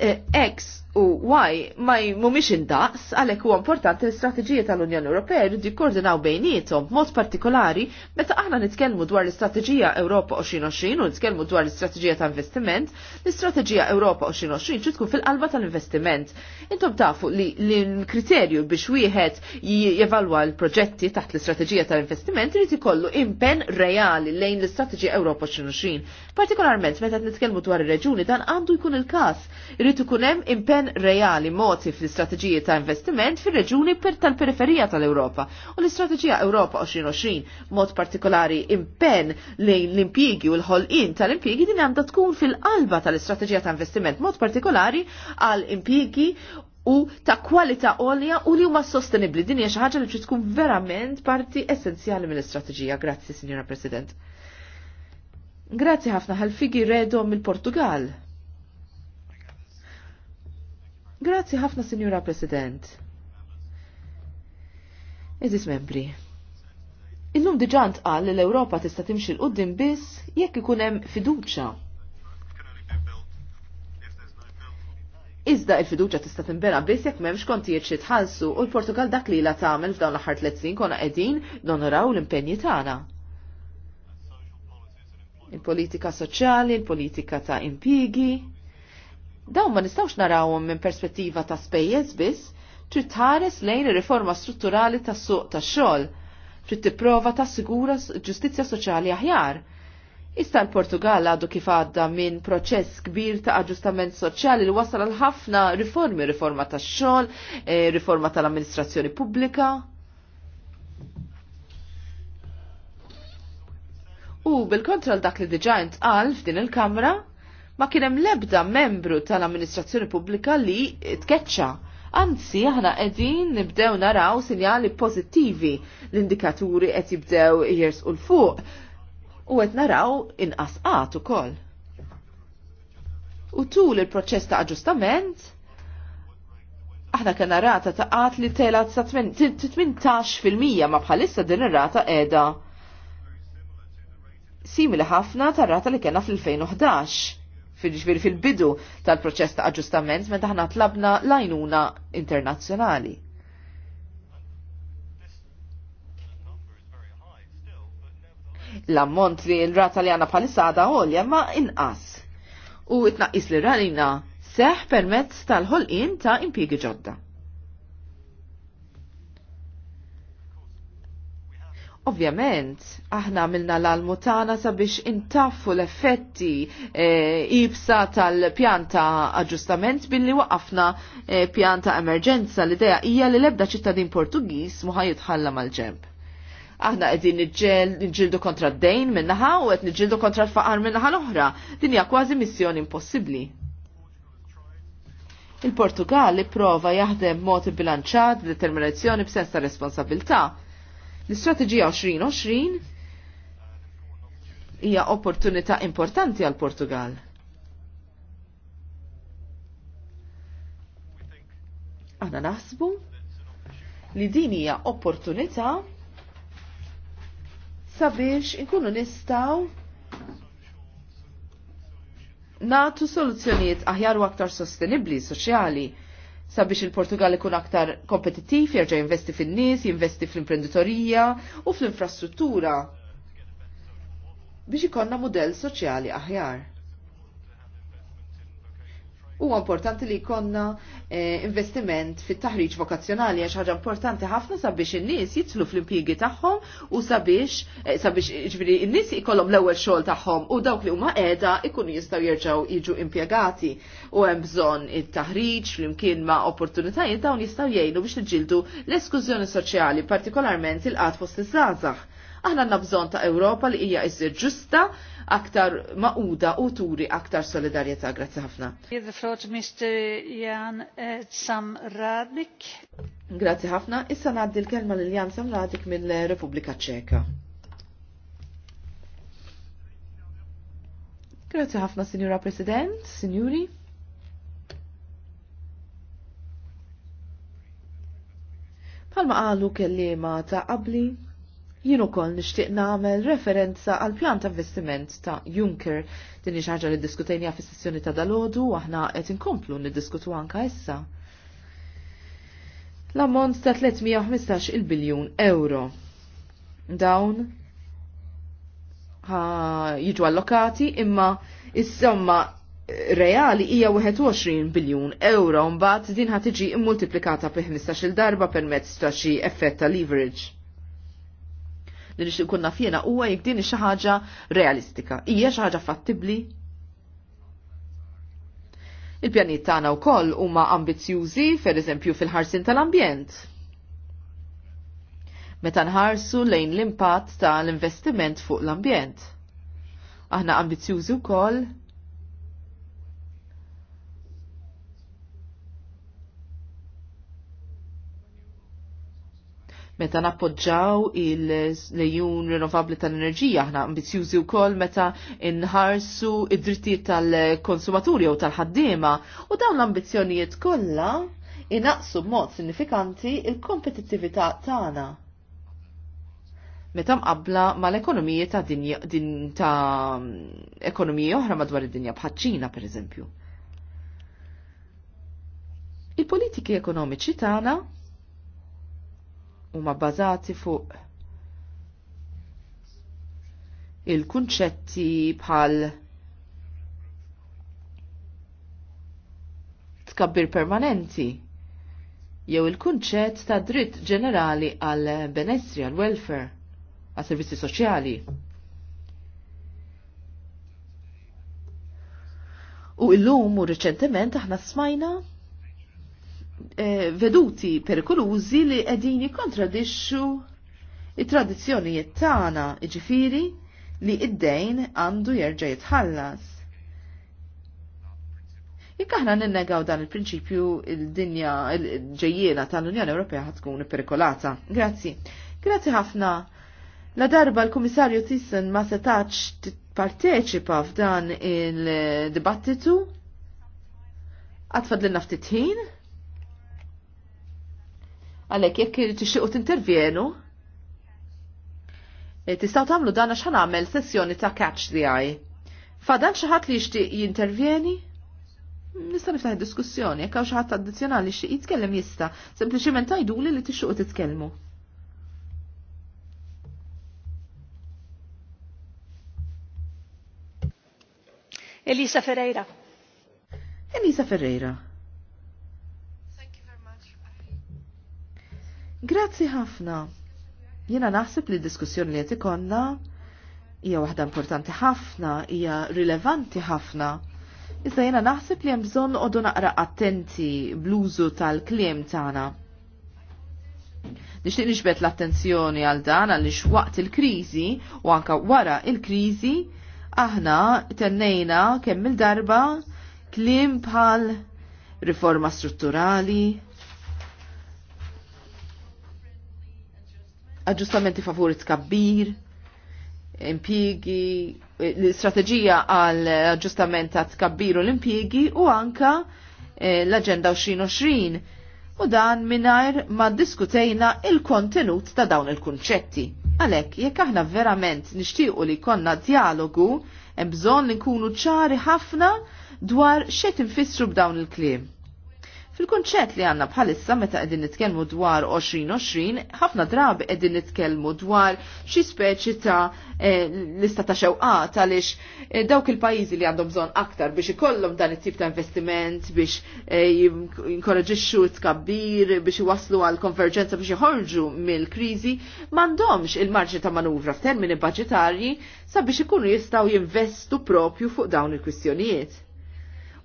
Eks, eh, u why ma mhumiex indaqs għalhekk huwa importanti l-istrateġija tal-Unjoni Ewropea jridu jikkoordinaw bejniethom b'mod partikolari meta aħna nitkellmu dwar l-istrateġija Ewropa 2020 u nitkellmu dwar l-istrateġija ta' investiment, l-istrateġija Ewropa 2020 trid tkun fil-qalba tal-investiment. Intom tafu li l-kriterju biex wieħed jevalwa l-proġetti taħt l-istrateġija tal-investiment irid ikollu impenn reali lejn l-istrateġija Ewropa 2020. Partikolarment meta nitkellmu dwar ir-reġuni dan għandu jkun il-każ. Irid ikun hemm impenn impen reali moti fl-istrateġiji ta' investiment fir reġuni per tal-periferija tal-Europa u l-istrateġija Europa 2020 mod partikolari impen lejn l-impjigi u l-ħolqin tal-impjigi din għandha tkun fil-qalba tal-istrateġija ta' investiment mod partikolari għal impjigi u ta' kwalità għolja u li huma sostenibli. Din hija xi ħaġa li tkun verament parti essenzjali mill-istrateġija. Grazzi, Signora President. Grazzi ħafna ħalfigi redhom mill-Portugal. Grazzi ħafna, Signora President. Eżis membri. Illum diġant għal li l-Ewropa tista' timxi l-qudiem biss jekk ikun hemm fiduċja. Iżda il-fiduċja tista' tinbena biss jekk m'hemmx kontijiet xi tħallsu u l-Portugal dak li la tagħmel f'dawn l-aħħar tliet snin konna qegħdin nonoraw l-impenji tagħna. Il-politika soċjali, il-politika ta' impigi, Dawn ma nistawx narawhom minn perspettiva ta' spejjeż biss, trid tħares lejn ir-riforma strutturali tas-suq tax-xogħol, trid tipprova ta sigura ġustizzja soċjali aħjar. Issa l-Portugal għadu kif għadda minn proċess kbir ta' aġustament soċjali li wasal għal ħafna riformi, riforma tax xogħol, eh, riforma tal-amministrazzjoni pubblika. U bil-kontra dak li diġa intqal f'din il-Kamra, ma kien hemm l-ebda membru tal-amministrazzjoni pubblika li tkeċċa. Anzi, aħna qegħdin nibdew naraw sinjali pożittivi l-indikaturi qed jibdew jersqu l-fuq u qed naraw inqasqat ukoll. U tul il-proċess ta' aġġustament aħna kena rata ta' qat li telat sa' 18% ma bħalissa din ir-rata qiegħda simili ħafna tar-rata li kena fl-2011 fil-ġviri fil-bidu tal-proċess ta' aġġustament meta ħna tlabna lajnuna internazzjonali. L-ammont li l-rata li għana palissada għolja jemma inqas. U itnaqis li ralina seħ permezz tal-ħolqin ta' impiegi ġodda. Ovvjament, aħna għamilna l-almu tagħna sabiex intaffu l-effetti e, ibsa tal-pjanta aġġustament billi waqafna e, pjanta emerġenza l idea hija li l-ebda ċittadin Portugiż muħaj jitħalla mal-ġemp. Aħna qegħdin nġildu kontra d-dejn minnaħa u qed nġildu kontra l-faqar minnaħa l-oħra. Din hija kważi missjoni impossibbli. Il-Portugal ipprova jaħdem mod bilanċat, determinazzjoni b'sens ta' responsabilità L-istrateġija 2020 hija opportunità importanti għal Portugal. Aħna naħsbu li din hija opportunità sabiex inkunu nistaw natu soluzzjonijiet aħjar u aktar sostenibli soċjali sabiex il-Portugal ikun aktar kompetittiv, jerġa' jinvesti fin-nies, jinvesti fl-imprenditorija u fl-infrastruttura biex ikonna modell soċjali aħjar huwa importanti li jkollna eh, investiment fit-taħriġ vokazzjonali għax ħaġa importanti ħafna sabiex in-nies jitlu fl-impjiegi tagħhom u sabiex eh, sabiex ġifieri in-nies ikollhom l-ewwel xogħol tagħhom u dawk li huma qiegħda ikunu jistgħu jerġgħu jiġu impjegati u hemm bżonn it-taħriġ flimkien ma' opportunitajiet dawn jistgħu jgħinu biex niġġieldu l-eskużjoni soċjali partikolarment il-qatt fost iż-żgħażagħ Aħna nabżon ta' Ewropa li hija iżżir ġusta, aktar maquda u turi aktar solidarjetà. Grazzi ħafna. Eh, Grazzi ħafna. Issa ngħaddi l-kelma lil Jan Samradik mill-Repubblika Ċeka. Grazzi ħafna, Sinjura President, Sinjuri. Palma għalu kellima ta' qabli, Jien ukoll nixtieq nagħmel referenza għal pjan ta' investiment ta' Juncker din ħaġa li ddiskutejnija fis-sessjoni ta' dalodu u aħna qed inkomplu niddiskutu anke issa. L-ammont ta' 315 il-biljun euro. Dawn jiġu allokati imma is-somma reali hija 21 biljun euro mbagħad din ħatiġi immultiplikata bi 15-il darba permezz ta' xi effett ta' leverage li nix kun fjena jiena huwa jekk din xi ħaġa realistika. Hija xi ħaġa fattibbli? Il-pjanijiet tagħna wkoll huma ambizzjużi, pereżempju fil-ħarsin tal-ambjent. Meta nħarsu lejn l-impatt tal-investiment fuq l-ambjent. Aħna ambizjużi wkoll meta nappoġġaw il-lejun rinnovabli tal-enerġija, aħna ambizjużi wkoll meta inħarsu id-drittijiet tal-konsumaturi u tal-ħaddiema u dawn l-ambizzjonijiet kollha inaqsu b'mod sinifikanti il-kompetittività tagħna. Meta mqabbla mal-ekonomiji ta' dinja din ta' ekonomiji oħra madwar id-dinja bħaċ-Ċina pereżempju. Il-politiki ekonomiċi tagħna huma bbażati fuq il-kunċetti bħal tkabbir permanenti jew il-kunċett ta' dritt ġenerali għal benessri għal welfare għal servizzi soċjali. U illum u reċentement aħna smajna Eh, veduti perikolużi li qegħdin jikkontradixxu il tradizzjonijiet tagħna, jiġifieri li id-dejn għandu jerġa' jitħallas. Jekk aħna ninnegaw dan il-prinċipju il-dinja il-ġejjiena tal-Unjoni Ewropea ħad tkun perikolata. Grazzi. Grazzi ħafna. La darba l-Kummissarju Tissen ma setax tipparteċipa f'dan il-dibattitu. Għatfad l naftitħin ħin? Għalek, jekk tixtiqu t-intervjenu, eh, tistaw tamlu dan għax għamel sessjoni ta' catch the eye. Fadan xaħat li jixtieq jintervjeni? Nista' niftaħ diskussjoni, jekk hawn xi ħadd addizzjonali jitkellem jista', sempliċiment tgħiduli li tixtuqu titkellmu. Elisa Ferreira. Elisa Ferreira. Grazzi ħafna. Jena naħseb li diskussjoni li qed ikonna hija waħda importanti ħafna, hija rilevanti ħafna. Iżda jena naħseb li hemm bżonn noqogħdu naqra attenti bl-użu tal-kliem tagħna. Nixtieq nixbet l-attenzjoni għal dan għaliex waqt il-kriżi u anka wara il-kriżi aħna tennejna kemm il-darba kliem bħal riforma strutturali, aġġustamenti favuri tkabbir, impiegi, l-istrateġija għal aġġustament ta' tkabbir u l impiegi u anka eh, l-Agenda 2020 u dan minnajr ma diskutejna il-kontenut ta' dawn il-kunċetti. Għalek, jekk aħna verament nixtiequ li konna dialogu, hemm bżonn nkunu ċari ħafna dwar xe infissru b'dawn il-kliem. Fil-konċett li għanna bħalissa meta qegħdin nitkellmu dwar 2020, ħafna drabi qegħdin nitkellmu dwar xi speċi ta' eh, lista ta' xewqat għaliex eh, dawk il-pajjiżi li għandhom bżonn aktar biex ikollhom dan it-tip ta' investiment biex eh, jinkoraġixxu tkabbir biex iwaslu għal konverġenza biex iħorġu mill-kriżi m'għandhomx il-marġi ta' manuvra f'termini budġetarji sabiex ikunu jistgħu jinvestu propju fuq dawn il-kwistjonijiet.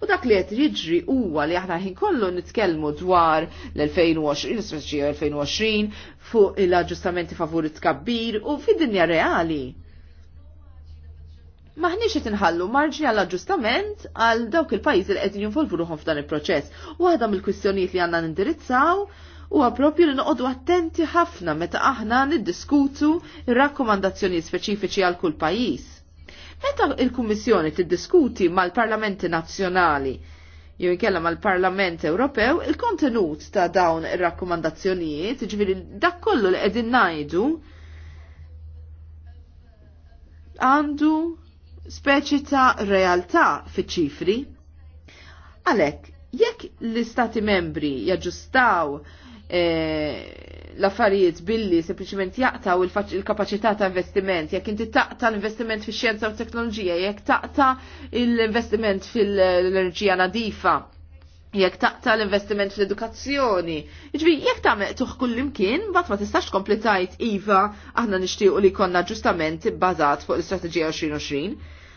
U dak li qed jiġri huwa li aħna ħin kollu nitkellmu dwar l-2020, l 2020 fuq l aġġustamenti favur tkabbir u fid-dinja reali. M'aħniex qed inħallu marġni għall aġġustament għal dawk il-pajjiżi li qed jinvolvu ruħhom f'dan il-proċess. Waħda mill-kwistjonijiet li għandna nindirizzaw huwa proprju li noqogħdu attenti ħafna meta aħna niddiskutu ir-rakkomandazzjoni speċifiċi għal kull pajjiż Meta il-Kummissjoni tiddiskuti mal-Parlamenti Nazzjonali jew inkella mal-Parlament Ewropew il-kontenut ta' dawn ir-rakkomandazzjonijiet, ġifieri dak kollu li qegħdin ngħidu għandu speċi ta' realtà fiċ-ċifri. Għalhekk, jekk l-istati membri jaġġustaw eh, l-affarijiet billi sempliciment jaqtaw il-kapacità ta' investiment, jekk inti taqta l-investiment fi xienza u teknoloġija, jekk taqta l-investiment fil-enerġija nadifa, jekk taqta l-investiment fil-edukazzjoni. Iġbi, jekk ta' meqtuħ kullimkien, bat ma tistax kompletajt IVA, aħna nishtiqu li konna ġustament bazat fuq l-Istrateġija 2020.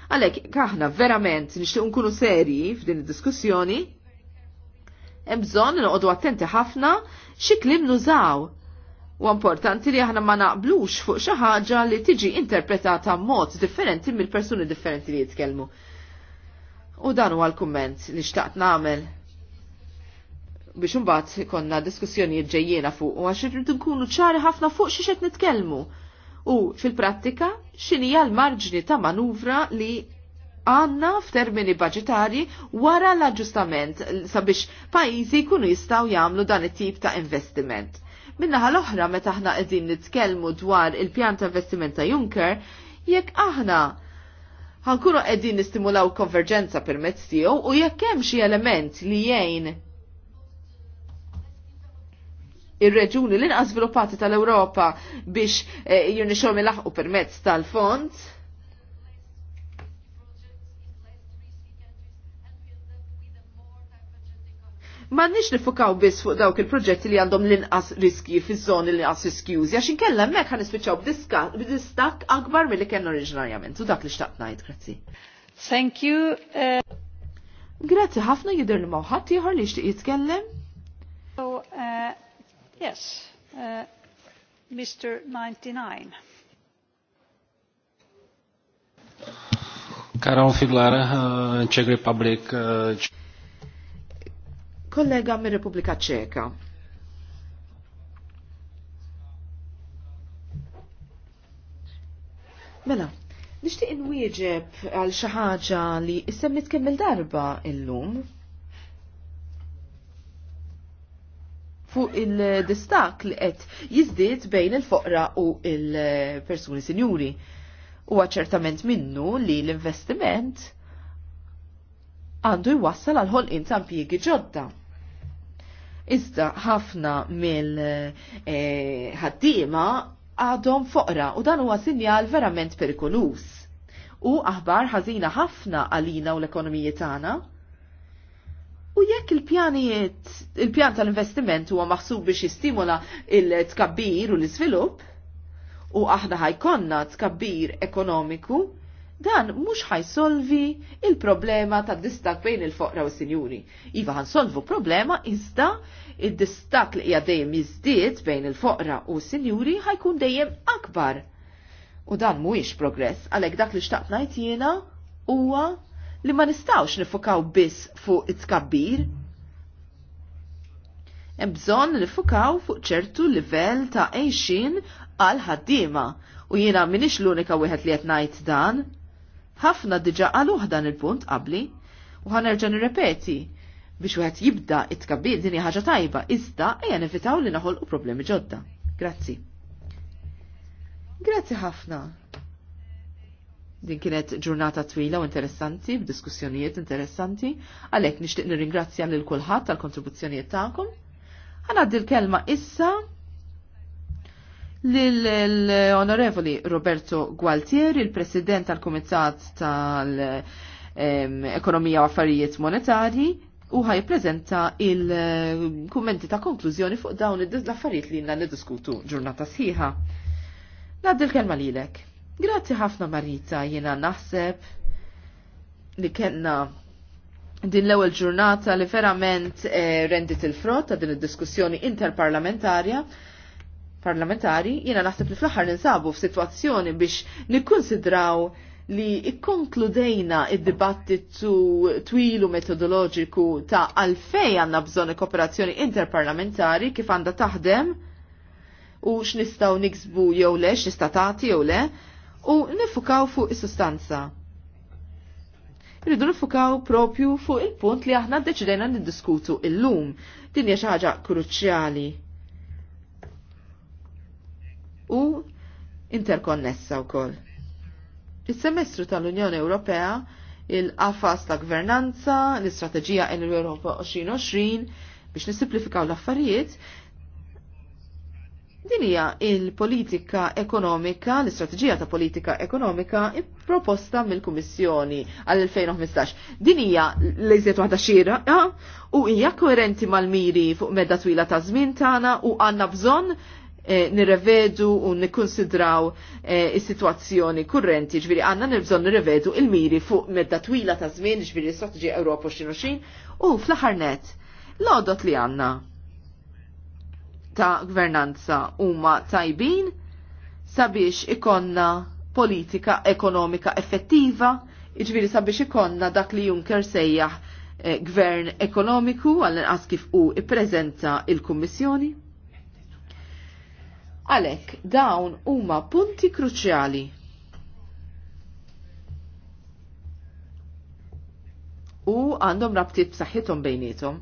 Għalek, kaħna verament nishtiqu nkunu serji f'din id-diskussjoni, hemm bżonn noqogħdu attenti ħafna xi kliem nużaw U importanti li aħna ma naqblux fuq xi ħaġa li tiġi interpretata mod differenti mill-persuni differenti li jitkellmu. U dan huwa l-kumment li xtaqt nagħmel biex imbagħad ikonna diskussjonijiet ġejjiena fuq u għax irid nkunu ċari ħafna fuq xi qed nitkellmu. U fil-prattika x'inhija l-marġni ta' manuvra li għanna f'termini budgetari wara l-aġġustament sabiex pajjiżi jkunu jistgħu jagħmlu dan it-tip ta' investiment Minnaħa l-oħra meta aħna qegħdin nitkellmu dwar il-pjan ta' investiment ta' Juncker, jekk aħna ħankunu qegħdin nistimulaw konverġenza permezz tiegħu u jekk hemm xi element li jgħin ir-reġuni l-inqas sviluppati tal-Ewropa biex eh, jirnixhom ilaħqu permezz tal-fond, ma nix nifukaw biss fuq dawk il-proġetti li għandhom l-inqas riski fiż-żoni l-inqas riskjużi, għax inkella mek għan nispiċċaw b'distak akbar mill-li kellna oriġinarjament. U dak li xtaqt ngħid, grazzi. Thank you. Eh, grazzi ħafna jidher li mawħat jħor li xtiq jitkellem. So, uh, yes, uh, Mr. 99. Caron Figlara, eh, Czech Republic. uh, kollega mir Repubblika Ċeka. Mela, nixtieq inwieġeb għal xi ħaġa li issemmit kemm darba illum fuq il-distak li qed jiżdied bejn il-foqra u il-persuni sinjuri. Huwa ċertament minnu li l-investiment għandu jwassal għal ħolqien ta' impjiegi ġodda. Iżda ħafna mill-ħaddiema eh, għadhom foqra u dan huwa sinjal verament perikolus. U aħbar ħażina ħafna għalina u l-ekonomiji tagħna. U jekk il-pjanijiet, il-pjan tal-investiment huwa maħsub biex jistimula il-tkabbir u l-iżvilupp, u aħna ħajkonna tkabbir ekonomiku, dan mhux ħajsolvi il-problema ta' distak bejn il-foqra u sinjuri. Iva ħansolvu problema iżda id-distak li hija dejjem jiżdied bejn il-foqra u sinjuri ħajkun dejjem akbar. U dan mhuwiex progress għalhekk dak li xtaqt ngħid jiena huwa li ma nistawx nifukaw biss fuq it-tkabbir. Hemm bżonn nifukaw fuq ċertu livell ta' għejxin għal ħaddiema u jiena minix l-unika wieħed li qed ngħid dan ħafna diġa għaluħ dan il-punt qabli u ħanerġa nirrepeti biex wieħed jibda it kabbi din ħaġa tajba, iżda ejja nevitaw li naħolqu problemi ġodda. Grazzi. Grazzi ħafna. Din kienet ġurnata twila u interessanti, b'diskussjonijiet interessanti, għalhekk nixtieq nirringrazzja lil kulħadd tal-kontribuzzjonijiet ta'kom. Għanaddi l-kelma issa l-Onorevoli Roberto Gualtieri, il-President tal-Kumitat tal-Ekonomija u Affarijiet Monetari, u ħaj prezenta il-kummenti ta' konklużjoni fuq dawn l-affarijiet li jina diskutu ġurnata sħiħa. Naddi l-kelma lilek. Grazzi ħafna Marita, jina naħseb li kena din l-ewwel ġurnata li verament eh, rendit il-frott ta' din id-diskussjoni interparlamentarja parlamentari, jiena naħseb li fl-aħħar ninsabu f'sitwazzjoni biex nikkonsidraw li ikkonkludejna id-dibattitu twilu metodoloġiku ta' għalfej għanna bżonni kooperazzjoni interparlamentari kif għanda taħdem u x'nistgħu niksbu jew le, x'nista' tagħti jew le, u nifukaw fuq is-sustanza Irridu nifukaw propju fuq il-punt li aħna ddeċidejna niddiskutu illum. Din hija xi ħaġa kruċjali u interkonnessa wkoll. Is-semestru tal-Unjoni Ewropea il-qafas ta' gvernanza, l-istrateġija l-Europa 2020 biex nisimplifikaw l-affarijiet. Din hija il-politika ekonomika, l-istrateġija ta' politika ekonomika proposta mill-Kummissjoni għal-2015. Din hija lejżiet waħda xira u hija koerenti mal-miri fuq medda twila ta' żmien tagħna u għandna bżonn Eh, nirrevedu u nikkonsidraw eh, is-sitwazzjoni kurrenti, ġviri għanna nirbżon nirrevedu il-miri fuq medda twila ta' żmien, ġviri strategi Ewropa x'2xin. u fl-aħħar net l-għodot li għanna ta' gvernanza huma tajbin sabiex ikonna politika ekonomika effettiva, ġviri sabiex ikonna dak li Junker sejjaħ eh, gvern ekonomiku għall-inqas kif u ippreżenta il-Kummissjoni? Għalhekk dawn huma punti kruċjali. U għandhom rabtiet b'saħħithom bejnietom.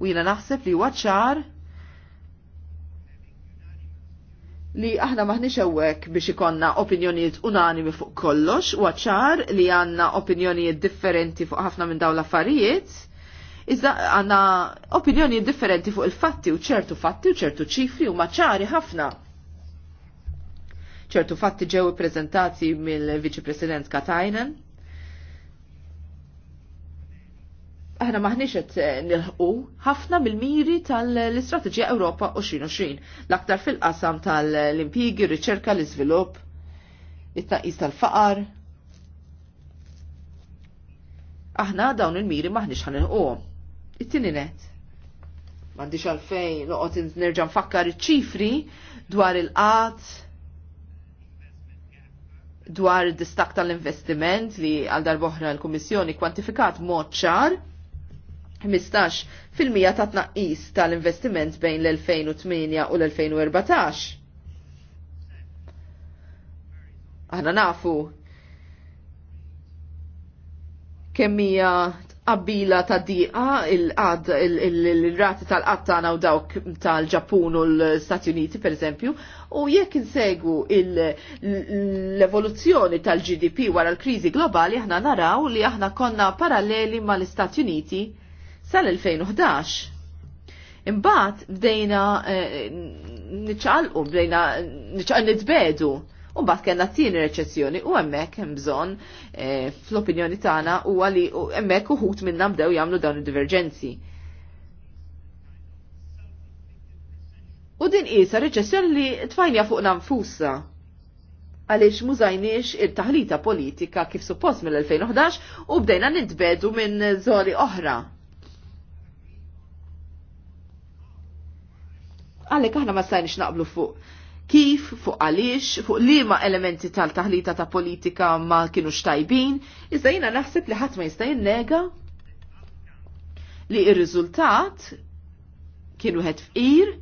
U jiena naħseb li huwa ċar li aħna maħniċ ewwek biex ikonna opinjonijiet unanimi fuq kollox, u li għanna opinjonijiet differenti fuq ħafna minn daw l-affarijiet, iżda għanna opinjonijiet differenti fuq il-fatti u ċertu fatti u ċertu ċifri u maċċari ħafna ċertu fatti ġew prezentati mill-Viċi President Katajnen. Aħna maħniex qed eh, nilħqu ħafna mill-miri tal-Istrateġija Ewropa 2020, l-aktar fil-qasam tal-impjigi, riċerka, l-iżvilupp, it-tnaqqis tal-faqar. Aħna dawn il-miri maħniex ħanilħquhom. It-tieni net mandiċ għalfejn, noqot nerġan nfakkar ċifri dwar il-qat, dwar distak tal-investiment li għal darboħra l-Kummissjoni kwantifikat mod ċar 15% ta' tnaqqis tal-investiment bejn l-2008 u l-2014. Aħna nafu kemmija qabbila ta' diqa il-qad il-rati tal-qad tagħna u dawk tal-Ġappun u l-Stati Uniti pereżempju, u jekk insegu l-evoluzzjoni tal-GDP wara l-kriżi globali aħna naraw li aħna konna paralleli mal-Istati Uniti sal-2011. Imbagħad bdejna eh, niċċalqu, bdejna niċċaqal nitbedu u bat kena t-tieni reċezzjoni u hemmhekk hemm bżonn eh, fl-opinjoni tagħna u għali hemmhekk uħut minna bdew jagħmlu dawn id-diverġenzi. U din qisha reċessjoni li tfajnja fuq nfussa għaliex mużajniex il-taħlita politika kif suppost mill-2011 u bdejna nintbedu minn zoli oħra. Għalek aħna ma stajniex naqblu fuq kif, fuq għaliex, fuq liema elementi tal-taħlita ta' politika ma kienu tajbin, iżda jina naħseb li ħadd ma jista' jinnega li il riżultat kienu ħed fqir,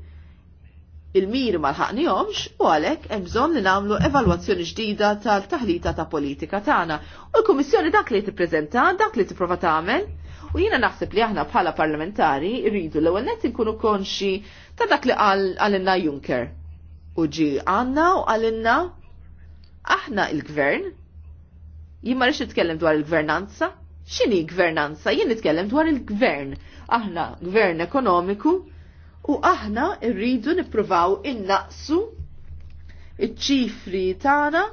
il mir ma l-ħaqnijomx u għalek emżon li namlu evalwazzjoni ġdida tal-taħlita ta' politika tagħna. U l-Kummissjoni dak li tippreżenta, dak li tipprova tagħmel, u jiena naħseb li aħna bħala parlamentari rridu l-ewwel nett inkunu konxi ta' dak li għalinna Juncker u ġi għanna u għalinna aħna il-gvern. Jien ma rix nitkellem dwar il-gvernanza. X'inhi gvernanza? Jien nitkellem dwar il-gvern. Aħna gvern ekonomiku u aħna rridu nippruvaw innaqsu iċ-ċifri tagħna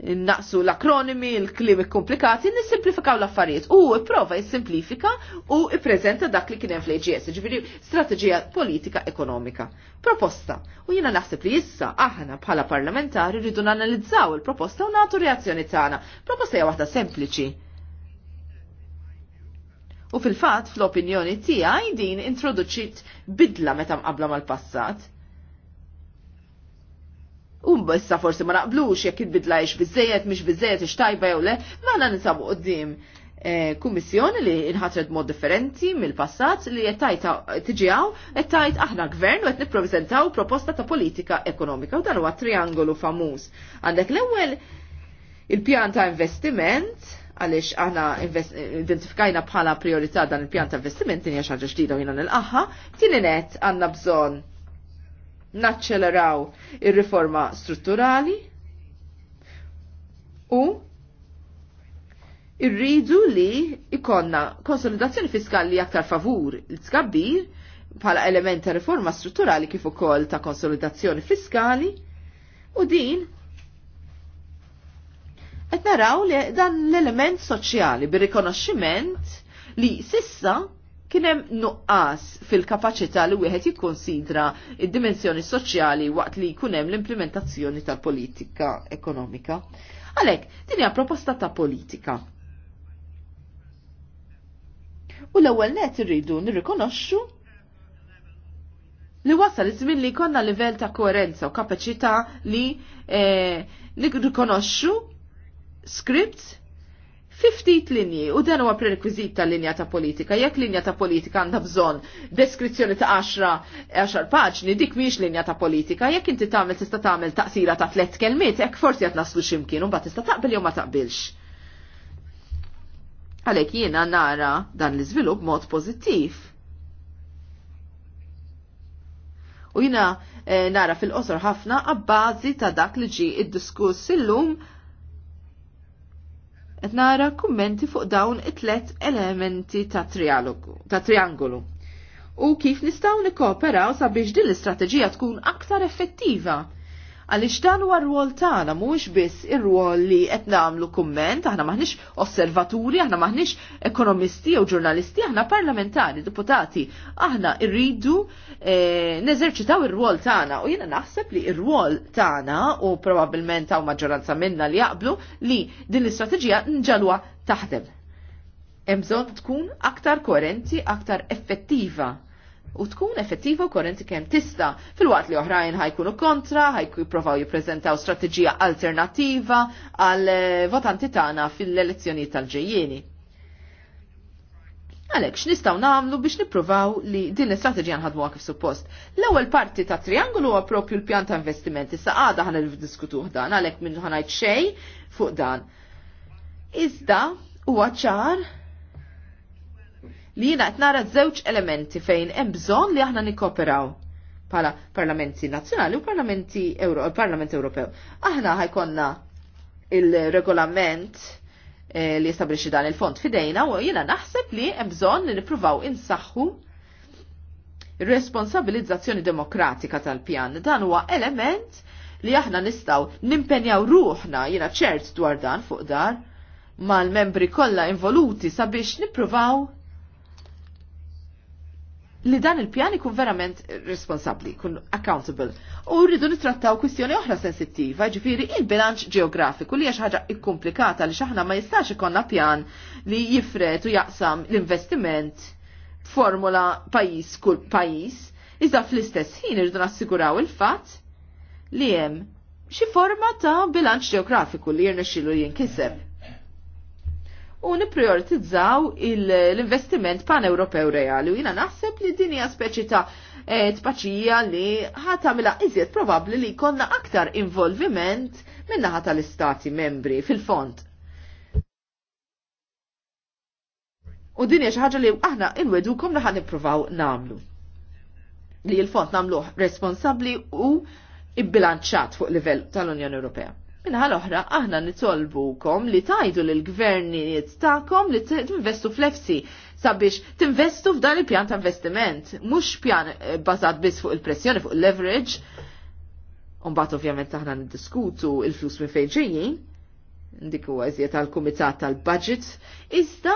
naqsu l-akronimi, l-klimi komplikati, nisimplifikaw l-affarijiet. U prova jisimplifika u prezenta dak li kienem fl-AGS, ġviri strategija politika ekonomika. Proposta. U jina naħseb li jissa aħna bħala parlamentari rridu nanalizzaw il-proposta u natu reazzjoni tagħna. Proposta hija waħda sempliċi. U fil-fat, fl-opinjoni tija, din introduċit bidla meta qabla mal-passat Umba issa forsi ma naqblux jekk idbidla ix bizzejet, mhix bizzejet, ix tajba jew le, mela ninsab qoddim eh, kummissjoni li inħatret mod differenti mill-passat li jettajt qed jettajt aħna gvern u jett nippreżentaw proposta ta' politika ekonomika u dan huwa triangolu famuż. Għandek l-ewwel il-pjan ta' investiment għalix aħna identifikajna bħala priorità dan il-pjan ta' investiment tinja xaġa ġdida u jina nil-qaħħa, tini net għanna bżon naċċeleraw ir-riforma strutturali u irridu li ikonna konsolidazzjoni fiskali aktar favur l-tkabbir bħala element ta' riforma strutturali kif ukoll ta' konsolidazzjoni fiskali u din qed naraw li dan l-element soċjali bir-rikonoxximent li sissa kienem nuqqas fil-kapacità li wieħed jikkonsidra id-dimensjoni soċjali waqt li kunem l-implementazzjoni tal-politika ekonomika. Għalek, din hija proposta ta' politika. U l-ewwel net irridu nirrikonoxxu li wasal iż-żmien li jkollna livell ta' koerenza u kapaċità li eh, nirrikonoxxu script ftit linji u dan huwa prerekwiżit tal-linja ta' politika. Jekk linja ta' politika għandha bżonn deskrizzjoni ta' 10 paġni, dik mhix linja ta' politika. Jekk inti tagħmel tista' tagħmel taqsira ta' tliet kelmiet, hekk forsi qed naslu x'imkien u mbagħad tista' taqbel jew ma taqbilx. Għalhekk jiena nara dan l-iżvilupp mod pożittiv. U jiena eh, nara fil-qosor ħafna għabbażi ta' dak li ġi id-diskuss illum qed nara kummenti fuq dawn it-tlet elementi ta' trialogu, ta' triangolu. U kif nistgħu nikkooperaw sabiex din l-istrateġija tkun aktar effettiva Għaliex dan huwa r-rwol tagħna mhuwiex biss ir-rwol li qed nagħmlu kumment, aħna maħniex osservaturi, aħna maħniex ekonomisti jew ġurnalisti, aħna parlamentari, deputati, aħna rridu e, eh, neżerċitaw ir-rwol tagħna u jiena naħseb li ir-rwol tagħna u probabbilment hawn maġġoranza minna li jaqblu li din l-istrateġija nġalwa taħdem. Hemm bżonn tkun aktar koerenti, aktar effettiva u tkun effettiva u korrenti kemm tista. Fil-waqt li oħrajn ħajkunu kontra, ħajku jipprovaw jippreżentaw strateġija alternattiva għal eh, votanti tagħna fil-elezzjonijiet tal-ġejjieni. Għalek, x'nistgħu nagħmlu biex nippruvaw li din l-istrateġija nħadmuha kif suppost. L-ewwel parti ta' triangolu huwa proprju l-pjan ta' investimenti sa għada ħan diskutuh dan għalhekk minn ħanajt xejn fuq dan. Iżda huwa ċar li jina qed nara żewġ elementi fejn hemm bżonn li aħna nikkoperaw pala parlamenti nazzjonali u parlamenti Euro, parlament Ewropew. Aħna ħajkonna il-regolament eh, li jistabrixi dan il-fond fidejna u jina naħseb li hemm bżonn li nippruvaw insaħħu responsabilizzazzjoni demokratika tal-pjan. Dan huwa element li aħna nistaw nimpenjaw ruħna jina ċert dwar dan fuq dar mal-membri kollha involuti sabiex nippruvaw li dan il-pjan ikun verament responsabli, kun accountable. U rridu nitrattaw kwistjoni oħra sensittiva, ġifiri il-bilanċ ġeografiku li ħaġa ikkomplikata li xaħna ma jistax ikonna pjan li jifret u jaqsam l-investiment formula pajis kull pajis, iżda fl-istess ħin irridu nassiguraw il-fat li hemm xi forma ta' bilanċ ġeografiku li jirnexilu jinkiseb u niprioritizzaw l-investiment pan-Ewropew reali. U jina naħseb li dinja speċi ta' e, tpaċija li ħatamila iżjed probabli li konna aktar involviment ħata tal-istati membri fil-fond. U dinja xaħġa li aħna inwedukom li ħan nipruvaw namlu. Li il-fond namlu responsabli u ibbilanċat fuq livell tal-Unjoni Ewropea. Minna l-oħra, aħna nitolbukom li tajdu l-gvernijiet ta'kom li t-investu fl sabiex t-investu f'dan il-pjan ta' investiment, mux pjan eh, bazat bis fuq il-pressjoni, fuq il-leverage, unbat ovvjament aħna niddiskutu il-flus minn fejn ġejjin, dik huwa tal-kumitat tal-budget, iżda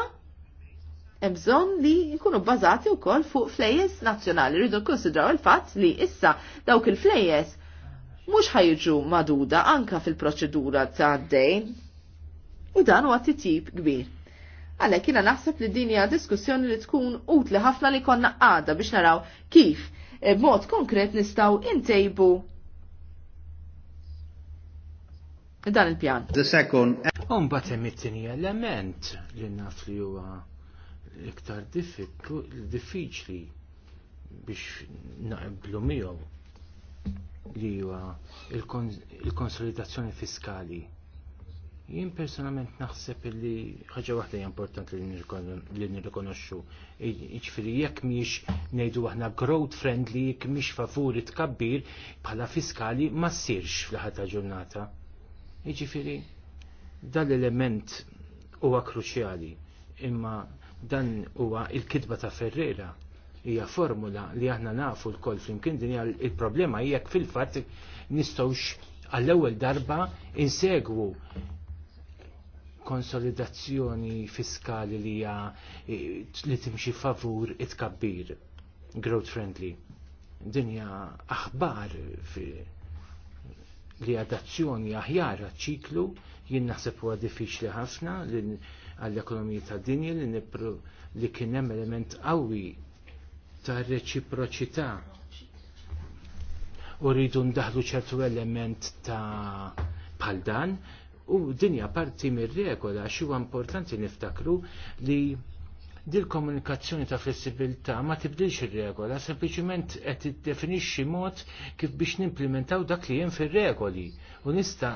bżon li jkunu bazati wkoll fuq flejes nazzjonali. Rridu nkonsidraw il-fatt li issa dawk il-flejes mhux ħajġu maduda anka fil-proċedura ta' dejn u dan huwa titjib kbir. Għalhekk kina naħseb li din hija diskussjoni li tkun utli ħafna li konna għada biex naraw kif e, b'mod konkret nistgħu intejbu dan il-pjan. The second. Umbat hemm it-tieni element li naf li huwa iktar diffiċli biex naqblu miegħu li huwa il-konsolidazzjoni fiskali. Jien personalment naħseb li ħaġa waħda importanti li nirrikonoxxu. Jiġifieri jekk miex ngħidu aħna growth friendly, jekk miex favuri tkabbir bħala fiskali ma ssirx fl-ħadd ta' ġurnata. Jiġifieri dan l-element huwa kruċjali imma dan huwa il-kitba ta' Ferrera hija formula li aħna nafu l-koll flimkien dinja, il-problema jekk fil-fatt nistawx għall-ewwel darba insegwu konsolidazzjoni fiskali li hija eh, li timxi favur it-kabbir growth friendly. Dinja aħbar fi li adazzjoni aħjar ċiklu jien naħseb huwa diffiċli ħafna għall-ekonomija tad-dinja li, li kien hemm element qawwi ta' reċiproċità u rridu ndaħlu ċertu element ta' bħal dan u dinja parti mir-regola xi huwa importanti niftakru li dil komunikazzjoni ta' flessibilità ma tibdilx ir-regola, sempliċiment qed iddefinixxi mod kif biex nimplementaw dak li hemm fir-regoli. U nista'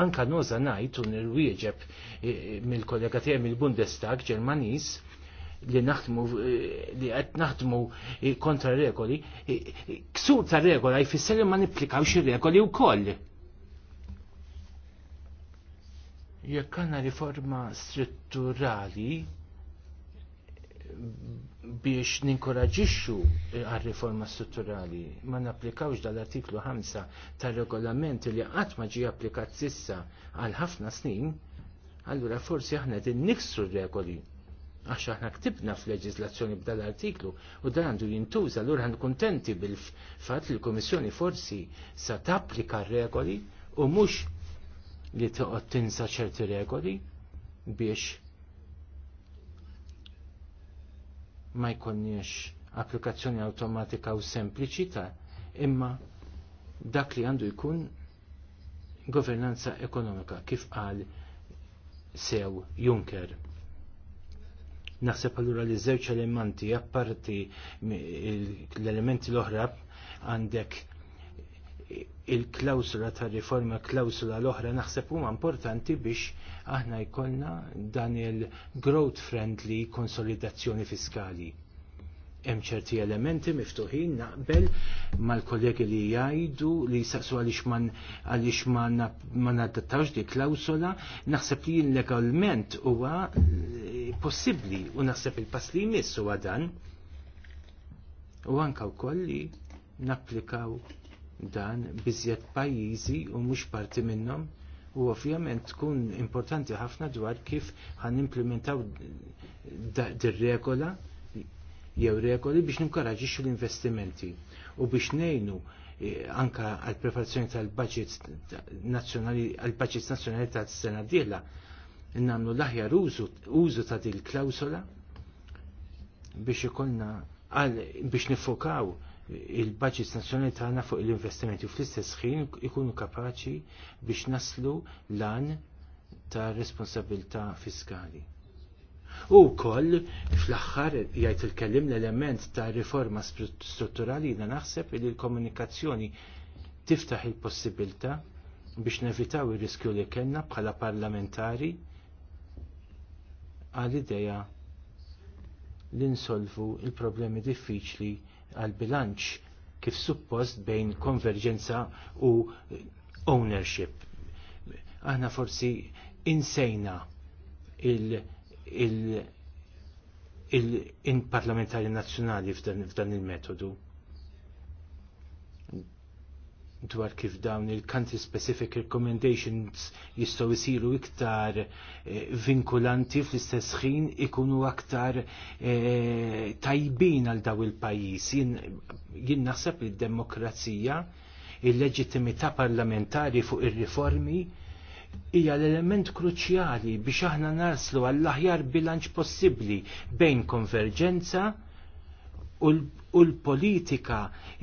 anka noża ngħid u nirwieġeb eh, mill-kollega tiegħi mill-Bundestag Ġermaniż li naħdmu eh, li qed naħdmu eh, kontra regoli, eh, ksur ta' regola jfisser li ma nipplikawx ir-regoli wkoll. Jekk għandna riforma strutturali biex ninkoraġixxu għar riforma strutturali ma napplikawx dal-artiklu 5 tar-regolament li qatt ma ġie applikat sissa għal ħafna snin, allura forsi aħna din niksru regoli għax aħna ktibna f'leġislazzjoni b'dal artiklu u dan għandu jintuża allura ħan kuntenti bil-fatt li l-Kummissjoni forsi sa tapplika regoli u mhux li toqgħod tinsa ċerti regoli biex ma jkunniex applikazzjoni awtomatika u sempliċita imma dak li għandu jkun governanza ekonomika kif qal sew Juncker. Naħseb allura li żewġ elementi apparti l-elementi l-oħra għandek il klausula ta' riforma klawsula l-oħra naħseb huma importanti biex aħna jkollna dan il-growth friendly konsolidazzjoni fiskali hemm ċerti elementi miftuħin naqbel mal-kollegi li jgħidu li jsaqsu għaliex man għaliex ma nadattawx di klawsola, naħseb li legalment huwa eh, possibbli u naħseb il-pass li jmiss huwa dan. U anka wkoll li napplikaw dan biżjed pajjiżi u mhux parti minnhom u ovvjament tkun importanti ħafna dwar kif ħan implementaw dir-regola jew regoli biex ninkoraġixxu l-investimenti u biex ngħinu eh, anka għal preparazzjoni tal-budget nazzjonali għal-budget nazzjonali tas-sena d nagħmlu l-aħjar użu ta' din klawsola biex ikollna biex nifokaw il-budget nazzjonali tagħna fuq l-investimenti u fl-istess ħin ikunu kapaċi biex naslu lan ta' responsabilità fiskali. U koll, fl-axħar, jgħajt il-kellim l-element ta' riforma strutturali jina naħseb li l-komunikazzjoni tiftaħ il-possibilta biex nevitaw il-riskju li kellna bħala parlamentari għal-ideja li nsolvu il-problemi diffiċli għal-bilanċ kif suppost bejn konverġenza u ownership. Aħna forsi insejna il- il-parlamentari nazzjonali f'dan il-metodu dwar kif dawn il-country specific recommendations jistgħu jsiru iktar eh, vinkulanti fl-istess ħin ikunu aktar eh, tajbin għal daw il-pajjiż. Jien naħseb li d-demokrazija il-leġittimità parlamentari fuq ir-riformi il hija l-element kruċjali biex aħna naslu għall-aħjar bilanċ possibbli bejn konverġenza u l-politika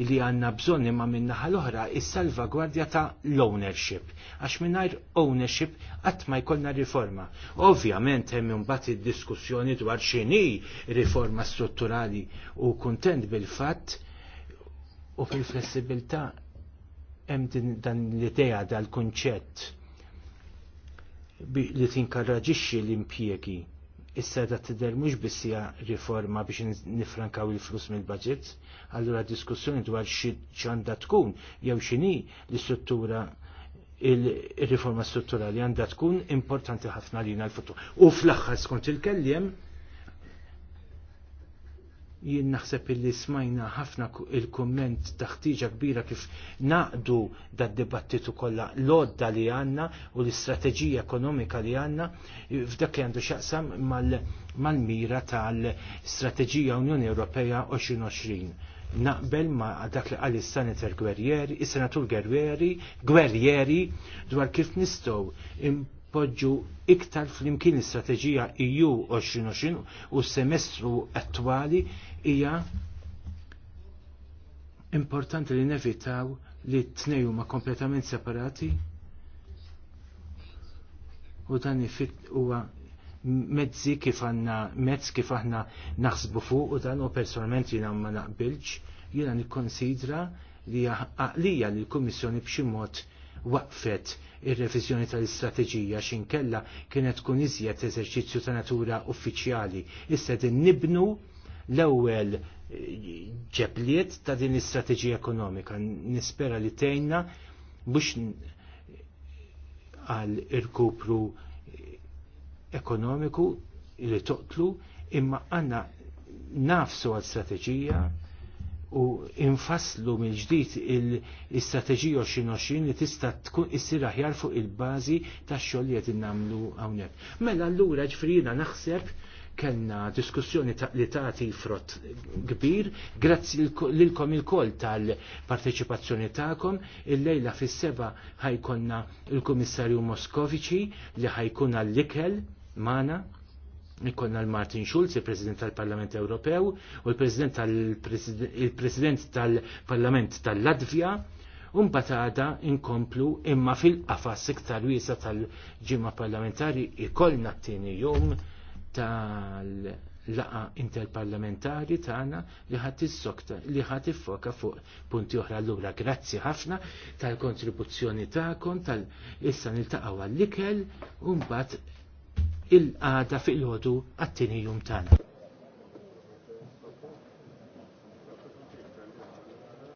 li għanna bżonni ma minnaħal l-oħra is-salvagwardja ta' l-ownership. Għax minnajr ownership għat ma jkollna riforma. Ovvjament hemm imbagħad id-diskussjoni dwar x'inhi riforma strutturali u kuntent bil-fatt u fil-flessibilità hemm dan l-idea dal-kunċett li tinkarraġixxi l-impjiegi. Issa da tidher mhux biss hija riforma biex nifrankaw il-flus mill-budget, allura diskussjoni dwar xi għandha tkun jew x'inhi l-istruttura il-riforma strutturali għandha tkun importanti ħafna lina l-futur. U fl-aħħar skont il-kelliem jien naħseb illi smajna ħafna il-komment taħtiġa kbira kif naqdu da' dibattitu kollha l-odda li għanna u l-istrateġija ekonomika li għanna f'dak li għandu xaqsam mal-mira tal-Strateġija Unjoni Ewropea 2020. Naqbel ma dak li għalli s-sanitar gwerjeri, is-senatur gwerjeri, gwerjeri dwar kif nistow impoġġu iktar flimkien l-istrateġija EU 2020 u s-semestru attwali hija importanti li nevitaw li t tnejju huma kompletament separati u dan ifit huwa mezzi kif għanna mezz kif aħna naħsbu fuq u dan u personalment jina ma naqbilx jiena nikkonsidra li għaqlija li l-Kummissjoni b'xi mod waqfet ir-reviżjoni tal-istrateġija x'inkella kienet tkun iżjed eżerċizzju ta' natura uffiċjali. Issa din nibnu l-ewwel eh, ġebliet ta' din l-istrateġija ekonomika. Nispera li tgħinna biex għal irkupru ekonomiku li toqtlu imma għanna nafsu għal strateġija u infaslu mill-ġdid il-strateġija 2020 li tista' tkun issir aħjar fuq il-bażi tax-xogħol li qed innagħmlu hawnhekk. Mela allura ġifrina naħseb kellna diskussjoni ta' li tagħti frott kbir, grazzi lilkom il-koll tal-parteċipazzjoni tagħkom, il-lejla fis-seba ħajkonna il-Kummissarju Moskovici li ħajkunna l ikel mana, ikonna l-Martin Schulz, il-President tal-Parlament Ewropew, u l-President tal-Parlament tal-Latvja, batada inkomplu imma fil-qafas iktar wiesa tal-ġimma parlamentari ikoll t-tieni jum tal-laqa interparlamentari tagħna li ħadd sokta li ħadd ifoka fuq punti oħra allura grazzi ħafna tal-kontribuzzjoni tagħkom tal-issa niltaqgħu għall-ikel u mbagħad il-qada fil-ħodu għat-tieni jum tagħna.